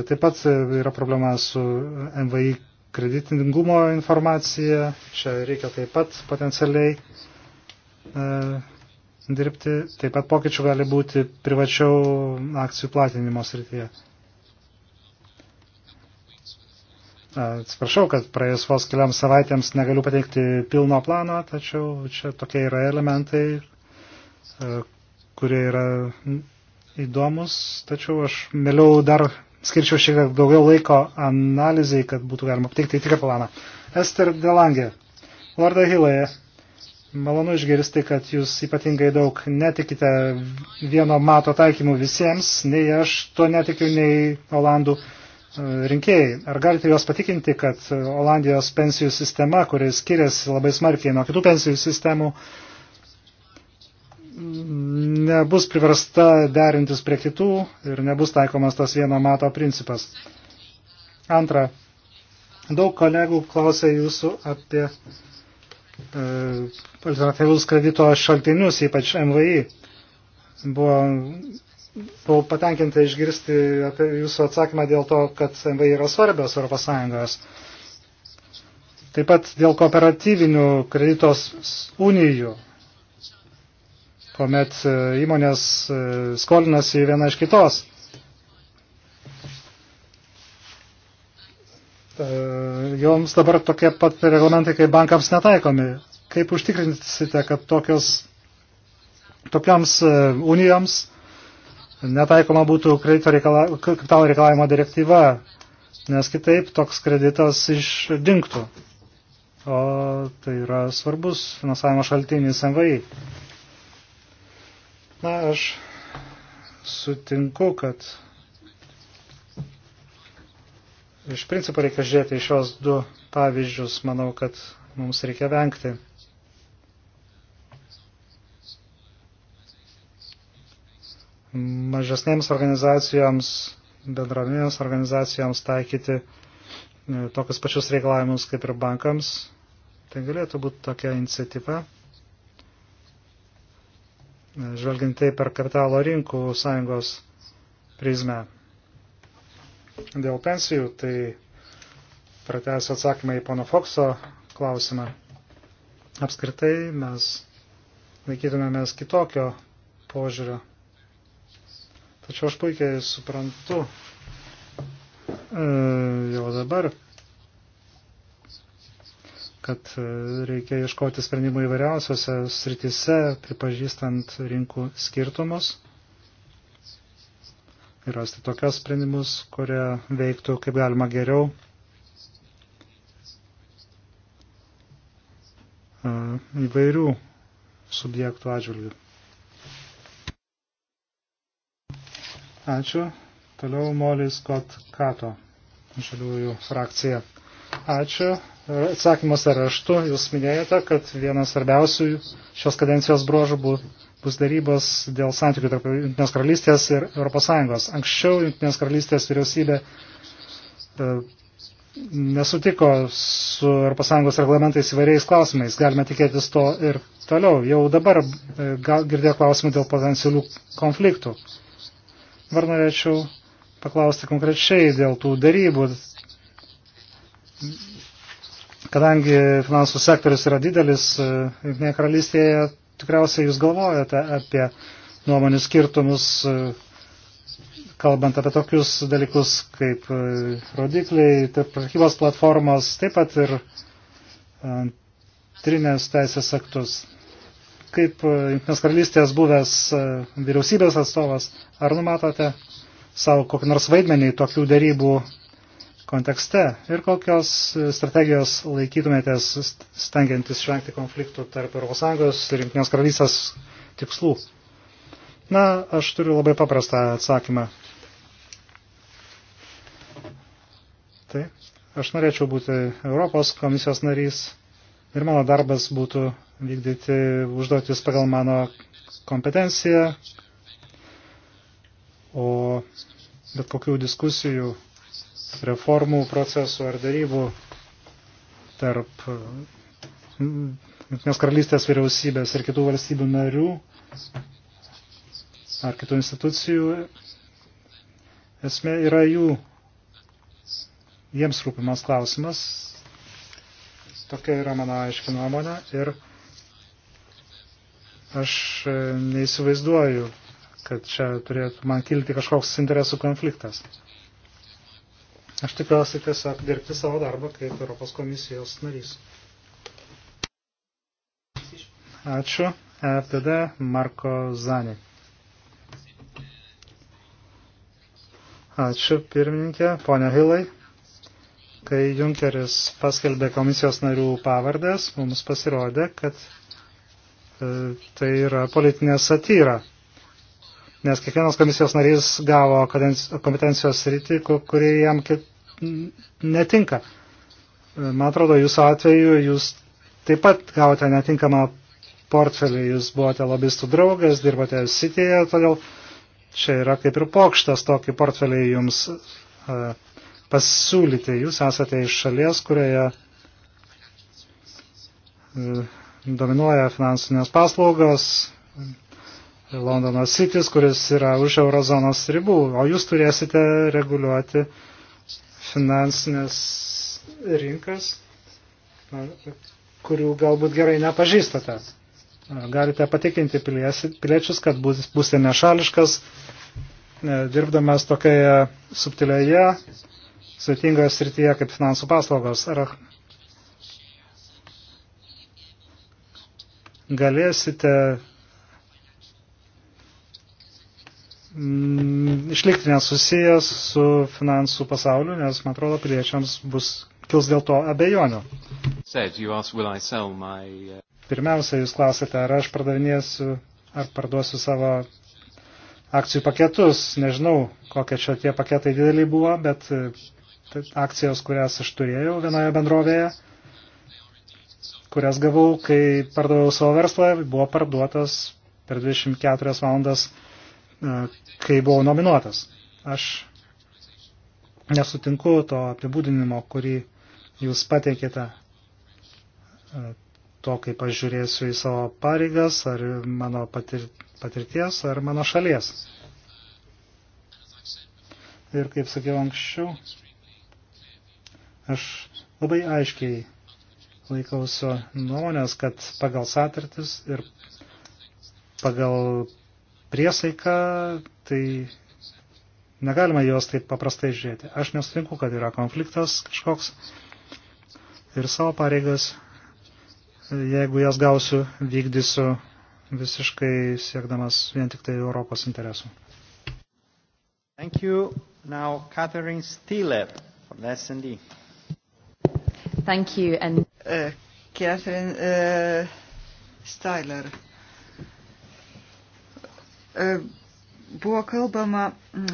Taip pat yra problema su MVI kreditingumo informacija. Čia reikia taip pat potencialiai e, dirbti. Taip pat pokyčių gali būti privačiau akcijų platinimo srityje. E, atsiprašau, kad praėjus vos keliams savaitėms negaliu pateikti pilno plano, tačiau čia tokie yra elementai, e, kurie yra įdomus, tačiau aš mėliau dar skirčiau šiek tiek daugiau laiko analizai, kad būtų galima aptikti tikrą planą. Ester Delangė, Lorda Hilai, malonu išgirsti, kad jūs ypatingai daug netikite vieno mato taikymų visiems, nei aš to netikiu, nei Olandų e, rinkėjai. Ar galite juos patikinti, kad Olandijos pensijų sistema, kuris skiriasi labai smarkiai nuo kitų pensijų sistemų, uh, nebus priversta derintis prie kitų ir nebus taikomas tas vieno mato principas. Antra, daug kolegų klausė jūsų apie e, alternatyvus kredito šaltinius, ypač MVI. Buvo, buvau patenkinta išgirsti apie jūsų atsakymą dėl to, kad MVI yra svarbios Europos Sąjungos. Taip pat dėl kooperatyvinių kreditos unijų kuomet e, įmonės e, skolinasi viena iš kitos. E, Joms dabar tokie pat reglamentai kaip bankams netaikomi. Kaip užtikrinsite, kad tokios, tokiams unijoms netaikoma būtų kredito reikala, kapitalo reikalavimo direktyva, nes kitaip toks kreditas išdinktų. O tai yra svarbus finansavimo šaltinis MVI. Na, aš sutinku, kad iš principo reikia žiūrėti į šios du pavyzdžius, manau, kad mums reikia vengti. Mažesnėms organizacijoms, bendrominėms organizacijoms taikyti e, tokius pačius reikalavimus kaip ir bankams. Tai galėtų būti tokia iniciatyva žvelgiant tai per kapitalo rinkų sąjungos prizmę. Dėl pensijų, tai pratęsiu atsakymą į pono Fokso klausimą. Apskritai mes laikytumėmės kitokio požiūrio. Tačiau aš puikiai suprantu e, jau dabar kad e, reikia ieškoti sprendimų įvairiausiose sritise, pripažįstant rinkų skirtumus. Ir rasti tokios sprendimus, kurie veiktų kaip galima geriau. E, įvairių subjektų atžvilgių. Ačiū. Toliau Molis Kot Kato, žaliųjų frakcija. Ačiū. Atsakymuose raštu jūs minėjote, kad vienas svarbiausių šios kadencijos bruožų bus darybos dėl santykių tarp Junktinės karalystės ir ES. Anksčiau Junktinės karalystės vyriausybė e, nesutiko su ES reglamentais įvairiais klausimais. Galime tikėtis to ir toliau. Jau dabar e, gal girdėjo klausimų dėl potencialių konfliktų. Dabar norėčiau paklausti konkrečiai dėl tų darybų kadangi finansų sektorius yra didelis, e, Junktinėje karalystėje tikriausiai jūs galvojate apie nuomonių skirtumus, e, kalbant apie tokius dalykus kaip e, rodikliai, taip prekybos platformos, taip pat ir antrinės teisės aktus. Kaip Junktinės karalystės buvęs vyriausybės atstovas, ar numatote savo kokį nors vaidmenį tokių darybų kontekste ir kokios strategijos laikytumėtės stengiantis išvengti konfliktų tarp ES ir Junktinės karalystės tikslų? Na, aš turiu labai paprastą atsakymą. Tai aš norėčiau būti Europos komisijos narys ir mano darbas būtų vykdyti užduotis pagal mano kompetenciją, o bet kokių diskusijų reformų procesų ar darybų tarp mm, Junktinės karalystės vyriausybės ir kitų valstybių narių ar kitų institucijų. Esmė yra jų, jiems rūpimas klausimas. Tokia yra mano aiški nuomonė ir aš e, neįsivaizduoju, kad čia turėtų man kilti kažkoks interesų konfliktas. Aš tikriausiai tiesiog dirbti savo darbą kaip Europos komisijos narys. Ačiū. FDD Marko Zanė. Ačiū pirmininkė, ponia Hilai. Kai Junkeris paskelbė komisijos narių pavardės, mums pasirodė, kad e, tai yra politinė satyra nes kiekvienas komisijos narys gavo kompetencijos sritį, kurie jam netinka. Man atrodo, jūsų atveju jūs taip pat gavote netinkamą portfelį, jūs buvote lobistų draugas, dirbote Cityje, todėl čia yra kaip ir pokštas tokį portfelį jums uh, pasiūlyti. Jūs esate iš šalies, kurioje uh, dominuoja finansinės paslaugos, Londono Citys, kuris yra už eurozonos ribų, o jūs turėsite reguliuoti finansinės rinkas, kurių galbūt gerai nepažįstate. Galite patikinti piliečius, kad būsite nešališkas, e, dirbdamas tokioje subtilioje, sveitingoje srityje kaip finansų paslaugos. Ar galėsite Mm, išlikti nesusijęs su finansų pasauliu, nes, man atrodo, piliečiams bus kils dėl to abejonių. Uh, Pirmiausia, jūs klausėte, ar aš pardavinėsiu, ar parduosiu savo akcijų paketus. Nežinau, kokie čia tie paketai dideliai buvo, bet uh, tai akcijos, kurias aš turėjau vienoje bendrovėje, kurias gavau, kai pardaviau savo verslą, buvo parduotas per 24 valandas E, kai buvau nominuotas. Aš nesutinku to apibūdinimo, kurį jūs pateikėte e, to, kaip aš žiūrėsiu į savo pareigas, ar mano patir, patirties, ar mano šalies. Ir kaip sakiau anksčiau, aš labai aiškiai laikausiu nuomonės, kad pagal satirtis ir pagal priesaiką, tai negalima jos taip paprastai žiūrėti. Aš nesutinku, kad yra konfliktas kažkoks ir savo pareigas, jeigu jas gausiu, vykdysiu visiškai siekdamas vien tik tai Europos interesų. Thank you. Now Catherine Steele from the S&D. Thank you and uh, Catherine uh, Styler. E, buvo kalbama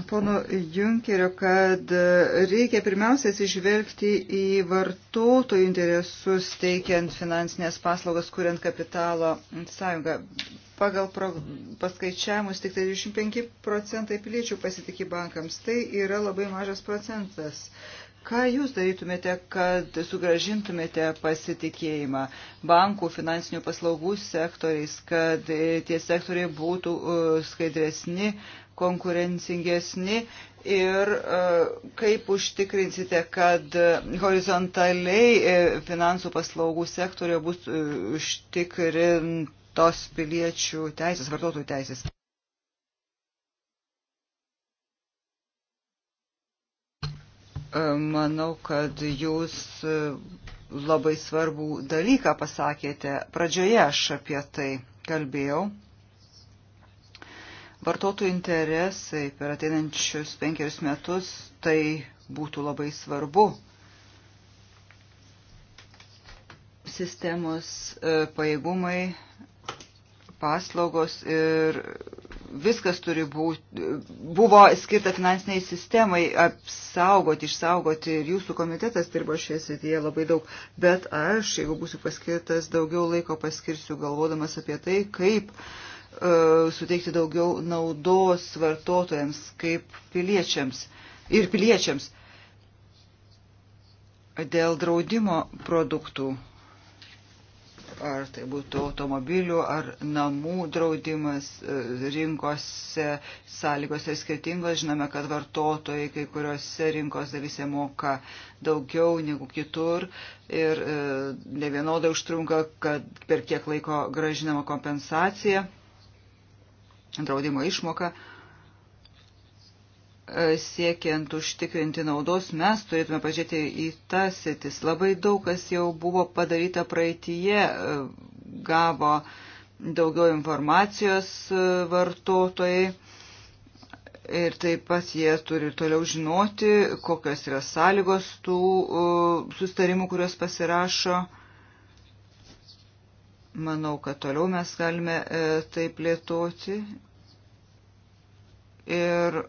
pono Junkerio, kad e, reikia pirmiausia atsižvelgti į vartotojų interesus teikiant finansinės paslaugas, kuriant kapitalo sąjungą. Pagal pro, paskaičiavimus tik 35 tai procentai piliečių pasitikė bankams. Tai yra labai mažas procentas. Uh, Ką jūs darytumėte, kad sugražintumėte pasitikėjimą bankų, finansinių paslaugų sektoriais, kad e, tie sektoriai būtų e, skaidresni, konkurencingesni ir e, kaip užtikrinsite, kad horizontaliai finansų paslaugų sektorio bus užtikrintos piliečių teisės, vartotojų teisės? Manau, kad jūs e, labai svarbų dalyką pasakėte. Pradžioje aš apie tai kalbėjau. Vartotojų interesai per ateinančius penkerius metus tai būtų labai svarbu. Sistemos e, pajėgumai, paslaugos ir viskas turi būti, buvo skirta finansiniai sistemai apsaugoti, išsaugoti ir jūsų komitetas dirbo šioje srityje labai daug, bet aš, jeigu būsiu paskirtas, daugiau laiko paskirsiu galvodamas apie tai, kaip uh, suteikti daugiau naudos vartotojams, kaip piliečiams ir piliečiams dėl draudimo produktų ar tai būtų automobilių ar namų draudimas e, rinkose, sąlygos yra skirtingos. Žinome, kad vartotojai kai kuriuose rinkos dalyse moka daugiau negu kitur ir e, ne vienodai užtrunka, kad per kiek laiko gražinama kompensacija, draudimo išmoka siekiant užtikrinti naudos, mes turėtume pažiūrėti į tas sėtis. Labai daug kas jau buvo padaryta praeitie, gavo daugiau informacijos e, vartotojai ir taip pat jie turi toliau žinoti, kokios yra sąlygos tų e, sustarimų, kuriuos pasirašo. Manau, kad toliau mes galime e, taip plėtoti. Ir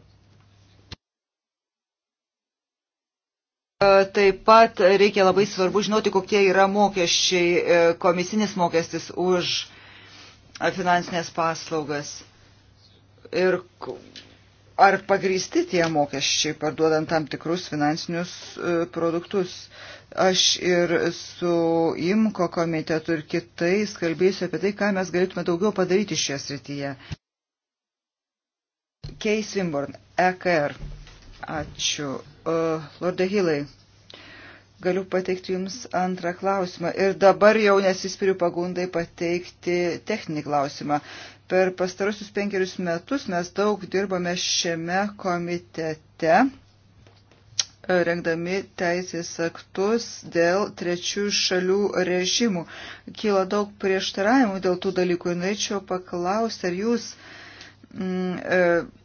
E, taip pat reikia labai svarbu žinoti, kokie yra mokesčiai, e, komisinis mokestis už finansinės paslaugas. Ir ar pagrysti tie mokesčiai, parduodant tam tikrus finansinius e, produktus. Aš ir su IMKO komitetu ir kitais kalbėsiu apie tai, ką mes galėtume daugiau padaryti šioje srityje. Kei Swinburne, EKR. Ačiū uh, Lorde Hilai, galiu pateikti Jums antrą klausimą. Ir dabar jau nesispiriu pagundai pateikti techninį klausimą. Per pastarusius penkerius metus mes daug dirbame šiame komitete e, rengdami teisės aktus dėl trečių šalių režimų. Kyla daug prieštaravimų dėl tų dalykų ir norėčiau paklausti, ar jūs mm, e,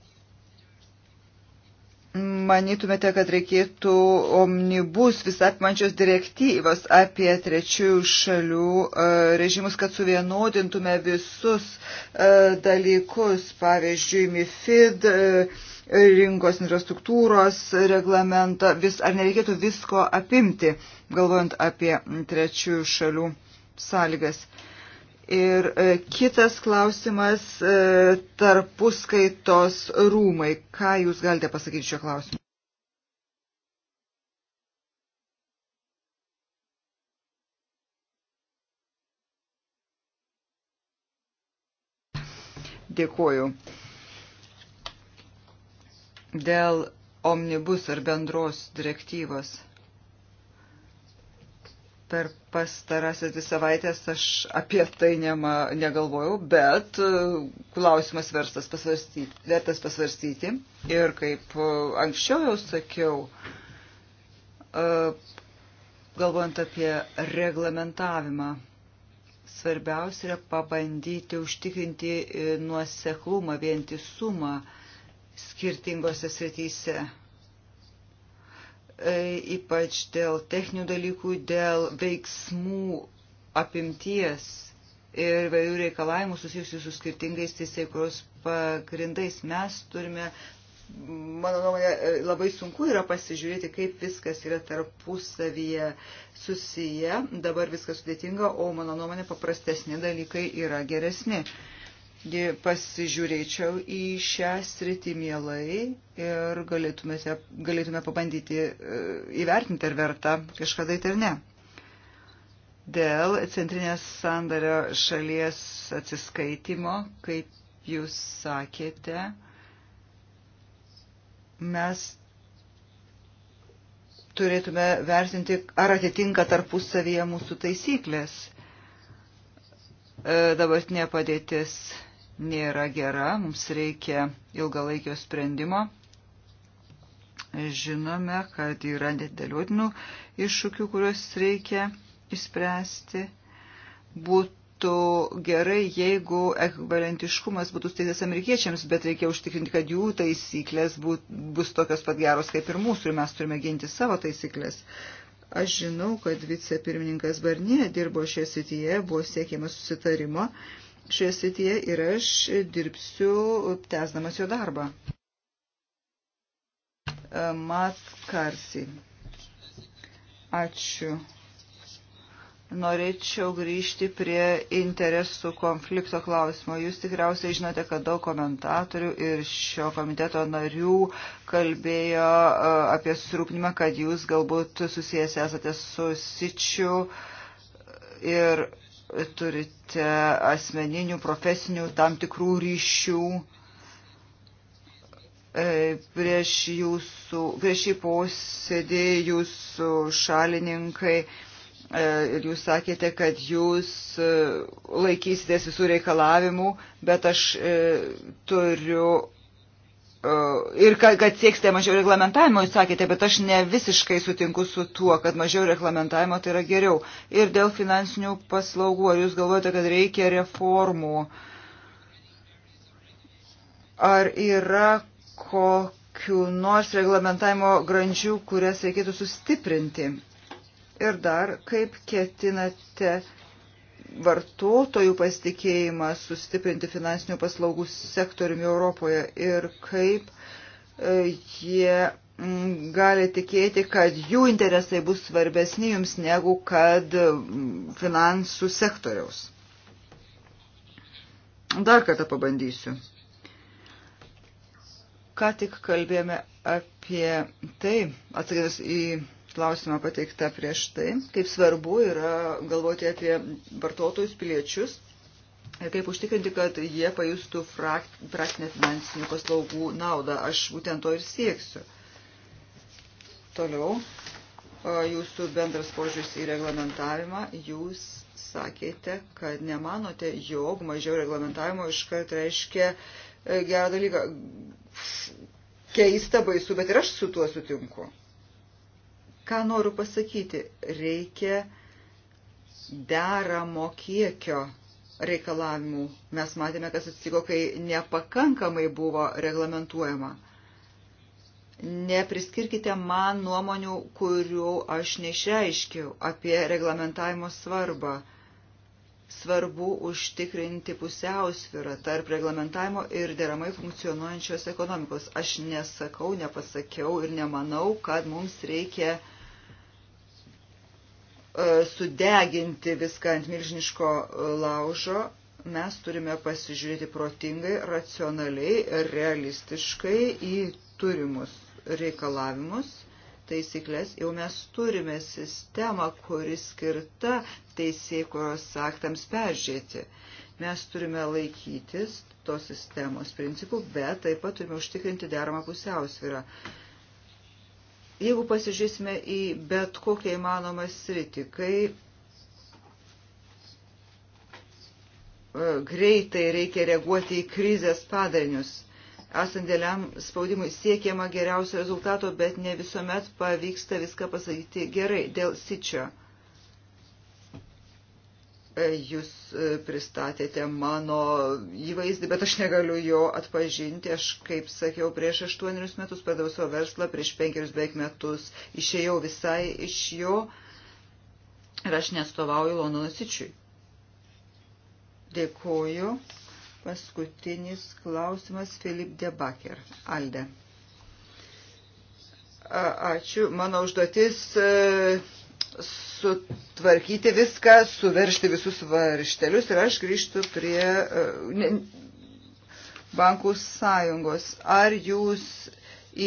manytumėte, kad reikėtų omnibus visapimančios direktyvos apie trečiųjų šalių e, režimus, kad suvienodintume visus e, dalykus, pavyzdžiui, MIFID, e, rinkos infrastruktūros reglamentą, vis, ar nereikėtų visko apimti, galvojant apie trečiųjų šalių sąlygas. Uh, Ir e, kitas klausimas e, - tarpuskaitos rūmai. Ką Jūs galite pasakyti šio klausimu? Dėkuoju. Dėl omnibus ar bendros direktyvos. Per pastarąsias dvi savaitės aš apie tai nema, negalvojau, bet e, klausimas verstas pasvarstyti, vertas pasvarstyti. Ir kaip e, anksčiau jau sakiau, e, galvojant apie reglamentavimą, svarbiausia yra pabandyti užtikrinti nuoseklumą, vientisumą skirtingose srityse E, ypač dėl techninių dalykų, dėl veiksmų apimties ir vairių reikalavimų susijusių su skirtingais teisėkros pagrindais. Mes turime, mano nuomonė, e, labai sunku yra pasižiūrėti, kaip viskas yra tarpusavyje susiję. Dabar viskas sudėtinga, o mano nuomonė paprastesni dalykai yra geresni. Uh, pasižiūrėčiau į šią sritį mielai ir galėtumėte, galėtume pabandyti e, įvertinti, ar verta kažkada tai ar ne. Dėl centrinės sandario šalies atsiskaitimo, kaip jūs sakėte, mes turėtume vertinti, ar atitinka tarpusavyje mūsų taisyklės. E, dabartinė padėtis nėra gera, mums reikia ilgalaikio sprendimo. Žinome, kad yra nedėliotinų iššūkių, kuriuos reikia išspręsti. Būtų gerai, jeigu ekvivalentiškumas būtų steigtas amerikiečiams, bet reikia užtikrinti, kad jų taisyklės būt, bus tokios pat geros kaip ir mūsų ir mes turime ginti savo taisyklės. Aš žinau, kad vicepirmininkas Barnė dirbo šioje srityje, buvo siekiama susitarimo šioje srityje ir aš dirbsiu tęsdamas jo darbą. Mat Karsi. Ačiū. Norėčiau grįžti prie interesų konflikto klausimo. Jūs tikriausiai žinote, kad daug komentatorių ir šio komiteto narių kalbėjo e, apie susirūpinimą, kad jūs galbūt susijęs esate su sičiu ir turite asmeninių, profesinių tam tikrų ryšių. E, prieš, jūsų, prieš šį posėdį jūsų šalininkai e, ir jūs sakėte, kad jūs e, laikysitės visų reikalavimų, bet aš turiu Uh, ir kad, kad sieksite mažiau reglamentavimo, jūs sakėte, bet aš ne visiškai sutinku su tuo, kad mažiau reglamentavimo tai yra geriau. Ir dėl finansinių paslaugų, ar jūs galvojate, kad reikia reformų? Ar yra kokiu nors reglamentavimo grandžių, kurias reikėtų sustiprinti? Ir dar, kaip ketinate vartotojų pasitikėjimą sustiprinti finansinių paslaugų sektoriumi Europoje ir kaip e, jie gali tikėti, kad jų interesai bus svarbesni jums negu kad finansų sektoriaus. Dar kartą pabandysiu. Ką tik kalbėjome apie tai, atsakydamas į klausimą pateiktą prieš tai, kaip svarbu yra galvoti apie vartotojus, piliečius ir kaip užtikrinti, kad jie pajustų praktinę finansinių paslaugų naudą. Aš būtent to ir sieksiu. Toliau, jūsų bendras požiūris į reglamentavimą. Jūs sakėte, kad nemanote, jog mažiau reglamentavimo iškart reiškia e, gerą dalyką. Keista, baisu, bet ir aš su tuo sutinku. Ką noriu pasakyti? Reikia deramo kiekio reikalavimų. Mes matėme, kas atsitiko, kai nepakankamai buvo reglamentuojama. Nepriskirkite man nuomonių, kurių aš neišreiškiau apie reglamentavimo svarbą. Svarbu užtikrinti pusiausvyrą tarp reglamentavimo ir deramai funkcionuojančios ekonomikos. Aš nesakau, nepasakiau ir nemanau, kad mums reikia E, sudeginti viską ant milžiniško e, laužo, mes turime pasižiūrėti protingai, racionaliai, realistiškai į turimus reikalavimus, taisyklės. Jau mes turime sistemą, kuri skirta teisėkuros aktams peržiūrėti. Mes turime laikytis tos sistemos principų, bet taip pat turime užtikrinti deramą pusiausvyrą. Jeigu pasižiūrėsime į bet kokią įmanomą sritį, kai e, greitai reikia reaguoti į krizės padarinius, esant dėliam spaudimui siekiama geriausio rezultato, bet ne visuomet pavyksta viską pasakyti gerai dėl sičio. E, jūs e, pristatėte mano įvaizdį, bet aš negaliu jo atpažinti. Aš, kaip sakiau, prieš aštuonerius metus pradėjau savo verslą, prieš penkerius beveik metus išėjau visai iš jo ir aš nestovauju Londono sičiui. Dėkuoju. Paskutinis klausimas Filip Debaker. Alde. Ačiū. Mano užduotis. E, sutvarkyti viską, suveršti visus varštelius ir aš grįžtu prie e, ne, bankų sąjungos. Ar jūs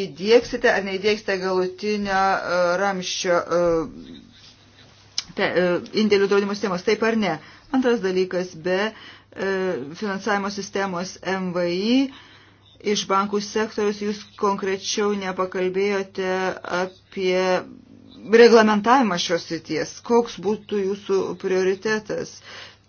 įdėksite ar neįdėksite galutinio uh, ramščio uh, te, uh, indėlių draudimo sistemos, taip ar ne? Antras dalykas, be uh, finansavimo sistemos MVI iš bankų sektorius jūs konkrečiau nepakalbėjote apie reglamentavimą šios ryties, koks būtų jūsų prioritetas,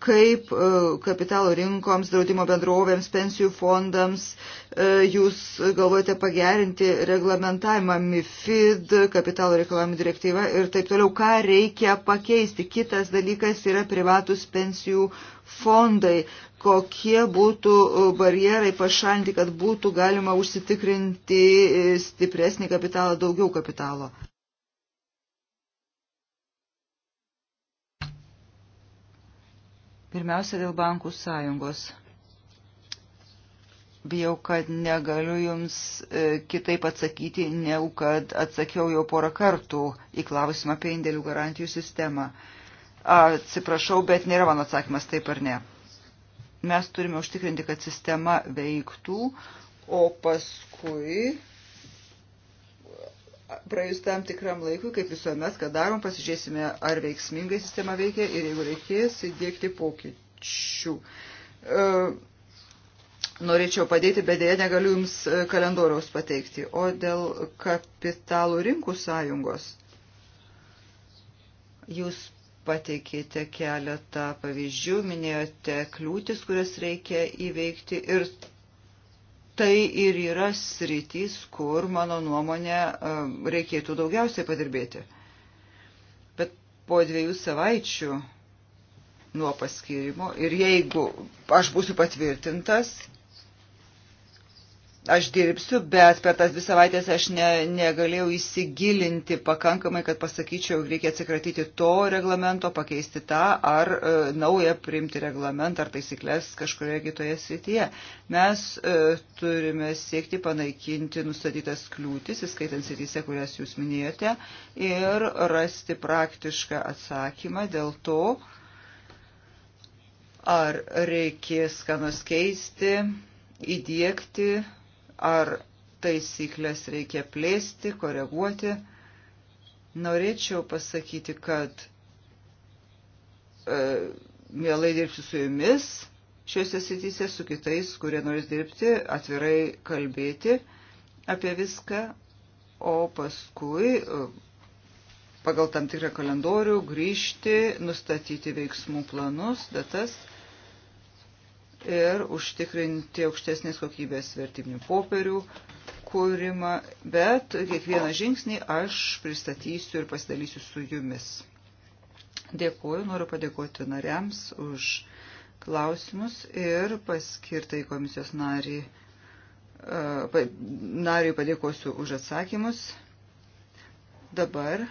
kaip e, kapitalo rinkoms, draudimo bendrovėms, pensijų fondams e, jūs galvojate pagerinti reglamentavimą MIFID, kapitalo reikalavimų direktyvą ir taip toliau, ką reikia pakeisti. Kitas dalykas yra privatus pensijų fondai, kokie būtų e, barjerai pašalinti, kad būtų galima užsitikrinti stipresnį kapitalą, daugiau kapitalo. Pirmiausia, dėl bankų sąjungos. Bijau, kad negaliu Jums e, kitaip atsakyti, negu kad atsakiau jau porą kartų į klausimą apie indėlių garantijų sistemą. Atsiprašau, bet nėra mano atsakymas taip ar ne. Mes turime užtikrinti, kad sistema veiktų, o paskui praėjus tam tikram laikui, kaip visuomet, ką darom, pasižiūrėsime, ar veiksmingai sistema veikia ir jeigu reikės įdėkti pokyčių. E, norėčiau padėti, bet dėja negaliu Jums e, kalendoriaus pateikti. O dėl kapitalų rinkų sąjungos Jūs pateikėte keletą pavyzdžių, minėjote kliūtis, kurias reikia įveikti ir tai ir yra sritys, kur, mano nuomonė, e, reikėtų daugiausiai padirbėti. Bet po dviejų savaičių nuo paskirimo ir jeigu aš būsiu patvirtintas, aš dirbsiu, bet per tas dvi savaitės aš ne, negalėjau įsigilinti pakankamai, kad pasakyčiau, reikia atsikratyti to reglamento, pakeisti tą ar e, naują priimti reglamentą ar taisyklės kažkurioje kitoje srityje. Mes e, turime siekti panaikinti nustatytas kliūtis, įskaitant srityse, kurias jūs minėjote, ir rasti praktišką atsakymą dėl to, ar reikės ką nors keisti, įdėkti ar taisyklės reikia plėsti, koreguoti. Norėčiau pasakyti, kad e, mielai dirbsiu su jumis šiuose sityse, su kitais, kurie norės dirbti, atvirai kalbėti apie viską, o paskui e, pagal tam tikrą kalendorių grįžti, nustatyti veiksmų planus, datas ir užtikrinti aukštesnės kokybės vertybinių popierių kūrimą, bet kiekvieną žingsnį aš pristatysiu ir pasidalysiu su jumis. Dėkuoju, noriu padėkoti nariams už klausimus ir paskirtai komisijos narį, e, nariui padėkosiu už atsakymus. Dabar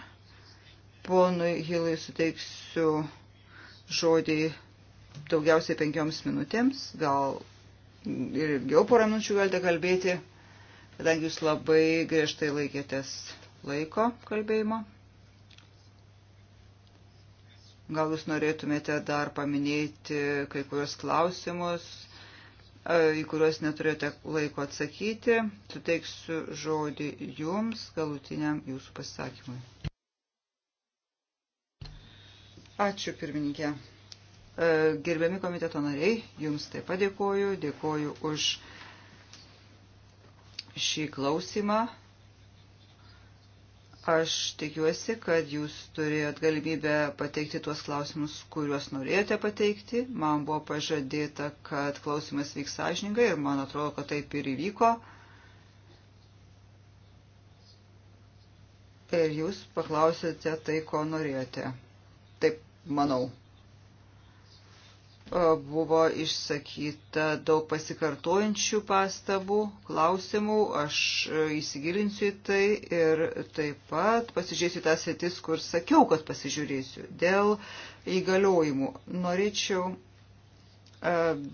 ponui Hilai suteiksiu žodį daugiausiai penkioms minutėms, gal ir ilgiau porą minučių galite kalbėti, kadangi jūs labai griežtai laikėtės laiko kalbėjimo. Gal jūs norėtumėte dar paminėti kai kurios klausimus, e, į kuriuos neturėjote laiko atsakyti. Suteiksiu žodį jums galutiniam jūsų pasisakymui. Ačiū pirmininkė. E, gerbiami komiteto nariai, jums taip pat dėkoju, dėkoju už šį klausimą. Aš tikiuosi, kad jūs turėjot galimybę pateikti tuos klausimus, kuriuos norėjote pateikti. Man buvo pažadėta, kad klausimas vyks sąžiningai ir man atrodo, kad taip ir įvyko. Ir jūs paklausėte tai, ko norėjote. Taip, manau. Buvo išsakyta daug pasikartojančių pastabų, klausimų, aš e, įsigilinsiu į tai ir taip pat pasižiūrėsiu tą sritis, kur sakiau, kad pasižiūrėsiu. Dėl įgaliojimų norėčiau e,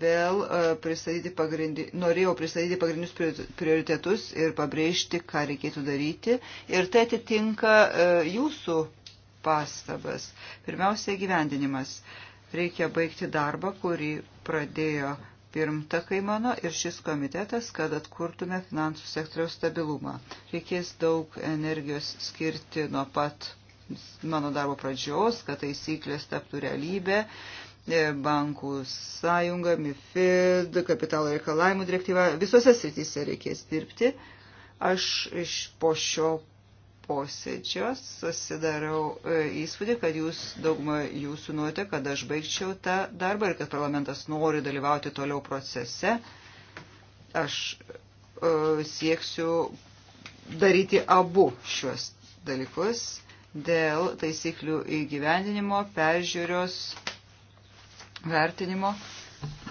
vėl e, pristatyti pagrindi, norėjau pristatyti pagrindinius prioritetus ir pabrėžti, ką reikėtų daryti. Ir tai atitinka jūsų pastabas. Pirmiausia, gyvendinimas. Reikia baigti darbą, kurį pradėjo pirmtakai mano ir šis komitetas, kad atkurtume finansų sektoriaus stabilumą. Reikės daug energijos skirti nuo pat mano darbo pradžios, kad taisyklės taptų realybė, e, bankų sąjunga, MIFID, kapitalo reikalavimų direktyva, visose srityse reikės dirbti. Aš iš po šio posėdžio susidarau e, įspūdį, kad jūs daugumą jūsų norite, kad aš baigčiau tą darbą ir kad parlamentas nori dalyvauti toliau procese. Aš e, sieksiu daryti abu šiuos dalykus dėl taisyklių įgyvendinimo, peržiūrios, vertinimo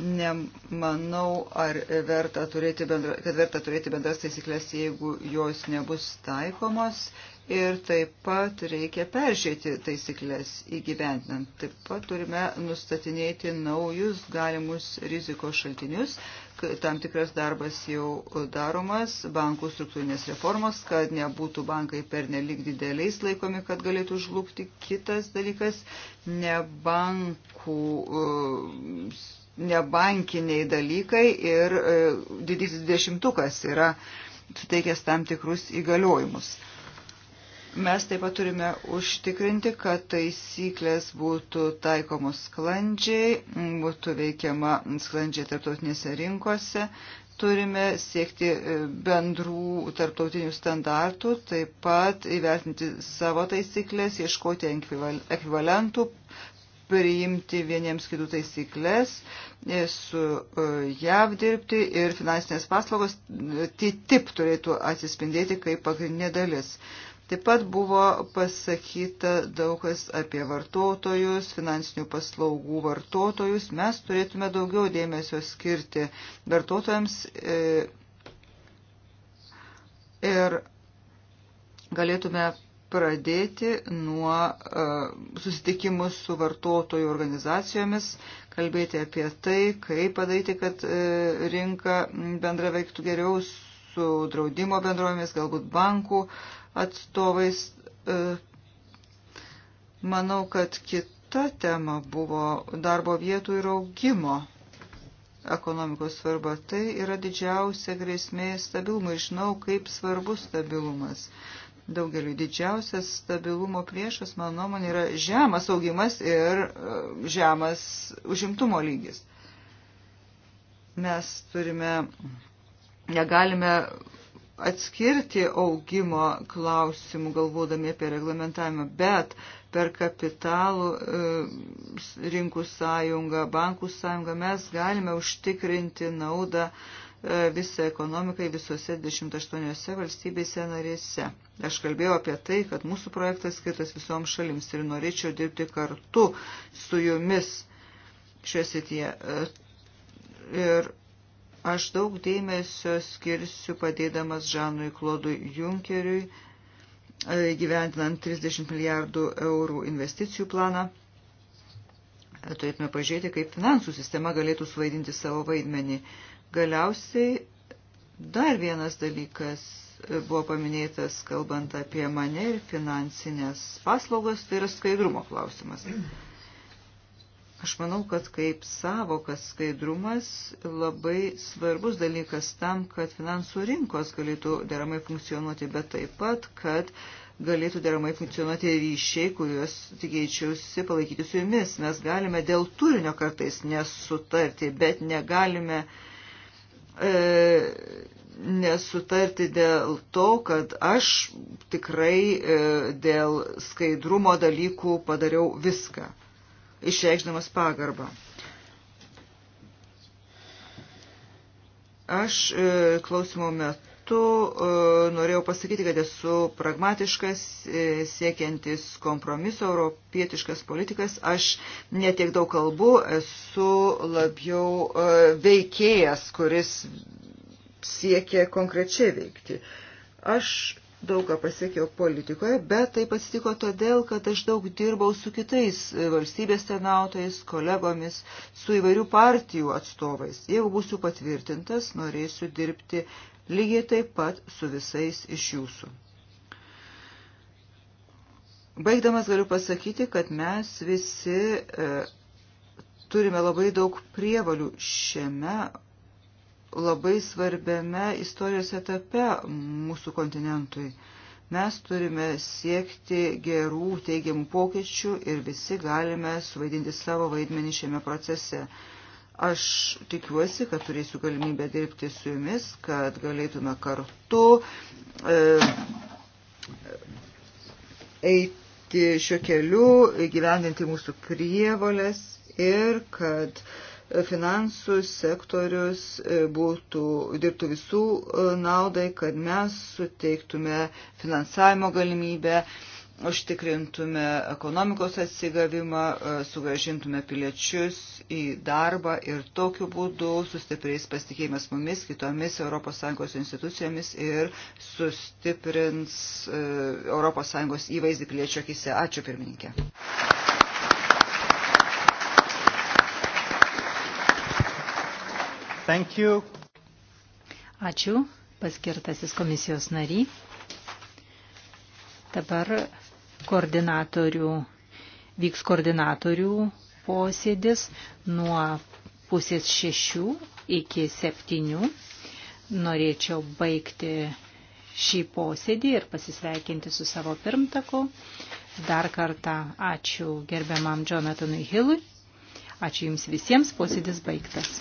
nemanau, ar verta turėti bendra, kad verta turėti bendras taisyklės, jeigu jos nebus taikomos. Ir taip pat reikia peržiūrėti taisyklės įgyventinant. Taip pat turime nustatinėti naujus galimus rizikos šaltinius. Tam tikras darbas jau daromas, bankų struktūrinės reformos, kad nebūtų bankai pernelik dideliais laikomi, kad galėtų žlugti. Kitas dalykas, ne bankų. Uh, nebankiniai dalykai ir e, didysis dešimtukas yra suteikęs tam tikrus įgaliojimus. Mes taip pat turime užtikrinti, kad taisyklės būtų taikomos sklandžiai, būtų veikiama sklandžiai tarptautinėse rinkose, turime siekti e, bendrų tarptautinių standartų, taip pat įvertinti savo taisyklės, ieškoti ekvivalentų, priimti vieniems kitų taisyklės, e, su e, JAV dirbti ir finansinės paslaugos e, TTIP turėtų atsispindėti kaip pagrindinė dalis. Taip pat buvo pasakyta daugas apie vartotojus, finansinių paslaugų vartotojus. Mes turėtume daugiau dėmesio skirti vartotojams ir galėtume pradėti nuo e, susitikimų su vartotojų organizacijomis, kalbėti apie tai, kaip padaryti, kad e, rinka bendra veiktų geriau su draudimo bendrovėmis, galbūt bankų atstovais. E, manau, kad kita tema buvo darbo vietų ir augimo ekonomikos svarba. Tai yra didžiausia grėsmė stabilumui. Žinau, kaip svarbus stabilumas. Uh, daugeliu didžiausias stabilumo priešas, mano nuomonė, yra žemas augimas ir e, žemas užimtumo lygis. Mes turime, negalime atskirti augimo klausimų, galvodami apie reglamentavimą, bet per kapitalų e, rinkų sąjungą, bankų sąjungą mes galime užtikrinti naudą e, visą ekonomikai visose 28 valstybėse narėse. Aš kalbėjau apie tai, kad mūsų projektas skirtas visoms šalims ir norėčiau dirbti kartu su jumis šioje srityje. E, ir aš daug dėmesio skirsiu padėdamas Žanui Klodui Junkeriui, e, gyventinant 30 milijardų eurų investicijų planą. E, turėtume pažiūrėti, kaip finansų sistema galėtų suvaidinti savo vaidmenį. Galiausiai dar vienas dalykas buvo paminėtas, kalbant apie mane ir finansinės paslaugos, tai yra skaidrumo klausimas. Aš manau, kad kaip savokas skaidrumas labai svarbus dalykas tam, kad finansų rinkos galėtų deramai funkcionuoti, bet taip pat, kad galėtų deramai funkcionuoti ryšiai, kuriuos tikėčiausi palaikyti su jumis. Mes galime dėl turinio kartais nesutarti, bet negalime. E, nesutarti dėl to, kad aš tikrai e, dėl skaidrumo dalykų padariau viską, išreikšdamas pagarbą. Aš e, klausimo metu e, norėjau pasakyti, kad esu pragmatiškas, siekiantis kompromiso, europietiškas politikas. Aš netiek daug kalbu, esu labiau veikėjas, kuris siekia konkrečiai veikti. Aš daug ką pasiekiau politikoje, bet taip atsitiko todėl, kad aš daug dirbau su kitais valstybės tenautojais, kolegomis, su įvairių partijų atstovais. Jeigu būsiu patvirtintas, norėsiu dirbti lygiai taip pat su visais iš jūsų. Baigdamas galiu pasakyti, kad mes visi e, turime labai daug prievalių šiame labai svarbiame istorijos etape mūsų kontinentui. Mes turime siekti gerų teigiamų pokyčių ir visi galime suvaidinti savo vaidmenį šiame procese. Aš tikiuosi, kad turėsiu galimybę dirbti su jumis, kad galėtume kartu e, eiti šiuo keliu, gyvendinti mūsų prievolės ir kad e, finansų sektorius e, būtų, dirbtų visų e, naudai, kad mes suteiktume finansavimo galimybę, užtikrintume ekonomikos atsigavimą, e, sugražintume piliečius į darbą ir tokiu būdu sustiprės pasitikėjimas mumis, kitomis ES institucijomis ir sustiprins ES įvaizdį piliečio akise. Ačiū pirmininkė. Thank you. Ačiū, paskirtasis komisijos nary. Dabar koordinatorių, vyks koordinatorių posėdis nuo pusės šešių iki septynių. Norėčiau baigti šį posėdį ir pasisveikinti su savo pirmtaku. Dar kartą ačiū gerbiamam Jonathanui Hillui. Ačiū Jums visiems, posėdis baigtas.